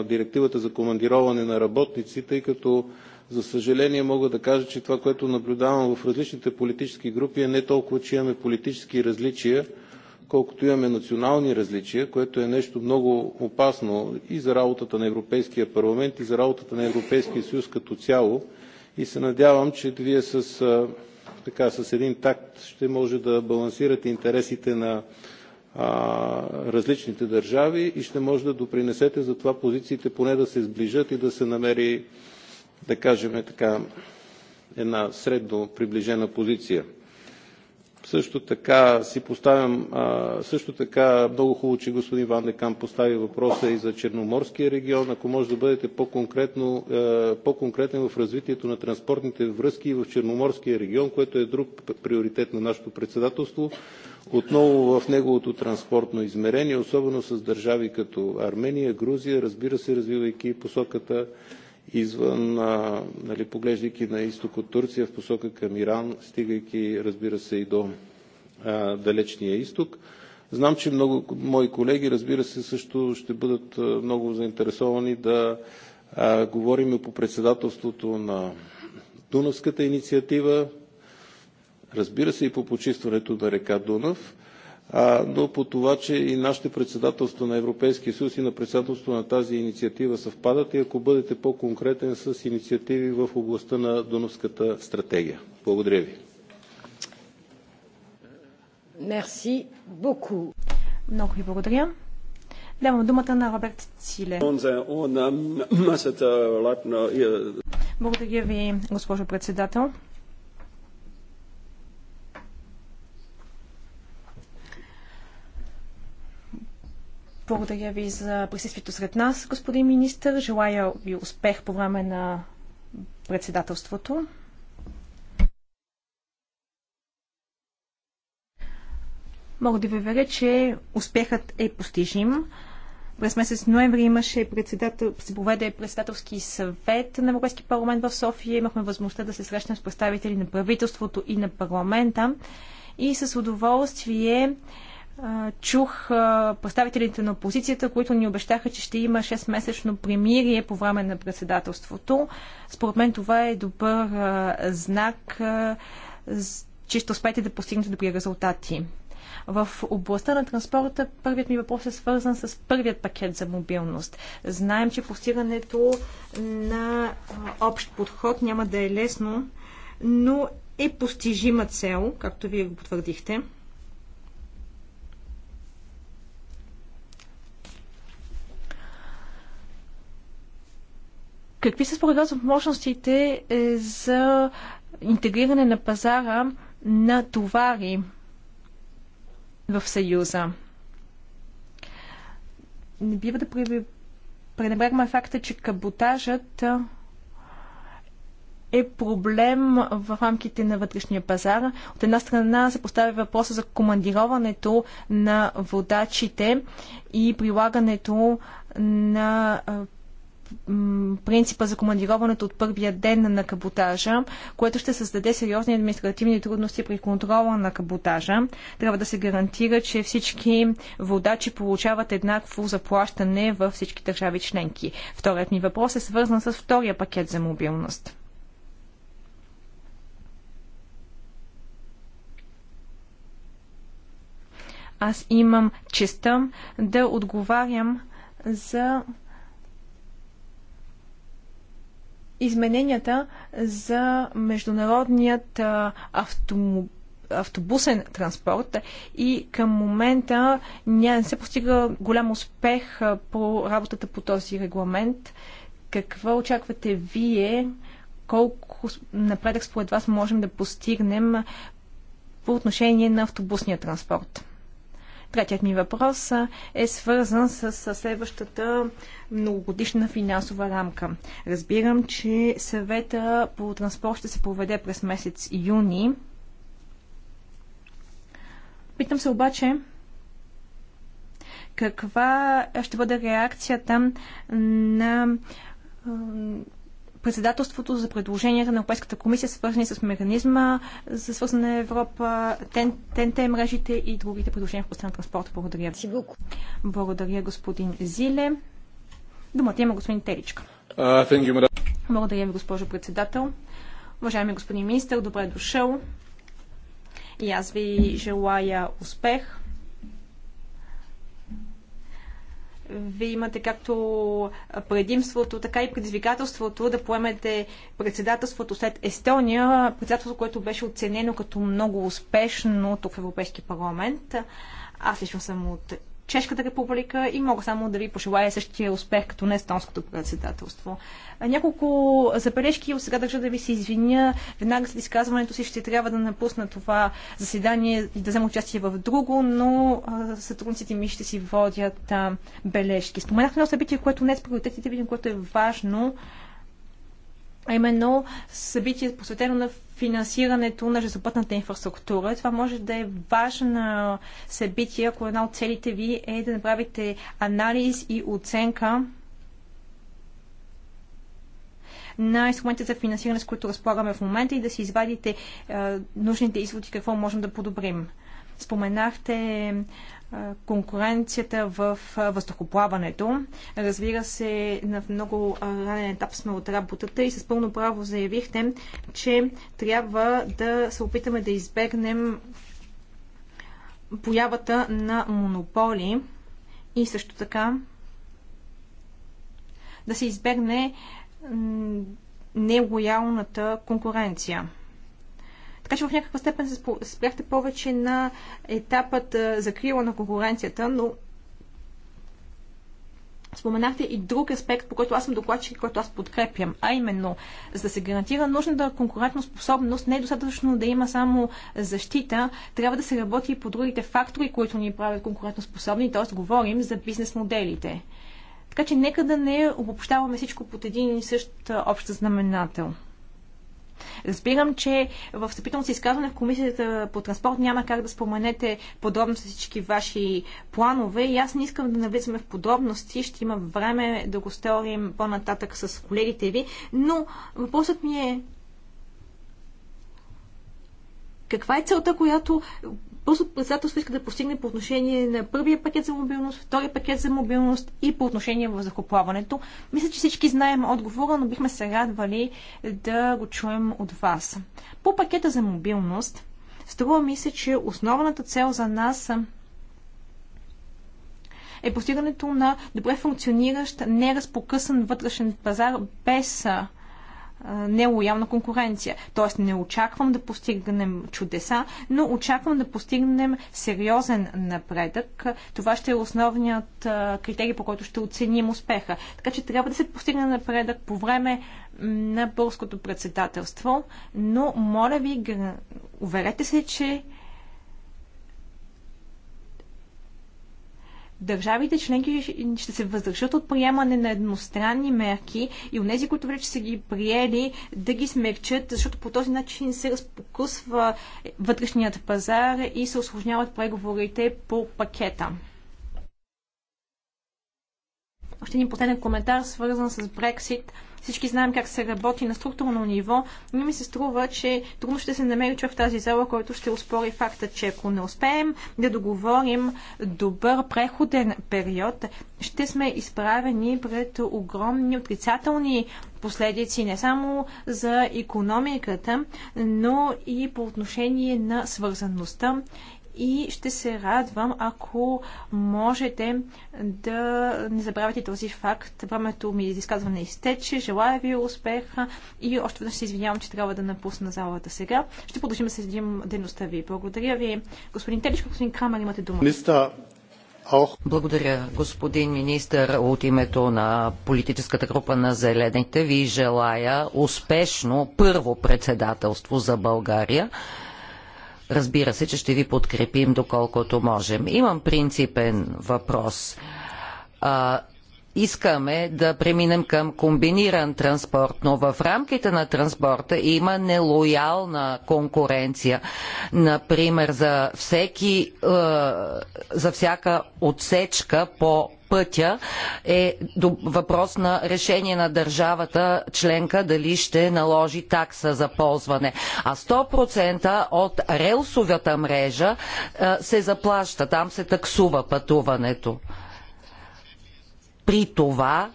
директивата за командироване на работници, тъй като за съжаление мога да кажа, че това, което наблюдавам в различните политически групи е не толкова, че имаме политически различия, колкото имаме национални различия, което е нещо много опасно и за работата на Европейския парламент, и за работата на Европейския съюз като цяло. И се надявам, че вие с така с един такт ще може да балансирате интересите на а, различните държави и ще може да допринесете за това позициите поне да се сближат и да се намери, да кажем така, една средно приближена позиция. Също така си поставям, също така много хубаво, че господин Ван Декам постави въпроса и за Черноморския регион. Ако може да бъдете по-конкретно, е, по-конкретен в развитието на транспортните връзки в Черноморския регион, което е друг приоритет на нашето председателство, отново в неговото транспортно измерение, особено с държави като Армения, Грузия, разбира се, развивайки посоката извън, а, нали, поглеждайки на изток от Турция в посока към Иран, стигайки, разбира се, и до а, далечния изток. Знам, че много мои колеги, разбира се, също ще бъдат много заинтересовани да а, говорим по председателството на Дунавската инициатива, разбира се и по почистването на река Дунав но по това, че и нашите председателства на Европейския съюз и на председателството на тази инициатива съвпадат и ако бъдете по-конкретен с инициативи в областта на Дунавската стратегия. Благодаря ви. Мерси Боку. Много ви благодаря. Давам думата на Роберт Циле. Благодаря ви, госпожо председател. Благодаря ви за присъствието сред нас, господин министр. Желая ви успех по време на председателството. Мога да ви веря, че успехът е постижим. През месец ноември имаше председател, се проведе председателски съвет на Европейски парламент в София. Имахме възможността да се срещнем с представители на правителството и на парламента. И с удоволствие чух представителите на опозицията, които ни обещаха, че ще има 6-месечно примирие по време на председателството. Според мен това е добър знак, че ще успеете да постигнете добри резултати. В областта на транспорта първият ми въпрос е свързан с първият пакет за мобилност. Знаем, че постигането на общ подход няма да е лесно, но е постижима цел, както вие го потвърдихте. Какви са според вас възможностите е, за интегриране на пазара на товари в Съюза? Не бива да пренебрегваме факта, че каботажът е, е проблем в рамките на вътрешния пазар. От една страна се поставя въпроса за командироването на водачите и прилагането на е, принципа за командироването от първия ден на каботажа, което ще създаде сериозни административни трудности при контрола на каботажа. Трябва да се гарантира, че всички водачи получават еднакво заплащане във всички държави членки. Вторият ми въпрос е свързан с втория пакет за мобилност. аз имам честа да отговарям за измененията за международният автомобил автобусен транспорт и към момента не се постига голям успех по работата по този регламент. Какво очаквате вие? Колко напредък според вас можем да постигнем по отношение на автобусния транспорт? Третият ми въпрос е свързан с следващата многогодишна финансова рамка. Разбирам, че съвета по транспорт ще се проведе през месец юни. Питам се обаче, каква ще бъде реакцията на председателството за предложенията на Европейската комисия, свързани с механизма за свързане на Европа, ТНТ мрежите и другите предложения в областта на транспорта. Благодаря. Благодаря, господин Зиле. Думата има господин Теличка. Благодаря ви, госпожо председател. Уважаеми господин министр, добре дошъл. И аз ви желая успех вие имате както предимството, така и предизвикателството да поемете председателството след Естония, председателството, което беше оценено като много успешно тук в Европейски парламент. Аз лично съм от Чешката република и мога само да ви пожелая същия успех като не естонското председателство. Няколко забележки от сега държа да ви се извиня. Веднага след изказването си ще трябва да напусна това заседание и да взема участие в друго, но сътрудниците ми ще си водят а, бележки. Споменахме едно събитие, което не е с приоритетите ви, което е важно а именно събитие посветено на финансирането на железопътната инфраструктура. Това може да е важно събитие, ако една от целите ви е да направите анализ и оценка на инструментите за финансиране, с които разполагаме в момента и да си извадите е, нужните изводи, какво можем да подобрим. Споменахте конкуренцията в въздухоплаването. Разбира се, на много ранен етап сме от работата и с пълно право заявихте, че трябва да се опитаме да избегнем появата на монополи и също така да се избегне нелоялната конкуренция. Така че в някаква степен се спряхте повече на етапът закрила на конкуренцията, но Споменахте и друг аспект, по който аз съм докладчик и който аз подкрепям, а именно, за да се гарантира нужната конкурентна способност, не е достатъчно да има само защита, трябва да се работи и по другите фактори, които ни правят конкурентно способни, т.е. говорим за бизнес моделите. Така че нека да не обобщаваме всичко под един и същ общ знаменател. Разбирам, че в встъпително си изказване в комисията по транспорт няма как да споменете подробно всички ваши планове и аз не искам да навлизаме в подробности. Ще има време да го сторим по-нататък с колегите ви, но въпросът ми е каква е целта, която Пълсът председателство иска да постигне по отношение на първия пакет за мобилност, втория пакет за мобилност и по отношение в закупуването. Мисля, че всички знаем отговора, но бихме се радвали да го чуем от вас. По пакета за мобилност, струва ми се, че основната цел за нас е постигането на добре функциониращ, неразпокъсан вътрешен пазар без нелоялна конкуренция. Тоест не очаквам да постигнем чудеса, но очаквам да постигнем сериозен напредък. Това ще е основният критерий, по който ще оценим успеха. Така че трябва да се постигне напредък по време на българското председателство, но моля ви, уверете се, че държавите членки ще се въздържат от приемане на едностранни мерки и от тези, които вече са ги приели, да ги смекчат, защото по този начин се разпокъсва вътрешният пазар и се осложняват преговорите по пакета. Още един последен коментар, свързан с Брексит всички знаем как се работи на структурно ниво, но ми се струва, че трудно ще се намери човек в тази зала, който ще успори факта, че ако не успеем да договорим добър преходен период, ще сме изправени пред огромни отрицателни последици не само за економиката, но и по отношение на свързаността и ще се радвам, ако можете да не забравяте този факт. Времето ми за изказване изтече. Желая ви успеха и още веднъж се извинявам, че трябва да напусна залата сега. Ще продължим да следим дейността ви. Благодаря ви. Господин Теличко, господин Крамер, имате дума. Благодаря, господин министър. От името на политическата група на Зелените ви желая успешно първо председателство за България Разбира се, че ще ви подкрепим доколкото можем. Имам принципен въпрос. А, искаме да преминем към комбиниран транспорт, но в рамките на транспорта има нелоялна конкуренция. Например, за, всеки, за всяка отсечка по пътя е въпрос на решение на държавата членка дали ще наложи такса за ползване. А 100% от релсовата мрежа е, се заплаща, там се таксува пътуването. При това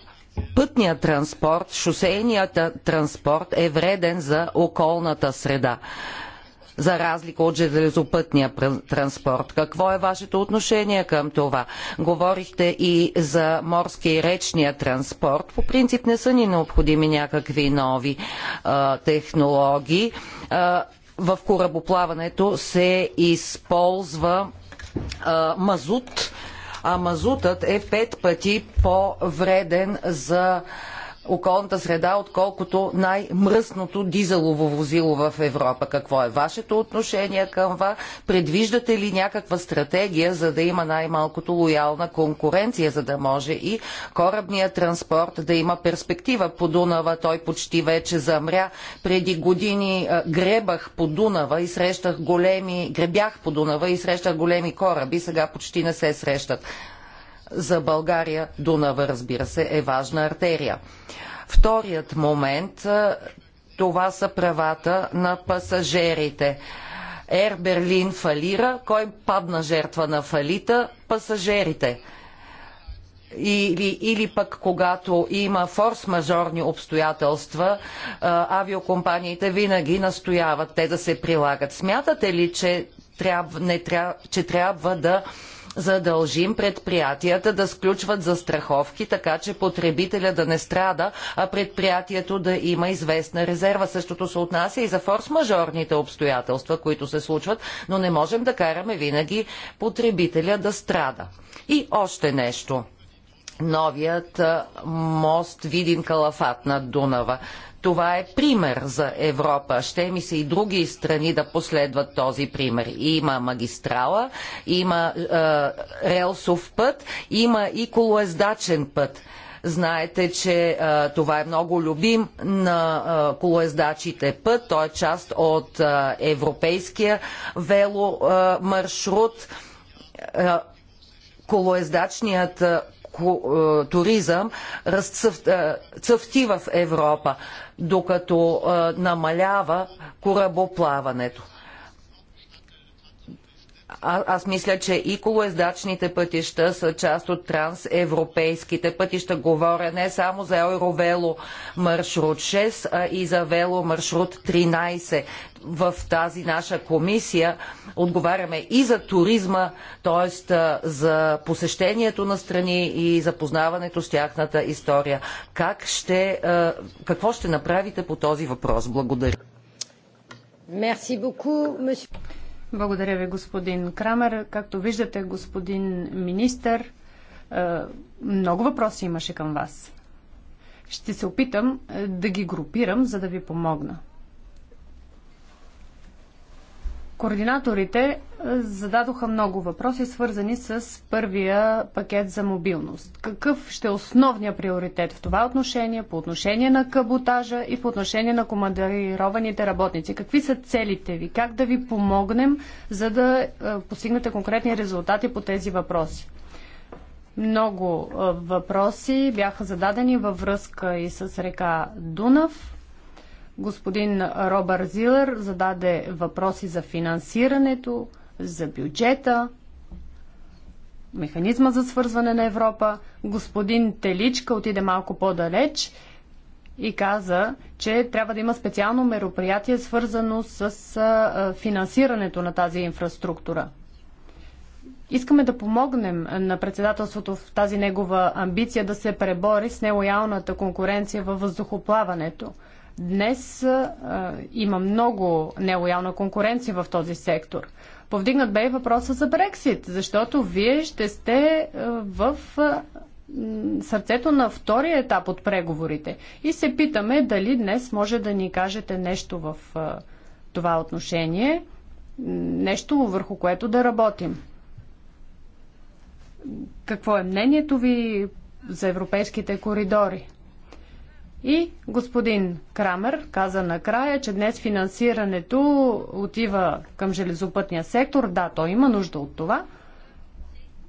пътният транспорт, шосейният транспорт е вреден за околната среда за разлика от железопътния транспорт. Какво е вашето отношение към това? Говорихте и за морския и речния транспорт. По принцип не са ни необходими някакви нови а, технологии. А, в корабоплаването се използва а, мазут, а мазутът е пет пъти по-вреден за околната среда, отколкото най-мръсното дизелово возило в Европа. Какво е вашето отношение към това? Предвиждате ли някаква стратегия, за да има най-малкото лоялна конкуренция, за да може и корабният транспорт да има перспектива по Дунава? Той почти вече замря. Преди години гребах по Дунава и срещах големи, гребях по Дунава и срещах големи кораби, сега почти не се срещат за България Дунава, разбира се, е важна артерия. Вторият момент това са правата на пасажерите. Ер Берлин фалира. Кой падна жертва на фалита? Пасажерите. Или, или пък когато има форс-мажорни обстоятелства, авиокомпаниите винаги настояват те да се прилагат. Смятате ли, че трябва, не трябва, че трябва да задължим предприятията да сключват застраховки, така че потребителя да не страда, а предприятието да има известна резерва. Същото се отнася и за форс-мажорните обстоятелства, които се случват, но не можем да караме винаги потребителя да страда. И още нещо. Новият мост Видин Калафат над Дунава. Това е пример за Европа. Ще ми се и други страни да последват този пример. Има магистрала, има е, релсов път, има и колоездачен път. Знаете, че а, е, това е много любим на а, е, колоездачите път. Той е част от а, е, европейския веломаршрут. Колоездачният е, туризъм разцъфти е, в Европа, докато е, намалява корабоплаването. А, аз мисля, че и колоездачните пътища са част от трансевропейските пътища. Говоря не само за Еуровело маршрут 6, а и за вело маршрут 13. В тази наша комисия отговаряме и за туризма, т.е. за посещението на страни и запознаването с тяхната история. Как ще, какво ще направите по този въпрос? Благодаря. Merci beaucoup, monsieur... Благодаря ви, господин Крамер. Както виждате, господин министър, е, много въпроси имаше към вас. Ще се опитам е, да ги групирам, за да ви помогна. Координаторите е, зададоха много въпроси, свързани с първия пакет за мобилност. Какъв ще е основният приоритет в това отношение, по отношение на каботажа и по отношение на командированите работници? Какви са целите ви? Как да ви помогнем, за да е, постигнете конкретни резултати по тези въпроси? Много е, въпроси бяха зададени във връзка и с река Дунав Господин Робър Зилър зададе въпроси за финансирането, за бюджета, механизма за свързване на Европа. Господин Теличка отиде малко по-далеч и каза, че трябва да има специално мероприятие, свързано с финансирането на тази инфраструктура. Искаме да помогнем на председателството в тази негова амбиция да се пребори с нелоялната конкуренция във въздухоплаването – Днес а, има много нелоялна конкуренция в този сектор. Повдигнат бе и въпроса за Брексит, защото вие ще сте а, в а, сърцето на втория етап от преговорите. И се питаме дали днес може да ни кажете нещо в а, това отношение, нещо върху което да работим. Какво е мнението ви за европейските коридори? И господин Крамер каза накрая, че днес финансирането отива към железопътния сектор. Да, той има нужда от това.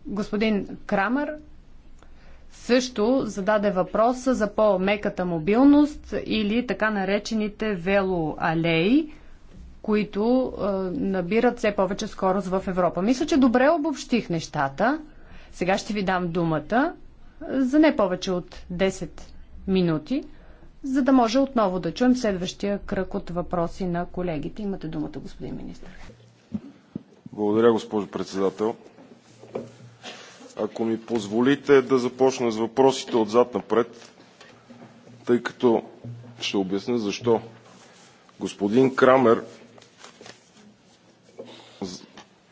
Господин Крамер също зададе въпроса за по-меката мобилност или така наречените велоалеи, които е, набират все повече скорост в Европа. Мисля, че добре обобщих нещата. Сега ще ви дам думата за не повече от 10 минути за да може отново да чуем следващия кръг от въпроси на колегите. Имате думата, господин министр. Благодаря, госпожо председател. Ако ми позволите да започна с въпросите отзад напред, тъй като ще обясня защо. Господин Крамер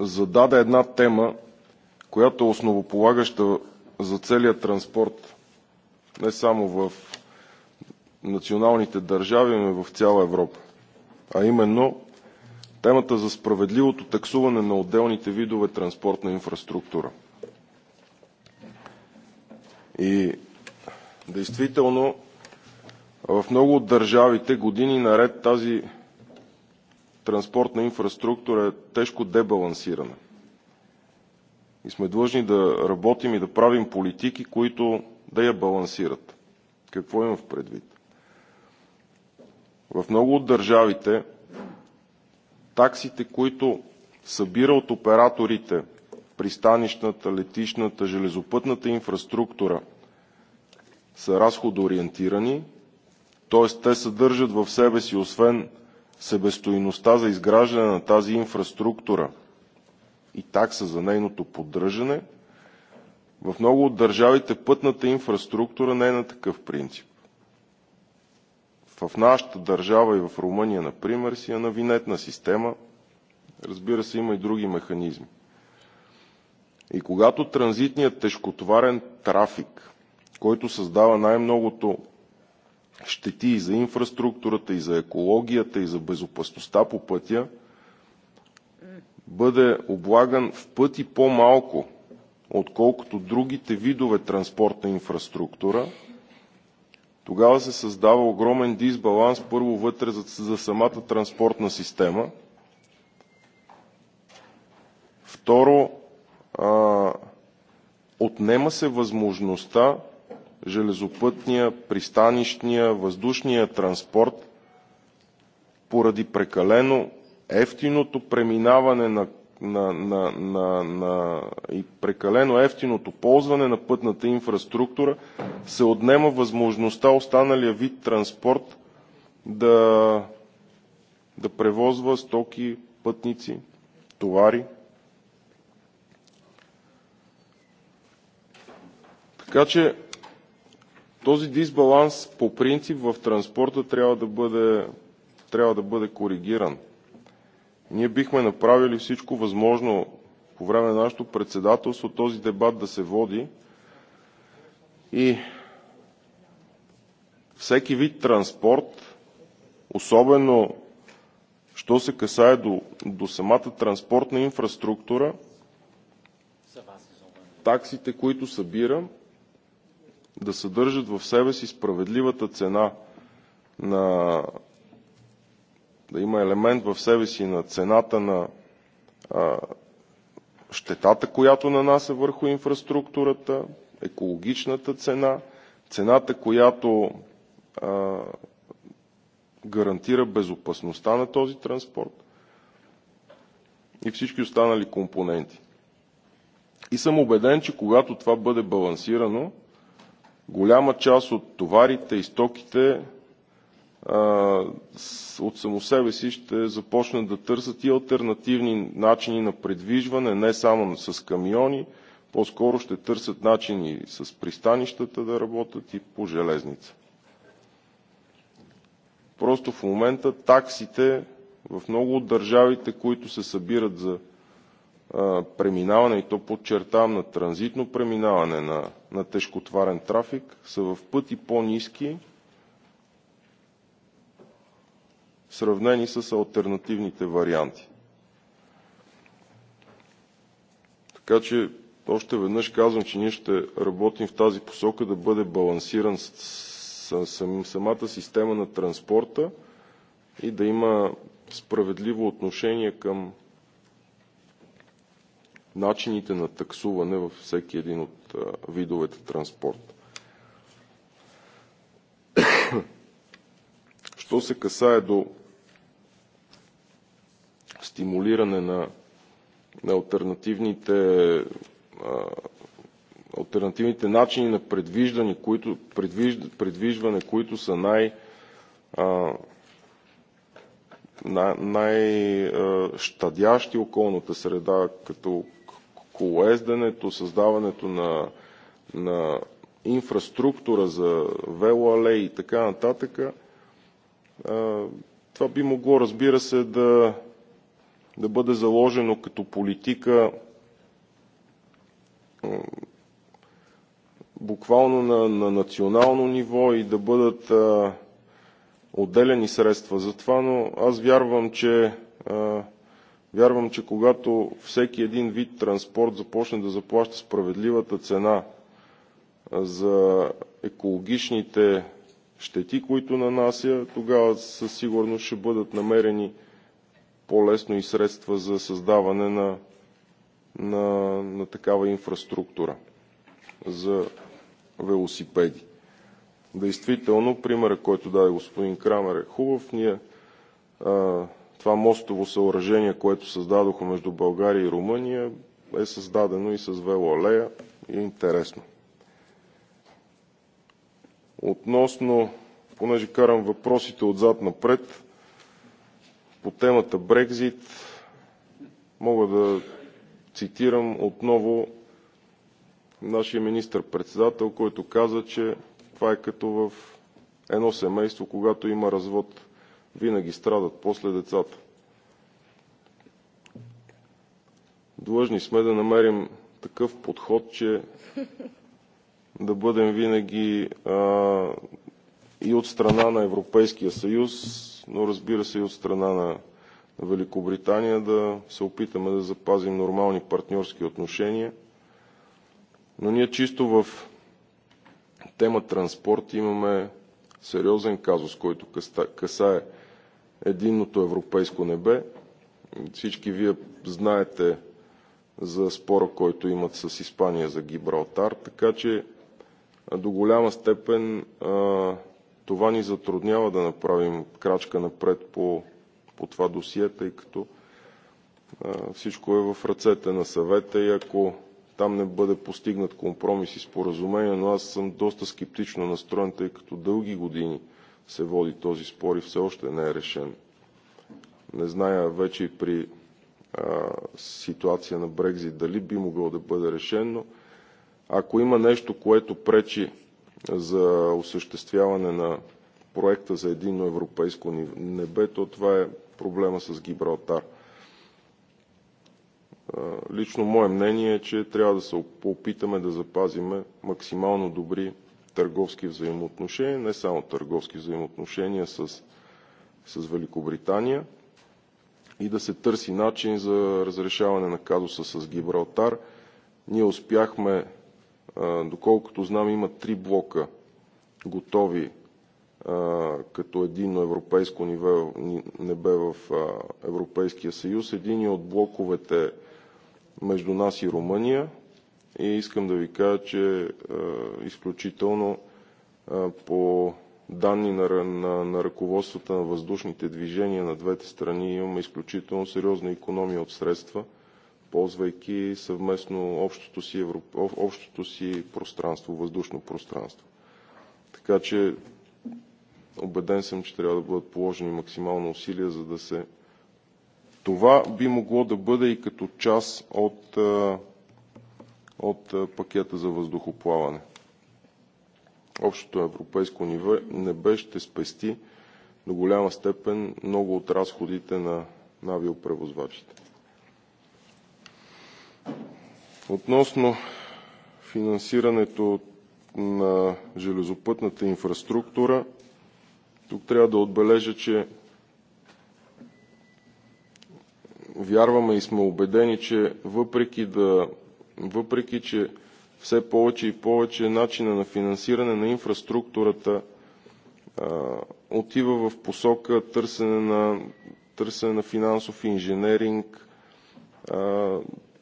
зададе една тема, която е основополагаща за целия транспорт, не само в националните държави, но и в цяла Европа, а именно темата за справедливото таксуване на отделните видове транспортна инфраструктура. И действително в много от държавите години наред тази транспортна инфраструктура е тежко дебалансирана. И сме длъжни да работим и да правим политики, които да я балансират. Какво имам в предвид? В много от държавите таксите, които събира от операторите пристанищната, летищната, железопътната инфраструктура, са разходоориентирани, т.е. те съдържат в себе си освен себестоиността за изграждане на тази инфраструктура и такса за нейното поддържане, в много от държавите пътната инфраструктура не е на такъв принцип. В нашата държава и в Румъния, например, си е на винетна система. Разбира се, има и други механизми. И когато транзитният тежкотоварен трафик, който създава най-многото щети и за инфраструктурата, и за екологията, и за безопасността по пътя, бъде облаган в пъти по-малко, отколкото другите видове транспортна инфраструктура, тогава се създава огромен дисбаланс, първо, вътре за самата транспортна система. Второ, отнема се възможността железопътния, пристанищния, въздушния транспорт поради прекалено ефтиното преминаване на на, на, на, на и прекалено ефтиното ползване на пътната инфраструктура се отнема възможността останалия вид транспорт да, да превозва стоки, пътници, товари. Така че този дисбаланс по принцип в транспорта трябва да бъде, трябва да бъде коригиран. Ние бихме направили всичко възможно по време на нашето председателство този дебат да се води и всеки вид транспорт, особено що се касае до самата транспортна инфраструктура, таксите, които събира, да съдържат в себе си справедливата цена на да има елемент в себе си на цената на а, щетата, която нанася върху инфраструктурата, екологичната цена, цената, която а, гарантира безопасността на този транспорт и всички останали компоненти. И съм убеден, че когато това бъде балансирано, голяма част от товарите и стоките от само себе си ще започнат да търсят и альтернативни начини на предвижване, не само с камиони, по-скоро ще търсят начини с пристанищата да работят и по железница. Просто в момента таксите в много от държавите, които се събират за преминаване, и то подчертавам на транзитно преминаване на тежкотварен трафик, са в пъти по-ниски сравнени с альтернативните варианти. Така че още веднъж казвам, че ние ще работим в тази посока да бъде балансиран самата система на транспорта и да има справедливо отношение към начините на таксуване във всеки един от видовете транспорт. Що се касае до стимулиране на, на альтернативните, а, альтернативните начини на предвиждане, които, предвижд, предвиждане, които са най- а, най-щадящи околната среда, като колоезденето, създаването на, на инфраструктура за велоалеи и така нататък. Това би могло, разбира се, да да бъде заложено като политика буквално на, на национално ниво и да бъдат а, отделени средства за това, но аз вярвам, че а, вярвам, че когато всеки един вид транспорт започне да заплаща справедливата цена за екологичните щети, които нанася, тогава със сигурност ще бъдат намерени по-лесно и средства за създаване на, на, на такава инфраструктура за велосипеди. Действително примерът, който даде господин Крамер, е хубав. Ние а, това мостово съоръжение, което създадохме между България и Румъния, е създадено и с велоалея и е интересно. Относно, понеже карам въпросите отзад напред, по темата Брекзит мога да цитирам отново нашия министър-председател, който каза, че това е като в едно семейство, когато има развод – винаги страдат после децата. Длъжни сме да намерим такъв подход, че да бъдем винаги и от страна на Европейския съюз но разбира се и от страна на Великобритания да се опитаме да запазим нормални партньорски отношения. Но ние чисто в тема транспорт имаме сериозен казус, който касае единното европейско небе. Всички Вие знаете за спора, който имат с Испания за Гибралтар, така че до голяма степен това ни затруднява да направим крачка напред по, по това досие, тъй като а, всичко е в ръцете на съвета и ако там не бъде постигнат компромис и споразумение, но аз съм доста скептично настроен, тъй като дълги години се води този спор и все още не е решен. Не зная вече и при а, ситуация на Брекзит дали би могъл да бъде решен, но ако има нещо, което пречи за осъществяване на проекта за единно европейско небе, то това е проблема с Гибралтар. Лично мое мнение е, че трябва да се опитаме да запазим максимално добри търговски взаимоотношения, не само търговски взаимоотношения с, с Великобритания и да се търси начин за разрешаване на казуса с Гибралтар. Ние успяхме Доколкото знам, има три блока готови като един на европейско небе в Европейския съюз. Един е от блоковете между нас и Румъния и искам да ви кажа, че изключително по данни на, на, на ръководствата на въздушните движения на двете страни имаме изключително сериозна економия от средства – ползвайки съвместно общото си, европ... общото си пространство, въздушно пространство. Така че убеден съм, че трябва да бъдат положени максимално усилия, за да се. Това би могло да бъде и като част от, от пакета за въздухоплаване. Общото европейско ниво, небе ще спести до голяма степен много от разходите на, на авиопревозвачите. Относно финансирането на железопътната инфраструктура, тук трябва да отбележа, че вярваме и сме убедени, че въпреки, да, въпреки че все повече и повече начина на финансиране на инфраструктурата а, отива в посока търсене на, търсене на финансов инженеринг, а,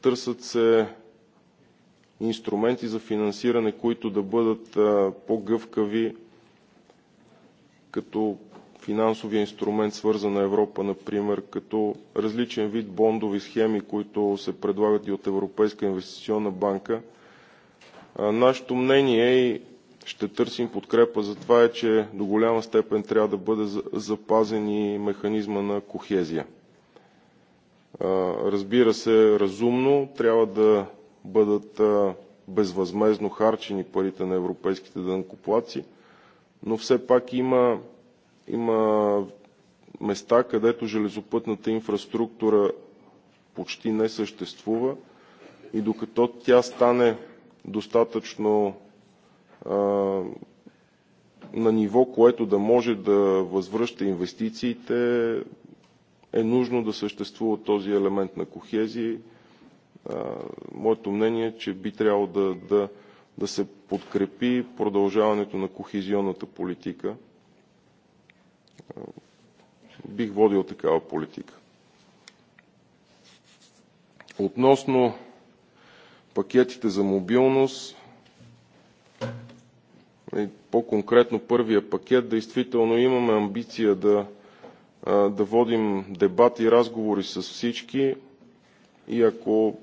търсят се инструменти за финансиране, които да бъдат по-гъвкави, като финансовия инструмент свързана Европа, например, като различен вид бондови схеми, които се предлагат и от Европейска инвестиционна банка. Нашето мнение е и ще търсим подкрепа за това е, че до голяма степен трябва да бъде запазен и механизма на кохезия. Разбира се, разумно трябва да бъдат безвъзмезно харчени парите на европейските дънкоплаци, но все пак има, има места, където железопътната инфраструктура почти не съществува и докато тя стане достатъчно а, на ниво, което да може да възвръща инвестициите, е нужно да съществува този елемент на кохезия моето мнение е, че би трябвало да, да, да се подкрепи продължаването на кохезионната политика. Бих водил такава политика. Относно пакетите за мобилност, по-конкретно първия пакет, действително имаме амбиция да, да водим дебати и разговори с всички и ако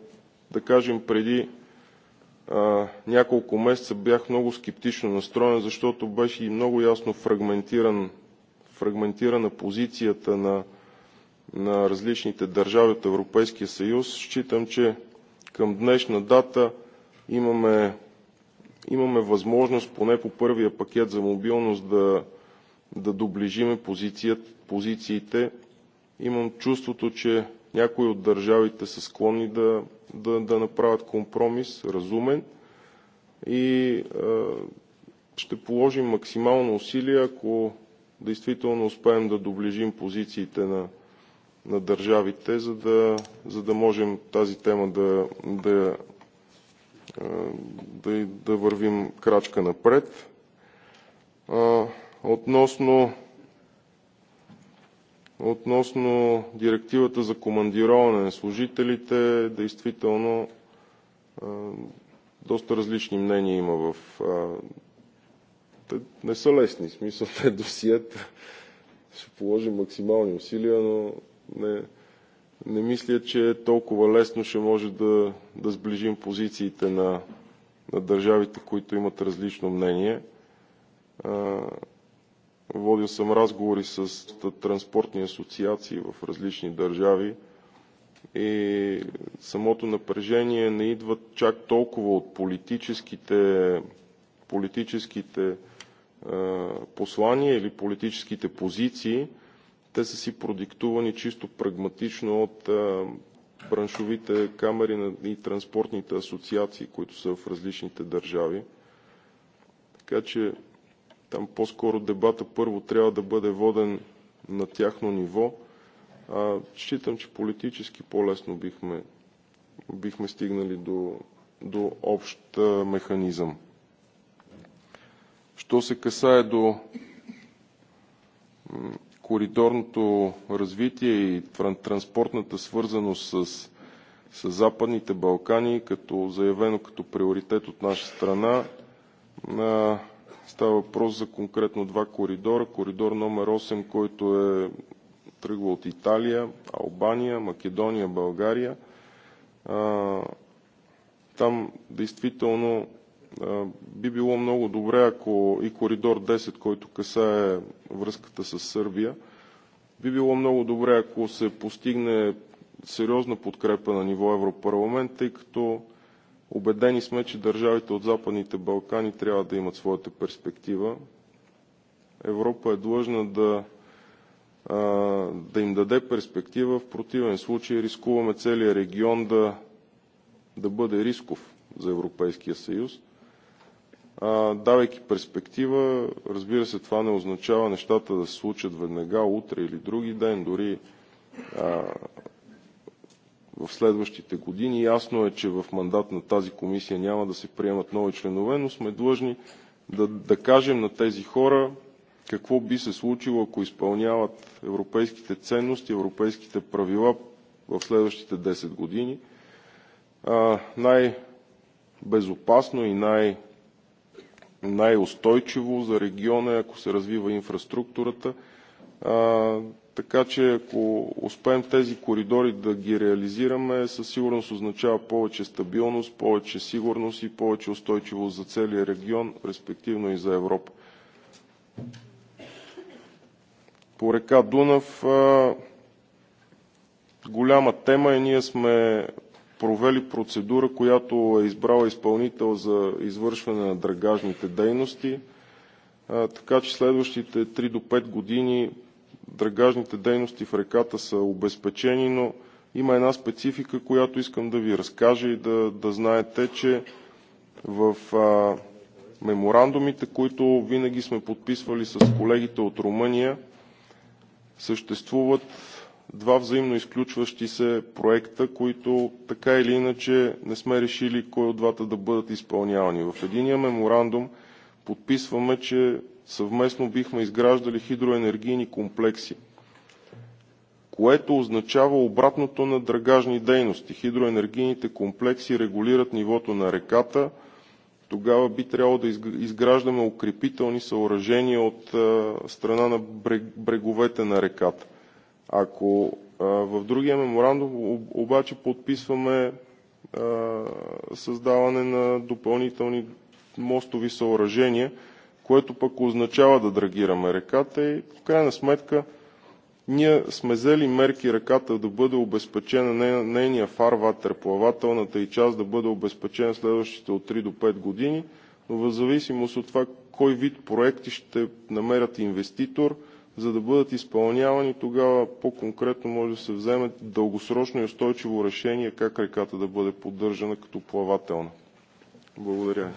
да кажем, преди а, няколко месеца бях много скептично настроен, защото беше и много ясно фрагментиран, фрагментирана позицията на, на различните държави от Европейския съюз. Считам, че към днешна дата имаме, имаме възможност поне по първия пакет за мобилност да, да доближиме позициите. Имам чувството, че някои от държавите са склонни да, да, да направят компромис, разумен и е, ще положим максимално усилие, ако действително успеем да доближим позициите на, на държавите, за да, за да можем тази тема да, да, да, да вървим крачка напред. Относно Относно директивата за командироване на служителите, действително доста различни мнения има. В... не са лесни, в смисъл те досият, Ще положим максимални усилия, но не, не мисля, че е толкова лесно ще може да, да сближим позициите на, на държавите, които имат различно мнение. Водил съм разговори с транспортни асоциации в различни държави и самото напрежение не идва чак толкова от политическите, политическите е, послания или политическите позиции. Те са си продиктувани чисто прагматично от е, браншовите камери и транспортните асоциации, които са в различните държави. Така че там по-скоро дебата първо трябва да бъде воден на тяхно ниво. А, считам, че политически по-лесно бихме, бихме стигнали до, до общ механизъм. Що се касае до коридорното развитие и транспортната свързаност с, с Западните Балкани, като заявено като приоритет от наша страна, Става въпрос за конкретно два коридора. Коридор номер 8, който е тръгва от Италия, Албания, Македония, България. Там действително би било много добре, ако и коридор 10, който касае връзката с Сърбия, би било много добре, ако се постигне сериозна подкрепа на ниво Европарламент, тъй като Обедени сме, че държавите от Западните Балкани трябва да имат своята перспектива. Европа е длъжна да, да им даде перспектива, в противен случай рискуваме целият регион да, да бъде рисков за Европейския съюз. Давайки перспектива, разбира се, това не означава нещата да се случат веднага, утре или други ден, дори а, в следващите години. Ясно е, че в мандат на тази комисия няма да се приемат нови членове, но сме длъжни да, да кажем на тези хора какво би се случило, ако изпълняват европейските ценности, европейските правила в следващите 10 години. най-безопасно и най- най-устойчиво за региона е, ако се развива инфраструктурата. Така че ако успеем тези коридори да ги реализираме, със сигурност означава повече стабилност, повече сигурност и повече устойчивост за целия регион, респективно и за Европа. По река Дунав голяма тема е. Ние сме провели процедура, която е избрала изпълнител за извършване на драгажните дейности. Така че следващите 3 до 5 години драгажните дейности в реката са обезпечени, но има една специфика, която искам да Ви разкажа и да знаете, че в меморандумите, които винаги сме подписвали с колегите от Румъния, съществуват два взаимно изключващи се проекта, които така или иначе не сме решили кой от двата да бъдат изпълнявани. В единия меморандум подписваме, че съвместно бихме изграждали хидроенергийни комплекси, което означава обратното на драгажни дейности. Хидроенергийните комплекси регулират нивото на реката. Тогава би трябвало да изграждаме укрепителни съоръжения от страна на бреговете на реката. Ако в другия меморандум обаче подписваме създаване на допълнителни мостови съоръжения, което пък означава да драгираме реката и в крайна сметка ние сме взели мерки реката да бъде обезпечена, нейния фарватер, плавателната и част да бъде обезпечена следващите от 3 до 5 години, но в зависимост от това кой вид проекти ще намерят инвеститор, за да бъдат изпълнявани, тогава по-конкретно може да се вземе дългосрочно и устойчиво решение как реката да бъде поддържана като плавателна. Благодаря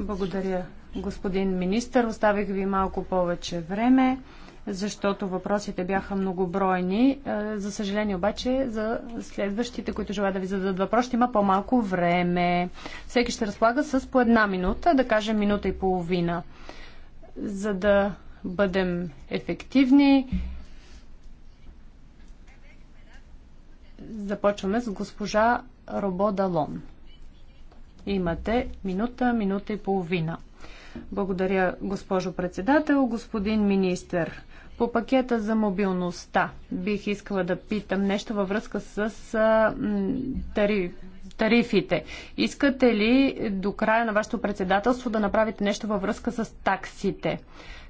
Благодаря, господин министър. Оставих ви малко повече време, защото въпросите бяха многобройни. Е, за съжаление обаче, за следващите, които желаят да ви зададат въпрос, ще има по-малко време. Всеки ще разполага с по една минута, да кажем минута и половина, за да бъдем ефективни. Започваме с госпожа Робо Далон. Имате минута, минута и половина. Благодаря, госпожо председател, господин министър. По пакета за мобилността бих искала да питам нещо във връзка с тариф, тарифите. Искате ли до края на вашето председателство да направите нещо във връзка с таксите?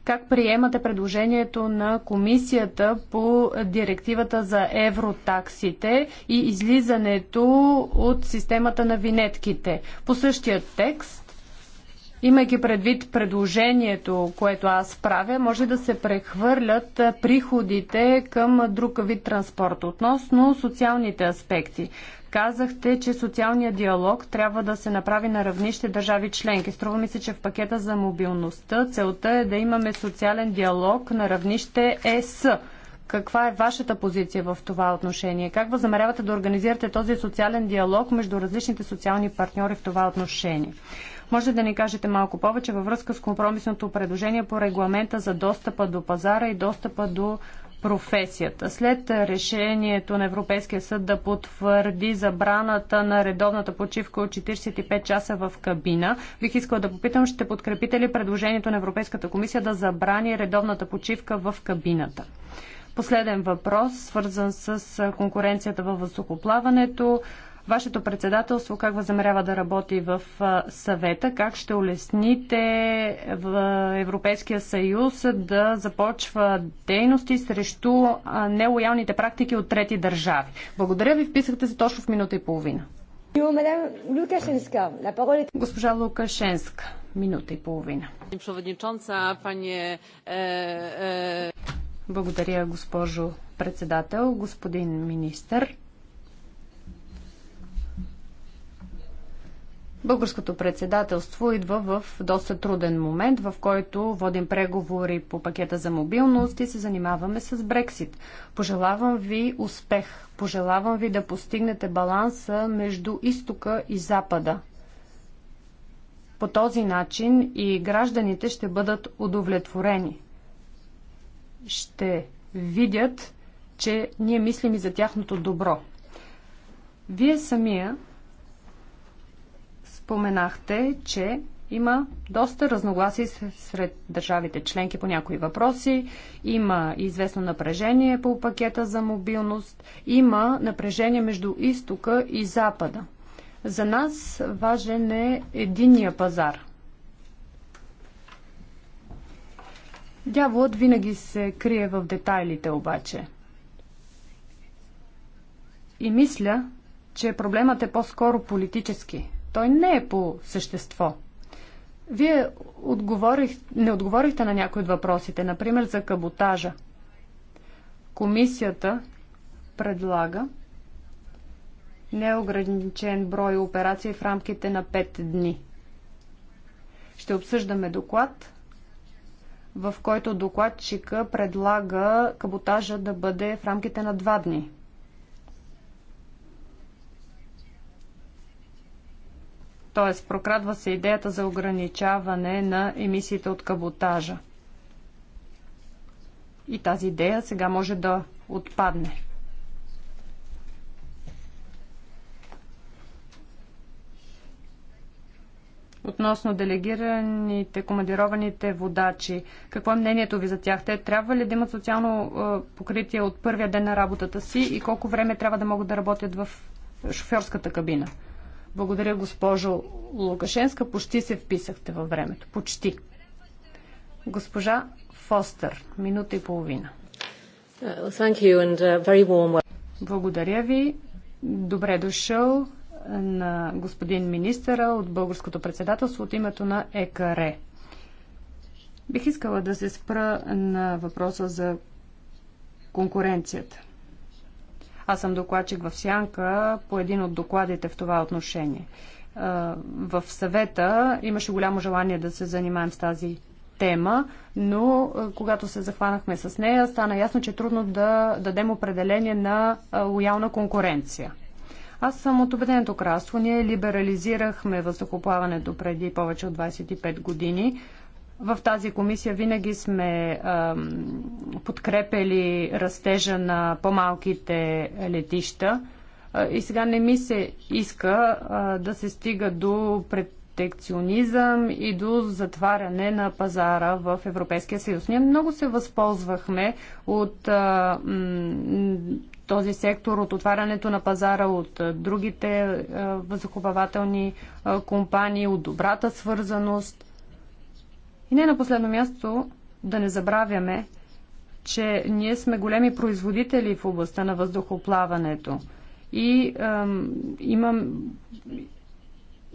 Как приемате предложението на комисията по директивата за евротаксите и излизането от системата на винетките? По същия текст имайки предвид предложението, което аз правя, може да се прехвърлят приходите към друг вид транспорт относно социалните аспекти. Казахте, че социалният диалог трябва да се направи на равнище държави членки. Струва ми се, че в пакета за мобилността целта е да имаме социален диалог на равнище ЕС. Каква е вашата позиция в това отношение? Как възнамерявате да организирате този социален диалог между различните социални партньори в това отношение? Може да ни кажете малко повече във връзка с компромисното предложение по регламента за достъпа до пазара и достъпа до професията. След решението на Европейския съд да потвърди забраната на редовната почивка от 45 часа в кабина, бих искала да попитам, ще подкрепите ли предложението на Европейската комисия да забрани редовната почивка в кабината? Последен въпрос, свързан с конкуренцията във въздухоплаването. Вашето председателство как възмерява да работи в съвета? Как ще улесните в Европейския съюз да започва дейности срещу нелоялните практики от трети държави? Благодаря ви, вписахте се точно в минута и половина. Госпожа Лукашенска, минута и половина. E, e- Благодаря, госпожо председател, господин министър. Българското председателство идва в доста труден момент, в който водим преговори по пакета за мобилност и се занимаваме с Брексит. Пожелавам ви успех. Пожелавам ви да постигнете баланса между изтока и запада. По този начин и гражданите ще бъдат удовлетворени. Ще видят, че ние мислим и за тяхното добро. Вие самия Споменахте, че има доста разногласия сред държавите членки по някои въпроси. Има известно напрежение по пакета за мобилност. Има напрежение между изтока и запада. За нас важен е единния пазар. Дяволът винаги се крие в детайлите обаче. И мисля, че проблемът е по-скоро политически – той не е по същество. Вие отговорих, не отговорихте на някои от въпросите, например за каботажа. Комисията предлага неограничен брой операции в рамките на 5 дни. Ще обсъждаме доклад, в който докладчика предлага каботажа да бъде в рамките на 2 дни. Т.е. прокрадва се идеята за ограничаване на емисиите от каботажа. И тази идея сега може да отпадне. Относно делегираните, командированите водачи, какво е мнението ви за тях? Те трябва ли да имат социално е, покритие от първия ден на работата си и колко време трябва да могат да работят в шофьорската кабина? Благодаря, госпожо Лукашенска. Почти се вписахте във времето. Почти. Госпожа Фостер, минута и половина. Uh, Благодаря ви. Добре дошъл на господин министъра от Българското председателство от името на ЕКР. Бих искала да се спра на въпроса за конкуренцията. Аз съм докладчик в Сянка по един от докладите в това отношение. Е, в съвета имаше голямо желание да се занимаем с тази тема, но е, когато се захванахме с нея, стана ясно, че е трудно да дадем определение на е, лоялна конкуренция. Аз съм от Обединеното кралство. Ние либерализирахме въздухоплаването преди повече от 25 години. В тази комисия винаги сме подкрепили растежа на по-малките летища и сега не ми се иска да се стига до протекционизъм и до затваряне на пазара в Европейския съюз. Ние много се възползвахме от този сектор, от отварянето на пазара, от другите въздухоплавателни компании, от добрата свързаност и не на последно място да не забравяме, че ние сме големи производители в областта на въздухоплаването и ем, имам,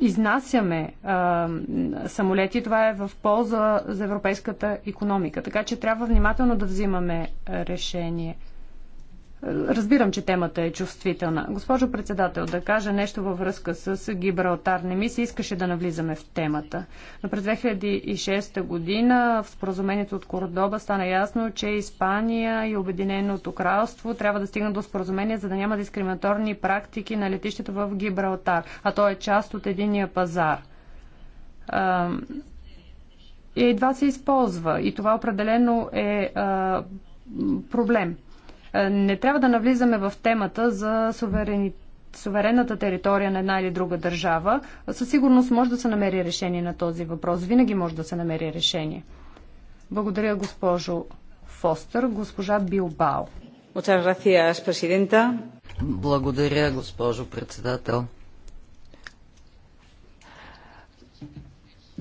изнасяме ем, самолети. Това е в полза за европейската економика. Така че трябва внимателно да взимаме решение – Разбирам, че темата е чувствителна. Госпожо председател, да кажа нещо във връзка с Гибралтар. Не ми се искаше да навлизаме в темата. Но през 2006 година в споразумението от Кордоба стана ясно, че Испания и Обединеното кралство трябва да стигнат до споразумение, за да няма дискриминаторни практики на летището в Гибралтар. А то е част от единия пазар и едва се използва. И това определено е проблем. Е, не трябва да навлизаме в темата за суверени... суверенната територия на една или друга държава, със сигурност може да се намери решение на този въпрос. Винаги може да се намери решение. Благодаря, госпожо Фостер, Госпожа Билбао. Благодаря, госпожо председател.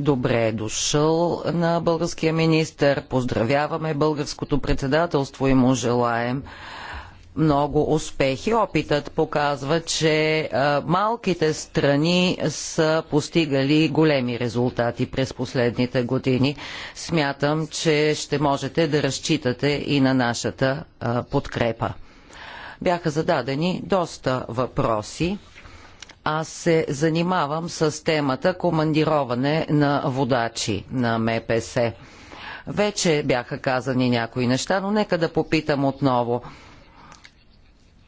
Добре е дошъл на българския министр. Поздравяваме българското председателство и му желаем много успехи. Опитът показва, че малките страни са постигали големи резултати през последните години. Смятам, че ще можете да разчитате и на нашата подкрепа. Бяха зададени доста въпроси аз се занимавам с темата командироване на водачи на МПС. Вече бяха казани някои неща, но нека да попитам отново.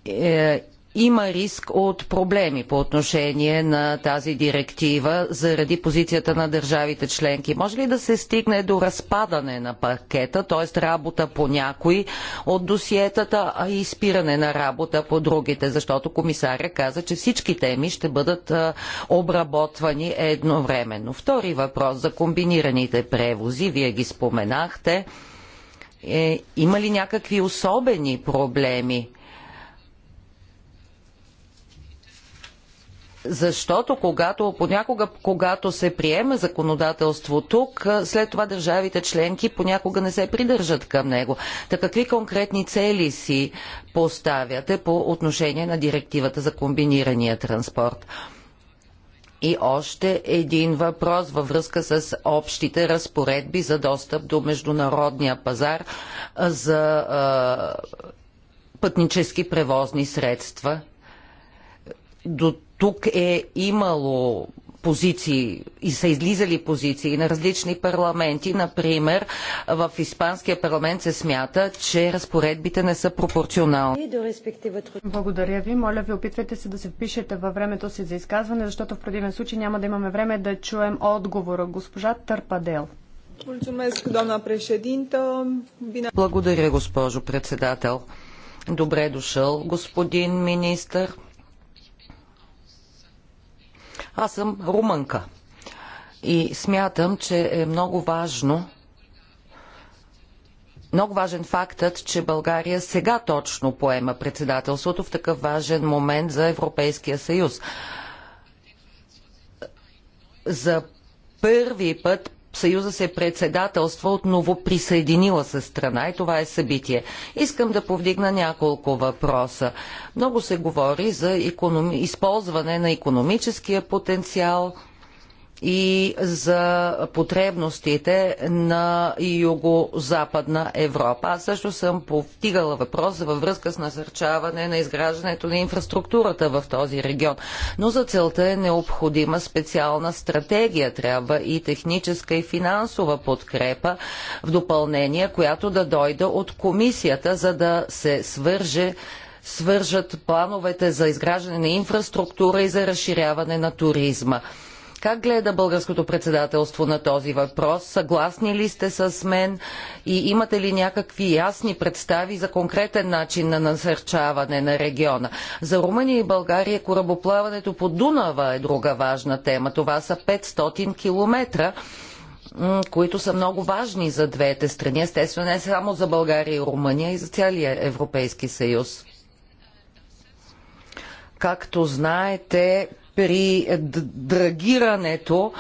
Е, има риск от проблеми по отношение на тази директива заради позицията на държавите членки. Може ли да се стигне до разпадане на пакета, т.е. работа по някои от досиетата, а и спиране на работа по другите? Защото комисаря каза, че всички теми ще бъдат обработвани едновременно. Втори въпрос за комбинираните превози. Вие ги споменахте. Е, има ли някакви особени проблеми? Защото когато, понякога, когато се приема законодателство тук, след това държавите членки понякога не се придържат към него. Та какви конкретни цели си поставяте по отношение на директивата за комбинирания транспорт? И още един въпрос във връзка с общите разпоредби за достъп до международния пазар за е, пътнически превозни средства. До тук е имало позиции и са излизали позиции на различни парламенти. Например, в Испанския парламент се смята, че разпоредбите не са пропорционални. Благодаря ви. Моля ви, опитвайте се да се впишете във времето си за изказване, защото в противен случай няма да имаме време да чуем отговора. Госпожа Търпадел. Благодаря, госпожо председател. Добре дошъл, господин министър. Аз съм румънка и смятам, че е много важно много важен фактът, че България сега точно поема председателството в такъв важен момент за Европейския съюз. За първи път Съюза се председателства от новоприсъединила се страна и това е събитие. Искам да повдигна няколко въпроса. Много се говори за използване на економическия потенциал и за потребностите на юго-западна Европа. Аз също съм повтигала въпрос във връзка с насърчаване на изграждането на инфраструктурата в този регион. Но за целта е необходима специална стратегия. Трябва и техническа и финансова подкрепа в допълнение, която да дойде от комисията, за да се свърже свържат плановете за изграждане на инфраструктура и за разширяване на туризма. Как гледа българското председателство на този въпрос? Съгласни ли сте с мен и имате ли някакви ясни представи за конкретен начин на насърчаване на региона? За Румъния и България корабоплаването по Дунава е друга важна тема. Това са 500 километра които са много важни за двете страни, естествено не само за България и Румъния, и за цялия Европейски съюз. Както знаете, при драгирането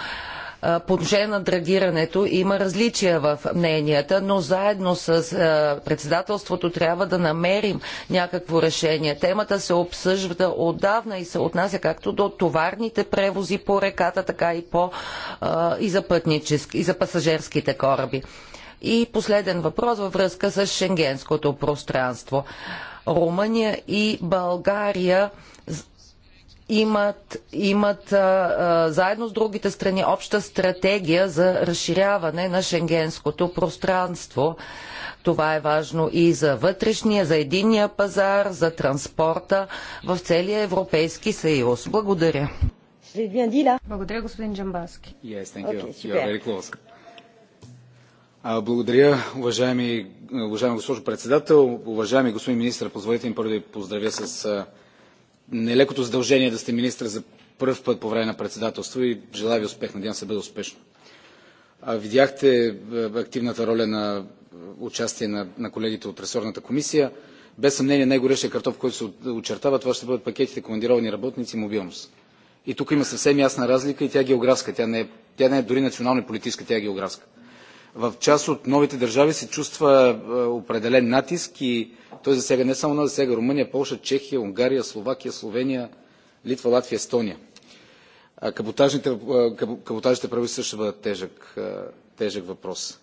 по отношение на драгирането има различия в мненията, но заедно с председателството трябва да намерим някакво решение. Темата се обсъжда отдавна и се отнася както до товарните превози по реката, така и, по, и, за, и за пасажирските кораби. И последен въпрос във връзка с шенгенското пространство. Румъния и България имат, имат а, заедно с другите страни обща стратегия за разширяване на шенгенското пространство. Това е важно и за вътрешния, за единния пазар, за транспорта в целия Европейски съюз. Благодаря. Благодаря, господин Джамбаски. Yes, okay, благодаря, уважаеми, уважаема госпожо председател. Уважаеми господин министр, позволете ми първо да поздравя с нелекото задължение да сте министър за първ път по време на председателство и желая ви успех. Надявам се да бъде успешно. Видяхте активната роля на участие на, на колегите от ресорната комисия. Без съмнение най-горещия картоф, който се очертава, това ще бъдат пакетите командировани работници и мобилност. И тук има съвсем ясна разлика и тя е географска. Тя не е, тя не е дори национална и политическа, тя е географска в част от новите държави се чувства е, определен натиск и той засяга не само нас, засяга Румъния, Полша, Чехия, Унгария, Словакия, Словения, Литва, Латвия, Естония. Каботажните, каботажните прави също ще бъдат тежък, тежък въпрос.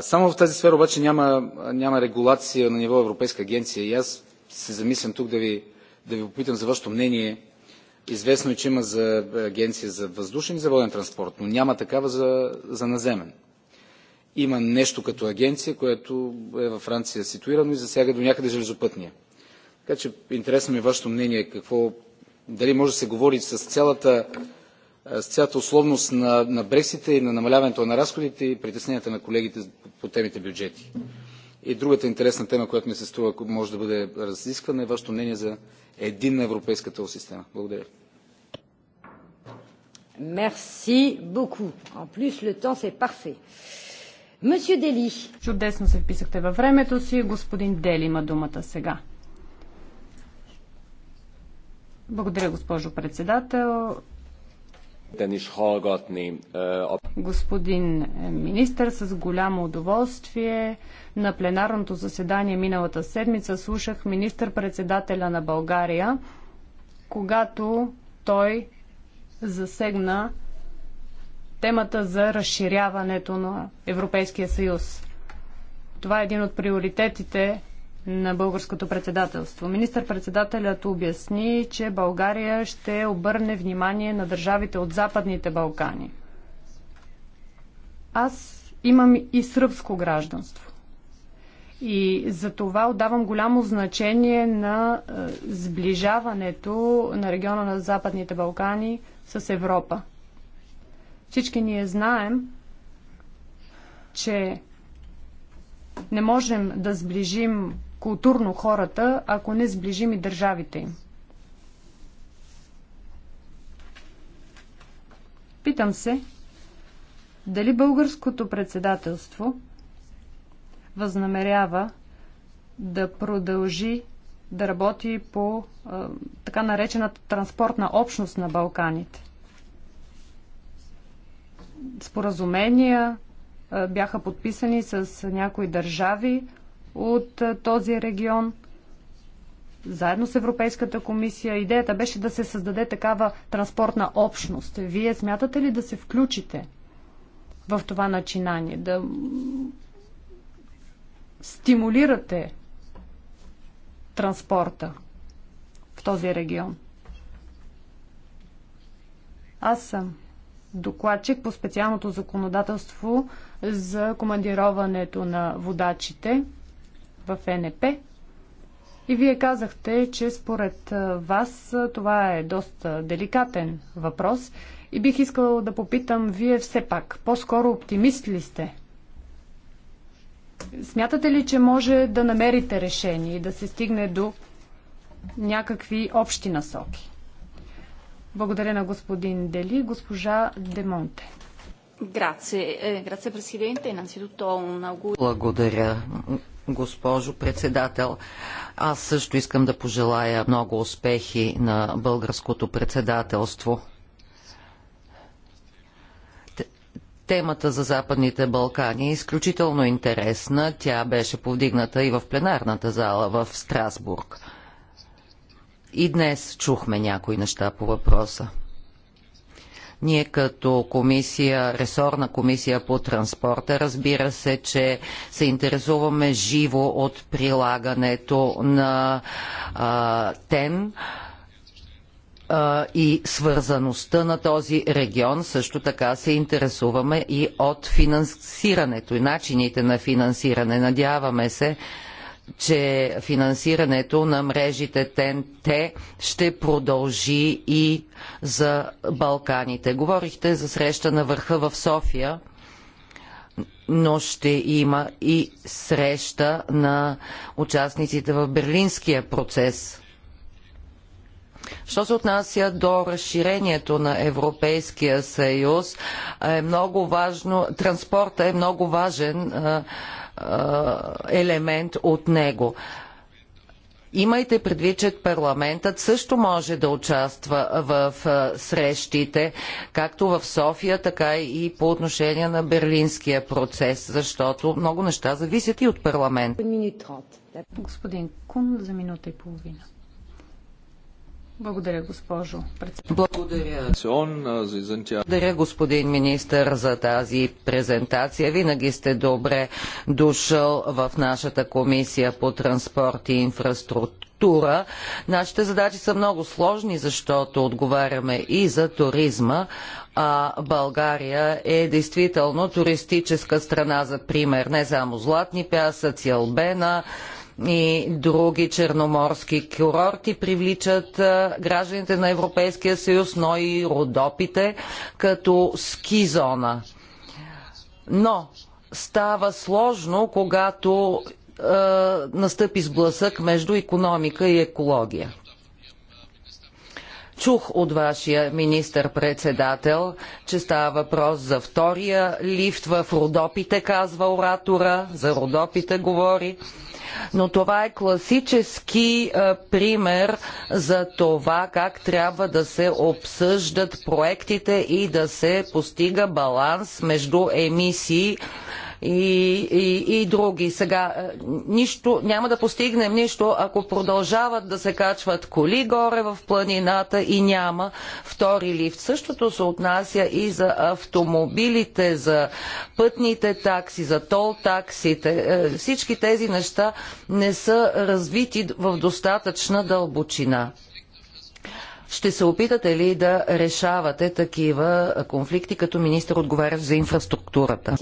Само в тази сфера обаче няма, няма регулация на ниво Европейска агенция и аз се замислям тук да ви, да ви попитам за вашето мнение. Известно е, че има за агенция за въздушен и за воден транспорт, но няма такава за, за наземен има нещо като агенция, което е във Франция ситуирано и засяга до някъде железопътния. Така че интересно ми е вашето мнение. Какво, дали може да се говори с цялата, с цялата условност на, на Брексита и на намаляването на разходите и притесненията на колегите по, темите бюджети. И другата интересна тема, която ми се струва, ако може да бъде разисквана, е вашето мнение за един европейска тол система. Благодаря. Merci beaucoup. En plus, le temps, c'est parfait. Мъсю Дели. Чудесно се вписахте във времето си. Господин Дели има думата сега. Благодаря, госпожо председател. Е, Господин министър, с голямо удоволствие на пленарното заседание миналата седмица слушах министър-председателя на България, когато той засегна темата за разширяването на Европейския съюз. Това е един от приоритетите на българското председателство. Министър-председателят обясни, че България ще обърне внимание на държавите от Западните Балкани. Аз имам и сръбско гражданство. И за това отдавам голямо значение на е, сближаването на региона на Западните Балкани с Европа. Всички ние знаем, че не можем да сближим културно хората, ако не сближим и държавите им. Питам се, дали българското председателство възнамерява да продължи да работи по а, така наречената транспортна общност на Балканите споразумения бяха подписани с някои държави от този регион, заедно с Европейската комисия. Идеята беше да се създаде такава транспортна общност. Вие смятате ли да се включите в това начинание, да стимулирате транспорта в този регион? Аз съм докладчик по специалното законодателство за командироването на водачите в НП. И вие казахте, че според вас това е доста деликатен въпрос. И бих искала да попитам, вие все пак, по-скоро оптимист ли сте? Смятате ли, че може да намерите решение и да се стигне до някакви общи насоки? Благодаря на господин Дели. Госпожа Демонте. Е, Благодаря, госпожо председател. Аз също искам да пожелая много успехи на българското председателство. Темата за Западните Балкани е изключително интересна. Тя беше повдигната и в пленарната зала в Страсбург. И днес чухме някои неща по въпроса. Ние като комисия, ресорна комисия по транспорта, разбира се, че се интересуваме живо от прилагането на а, ТЕН а, и свързаността на този регион. Също така се интересуваме и от финансирането и начините на финансиране. Надяваме се, че финансирането на мрежите ТНТ ще продължи и за Балканите. Говорихте за среща на върха в София, но ще има и среща на участниците в Берлинския процес. Що се отнася до разширението на Европейския съюз, е много важно, транспорта е много важен е, елемент от него. Имайте предвид, че парламентът също може да участва в е, срещите, както в София, така и по отношение на берлинския процес, защото много неща зависят и от парламент. Господин Кун за минута и половина. Благодаря, госпожо председател. Благодаря. Благодаря, господин министър, за тази презентация. Винаги сте добре дошъл в нашата комисия по транспорт и инфраструктура. Нашите задачи са много сложни, защото отговаряме и за туризма, а България е действително туристическа страна за пример. Не само Златни пясъци, Албена, и други черноморски курорти привличат гражданите на Европейския съюз, но и родопите като ски зона. Но става сложно, когато е, настъпи сблъсък между економика и екология. Чух от вашия министър-председател, че става въпрос за втория лифт в Родопите, казва оратора, за Родопите говори. Но това е класически е, пример за това как трябва да се обсъждат проектите и да се постига баланс между емисии и, и, и други. Сега е, нищо, няма да постигнем нищо, ако продължават да се качват коли горе в планината и няма втори лифт. Същото се отнася и за автомобилите, за пътните такси, за тол таксите. Е, всички тези неща не са развити в достатъчна дълбочина. Ще се опитате ли да решавате такива конфликти, като министр отговарящ за инфраструктурата?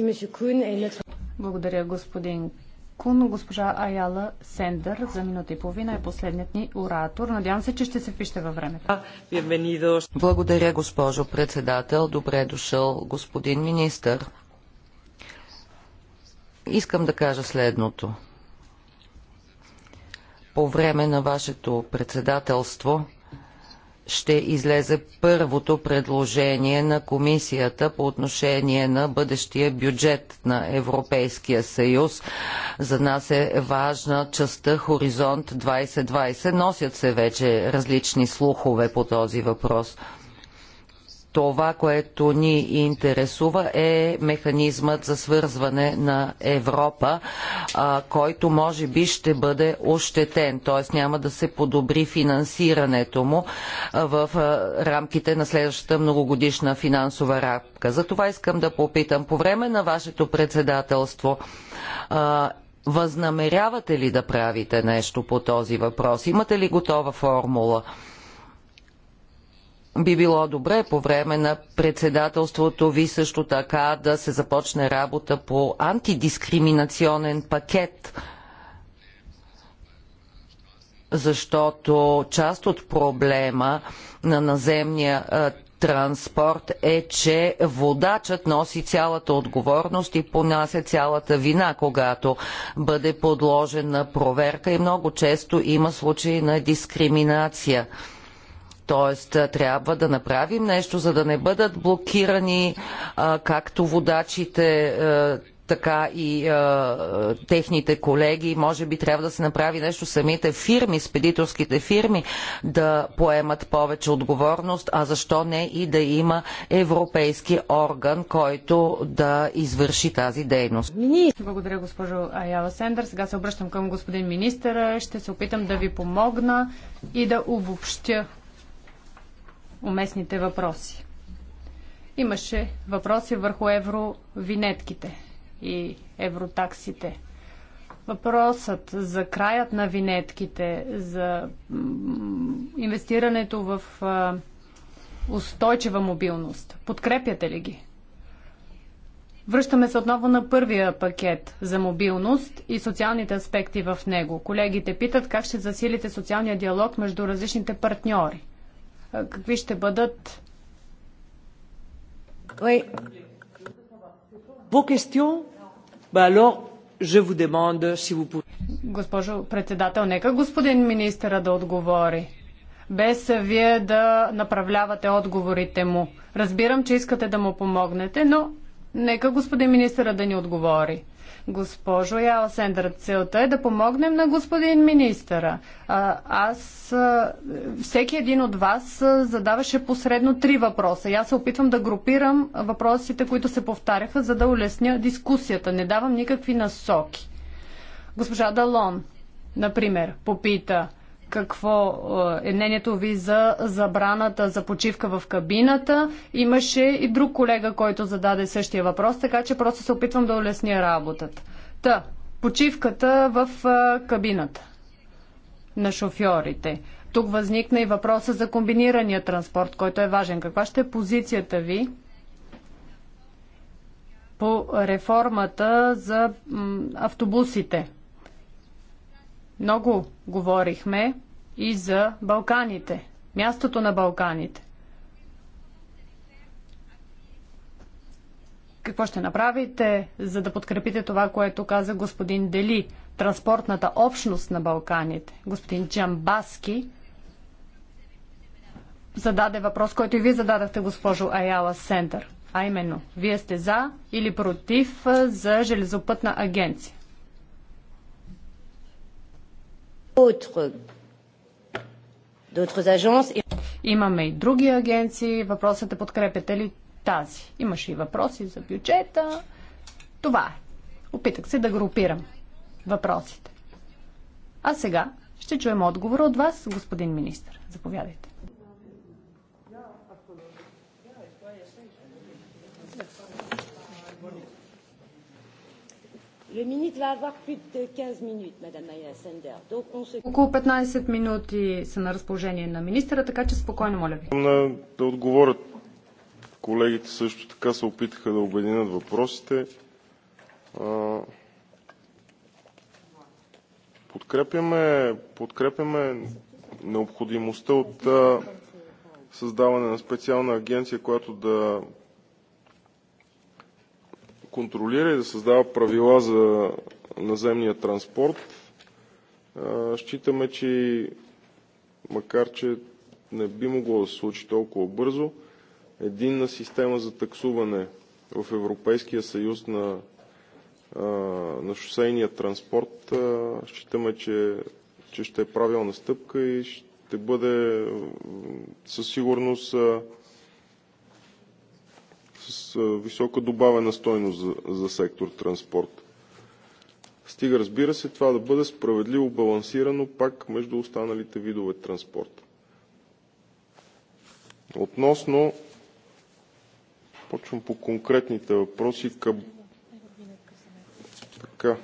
Благодаря, господин Кун. Госпожа Аяла Сендър за минута и половина е последният ни оратор. Надявам се, че ще се впишете във времето. Благодаря, госпожо председател. Добре е дошъл, господин министър. Искам да кажа следното. По време на вашето председателство ще излезе първото предложение на комисията по отношение на бъдещия бюджет на Европейския съюз. За нас е важна частта Хоризонт 2020. Носят се вече различни слухове по този въпрос това, което ни интересува е механизмът за свързване на Европа, който може би ще бъде ощетен, т.е. няма да се подобри финансирането му в рамките на следващата многогодишна финансова рамка. За това искам да попитам, по време на вашето председателство възнамерявате ли да правите нещо по този въпрос? Имате ли готова формула? би било добре по време на председателството ви също така да се започне работа по антидискриминационен пакет, защото част от проблема на наземния транспорт е, че водачът носи цялата отговорност и понася цялата вина, когато бъде подложен на проверка и много често има случаи на дискриминация. Тоест, трябва да направим нещо, за да не бъдат блокирани а, както водачите, а, така и а, техните колеги. Може би трябва да се направи нещо самите фирми, спедиторските фирми да поемат повече отговорност, а защо не и да има европейски орган, който да извърши тази дейност. Благодаря, госпожо Аява Сендър. Сега се обръщам към господин министъра. Ще се опитам да ви помогна и да обобщя уместните въпроси. Имаше въпроси върху евровинетките и евротаксите. Въпросът за краят на винетките, за инвестирането в устойчива мобилност. Подкрепяте ли ги? Връщаме се отново на първия пакет за мобилност и социалните аспекти в него. Колегите питат как ще засилите социалния диалог между различните партньори какви ще бъдат. Госпожо председател, нека господин министъра да отговори без вие да направлявате отговорите му. Разбирам, че искате да му помогнете, но нека господин министъра да ни отговори. Госпожо Ялсендър, целта е да помогнем на господин министъра. Аз, всеки един от вас задаваше посредно три въпроса. И аз се опитвам да групирам въпросите, които се повтаряха, за да улесня дискусията. Не давам никакви насоки. Госпожа Далон, например, попита – какво е, е мнението ви за забраната за почивка в кабината. Имаше и друг колега, който зададе същия въпрос, така че просто се опитвам да улесня работата. Та, почивката в е, кабината на шофьорите. Тук възникна и въпроса за комбинирания транспорт, който е важен. Каква ще е позицията ви по реформата за автобусите? Много говорихме и за Балканите, мястото на Балканите. Какво ще направите, за да подкрепите това, което каза господин Дели, транспортната общност на Балканите? Господин Джамбаски зададе въпрос, който и вие зададахте, госпожо Аяла Сентър. А именно, вие сте за или против за железопътна агенция? Имаме и други агенции. Въпросът е подкрепяте ли тази? Имаше и въпроси за бюджета. Това е. Опитах се да групирам въпросите. А сега ще чуем отговора от вас, господин министр. Заповядайте. Около 15 минути са на разположение на министъра, така че спокойно, моля ви. Да отговорят колегите също така се опитаха да обединят въпросите. Подкрепяме, подкрепяме необходимостта от създаване на специална агенция, която да контролира и да създава правила за наземния транспорт. Считаме, че макар че не би могло да се случи толкова бързо, единна система за таксуване в Европейския съюз на, на шосейния транспорт считаме, че, че ще е правилна стъпка и ще бъде със сигурност с висока добавена стойност за, за сектор транспорт. Стига, разбира се, това да бъде справедливо балансирано пак между останалите видове транспорт. Относно, почвам по конкретните въпроси към така,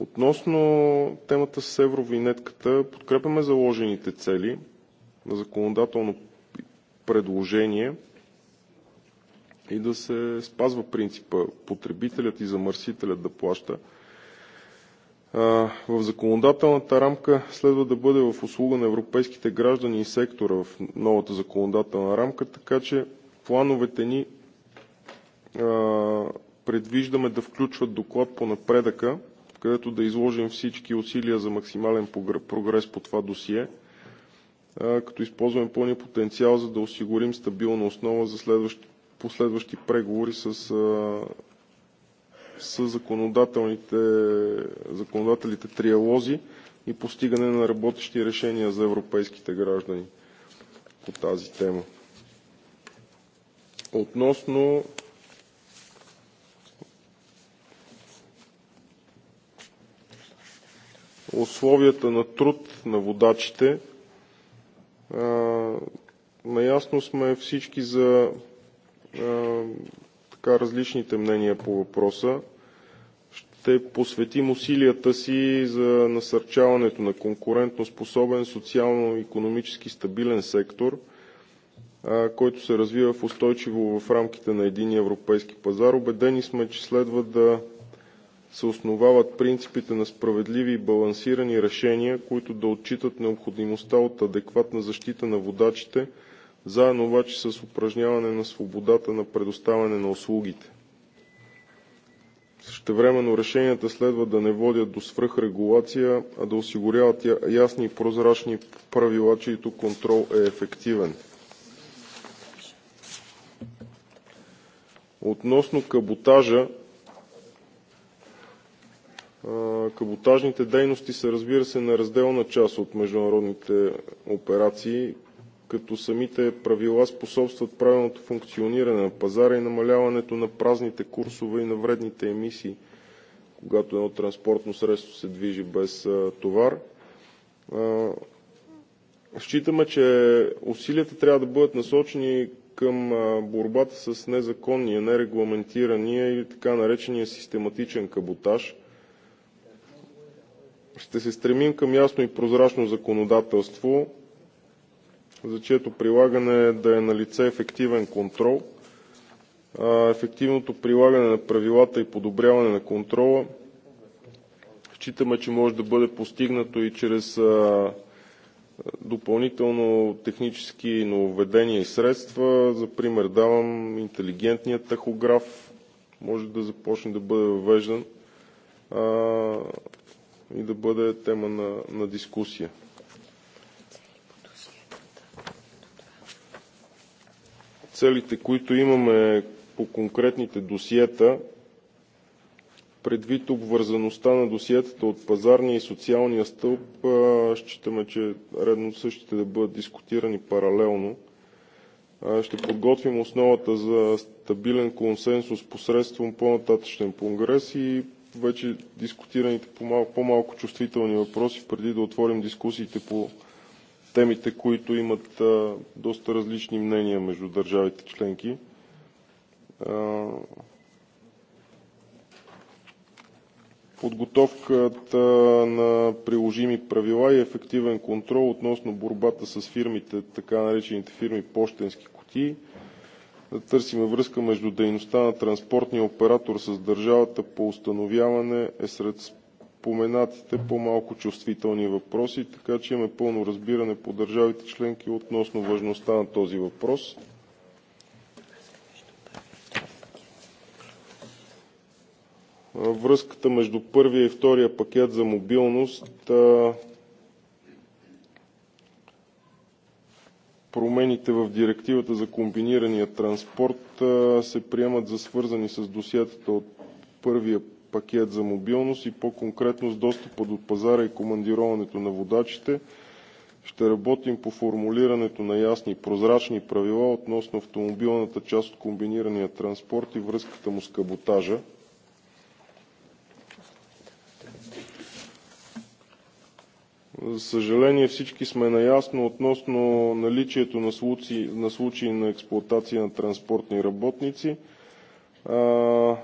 Относно темата с евровинетката, подкрепяме заложените цели на законодателно предложение и да се спазва принципа потребителят и замърсителят да плаща. В законодателната рамка следва да бъде в услуга на европейските граждани и сектора в новата законодателна рамка, така че плановете ни предвиждаме да включват доклад по напредъка където да изложим всички усилия за максимален прогрес по това досие, като използваме пълния потенциал, за да осигурим стабилна основа за последващи преговори законодателните, законодателите триалози и постигане на работещи решения за европейските граждани по тази тема. Относно условията на труд на водачите. Наясно сме всички за различните мнения по въпроса. Ще посветим усилията си за насърчаването на способен социално економически стабилен сектор, който се развива в устойчиво в рамките на един европейски пазар. Убедени сме, че следва да се основават принципите на справедливи и балансирани решения, които да отчитат необходимостта от адекватна защита на водачите, заедно обаче с упражняване на свободата на предоставяне на услугите. Същевременно решенията следва да не водят до свръхрегулация, а да осигуряват ясни и прозрачни правила, чието контрол е ефективен. Относно каботажа Каботажните дейности са, разбира се, на разделна част от международните операции, като самите правила способстват правилното функциониране на пазара и намаляването на празните курсове и на вредните емисии, когато едно транспортно средство се движи без товар. Считаме, че усилията трябва да бъдат насочени към борбата с незаконния, нерегламентирания или така наречения систематичен каботаж, ще се стремим към ясно и прозрачно законодателство, за чието прилагане да е налице ефективен контрол. Ефективното прилагане на правилата и подобряване на контрола считаме, че може да бъде постигнато и чрез допълнително технически нововведения и средства. За пример давам интелигентния тахограф, може да започне да бъде въвеждан и да бъде тема на, на дискусия. Целите, които имаме по конкретните досиета, предвид обвързаността на досиетата от пазарния и социалния стълб, считаме, че е редно същите да бъдат дискутирани паралелно. Ще подготвим основата за стабилен консенсус посредством по-нататъчен конгрес и вече дискутираните по-малко чувствителни въпроси, преди да отворим дискусиите по темите, които имат доста различни мнения между държавите членки. Подготовката на приложими правила и ефективен контрол относно борбата с фирмите, така наречените фирми пощенски кутии, да търсим връзка между дейността на транспортния оператор с държавата по установяване е сред споменатите по-малко чувствителни въпроси, така че имаме пълно разбиране по държавите членки относно важността на този въпрос. Връзката между първия и втория пакет за мобилност промените в Директивата за комбинирания транспорт се приемат за свързани с досиетата от първия пакет за мобилност и по-конкретно с достъпа до пазара и командироването на водачите. Ще работим по формулирането на ясни и прозрачни правила относно автомобилната част от комбинирания транспорт и връзката му с каботажа. За съжаление всички сме наясно относно наличието на случаи на, случаи на експлуатация на транспортни работници. А,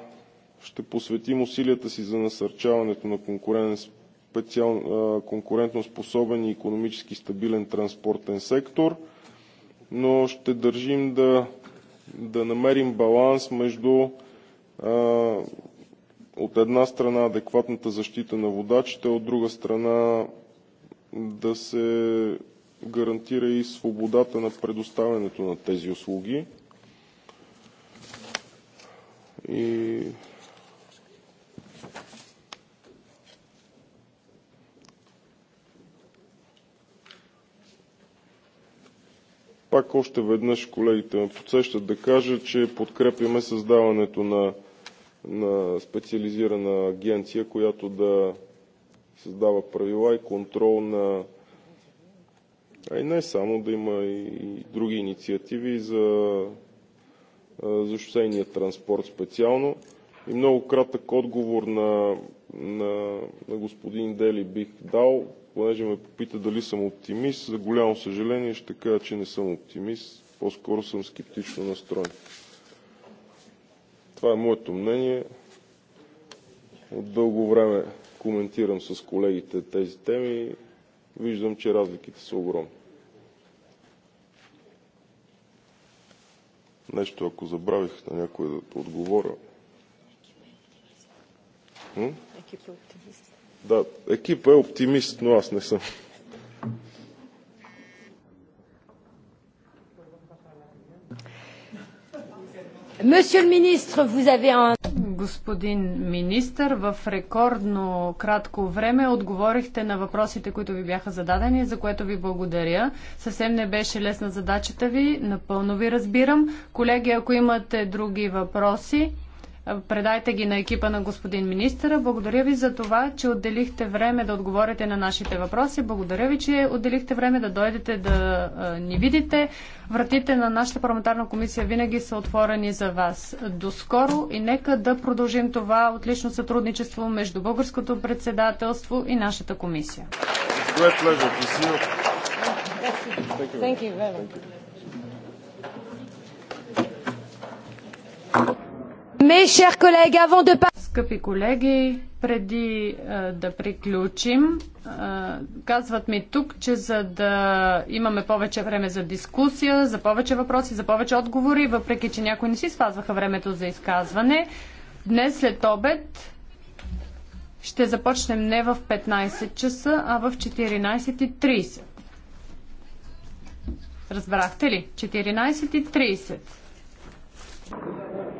ще посветим усилията си за насърчаването на конкурентно способен и економически стабилен транспортен сектор, но ще държим да, да намерим баланс между а, от една страна адекватната защита на водачите, от друга страна да се гарантира и свободата на предоставянето на тези услуги. И пак още веднъж колегите ме подсещат да кажа, че подкрепяме създаването на, на специализирана агенция, която да създава правила и контрол на. А и не само, да има и други инициативи за, защитения транспорт специално. И много кратък отговор на, на, на господин Дели бих дал, понеже ме попита дали съм оптимист. За голямо съжаление ще кажа, че не съм оптимист. По-скоро съм скептично настроен. Това е моето мнение. От дълго време коментирам с колегите тези теми, виждам, че разликите са огромни. Нещо, ако забравих на някой да отговоря. М? Екип е оптимист. Да, екипа е оптимист, но аз не съм. Monsieur le ministre, vous avez un... Господин министър, в рекордно кратко време отговорихте на въпросите, които ви бяха зададени, за което ви благодаря. Съвсем не беше лесна задачата ви, напълно ви разбирам. Колеги, ако имате други въпроси, Предайте ги на екипа на господин министъра. Благодаря ви за това, че отделихте време да отговорите на нашите въпроси. Благодаря ви, че отделихте време да дойдете да ни видите. Вратите на нашата парламентарна комисия винаги са отворени за вас. До скоро и нека да продължим това отлично сътрудничество между българското председателство и нашата комисия. Thank you very much. Скъпи колеги, преди да приключим, казват ми тук, че за да имаме повече време за дискусия, за повече въпроси, за повече отговори, въпреки че някои не си спазваха времето за изказване, днес след обед ще започнем не в 15 часа, а в 14.30. Разбрахте ли? 14.30.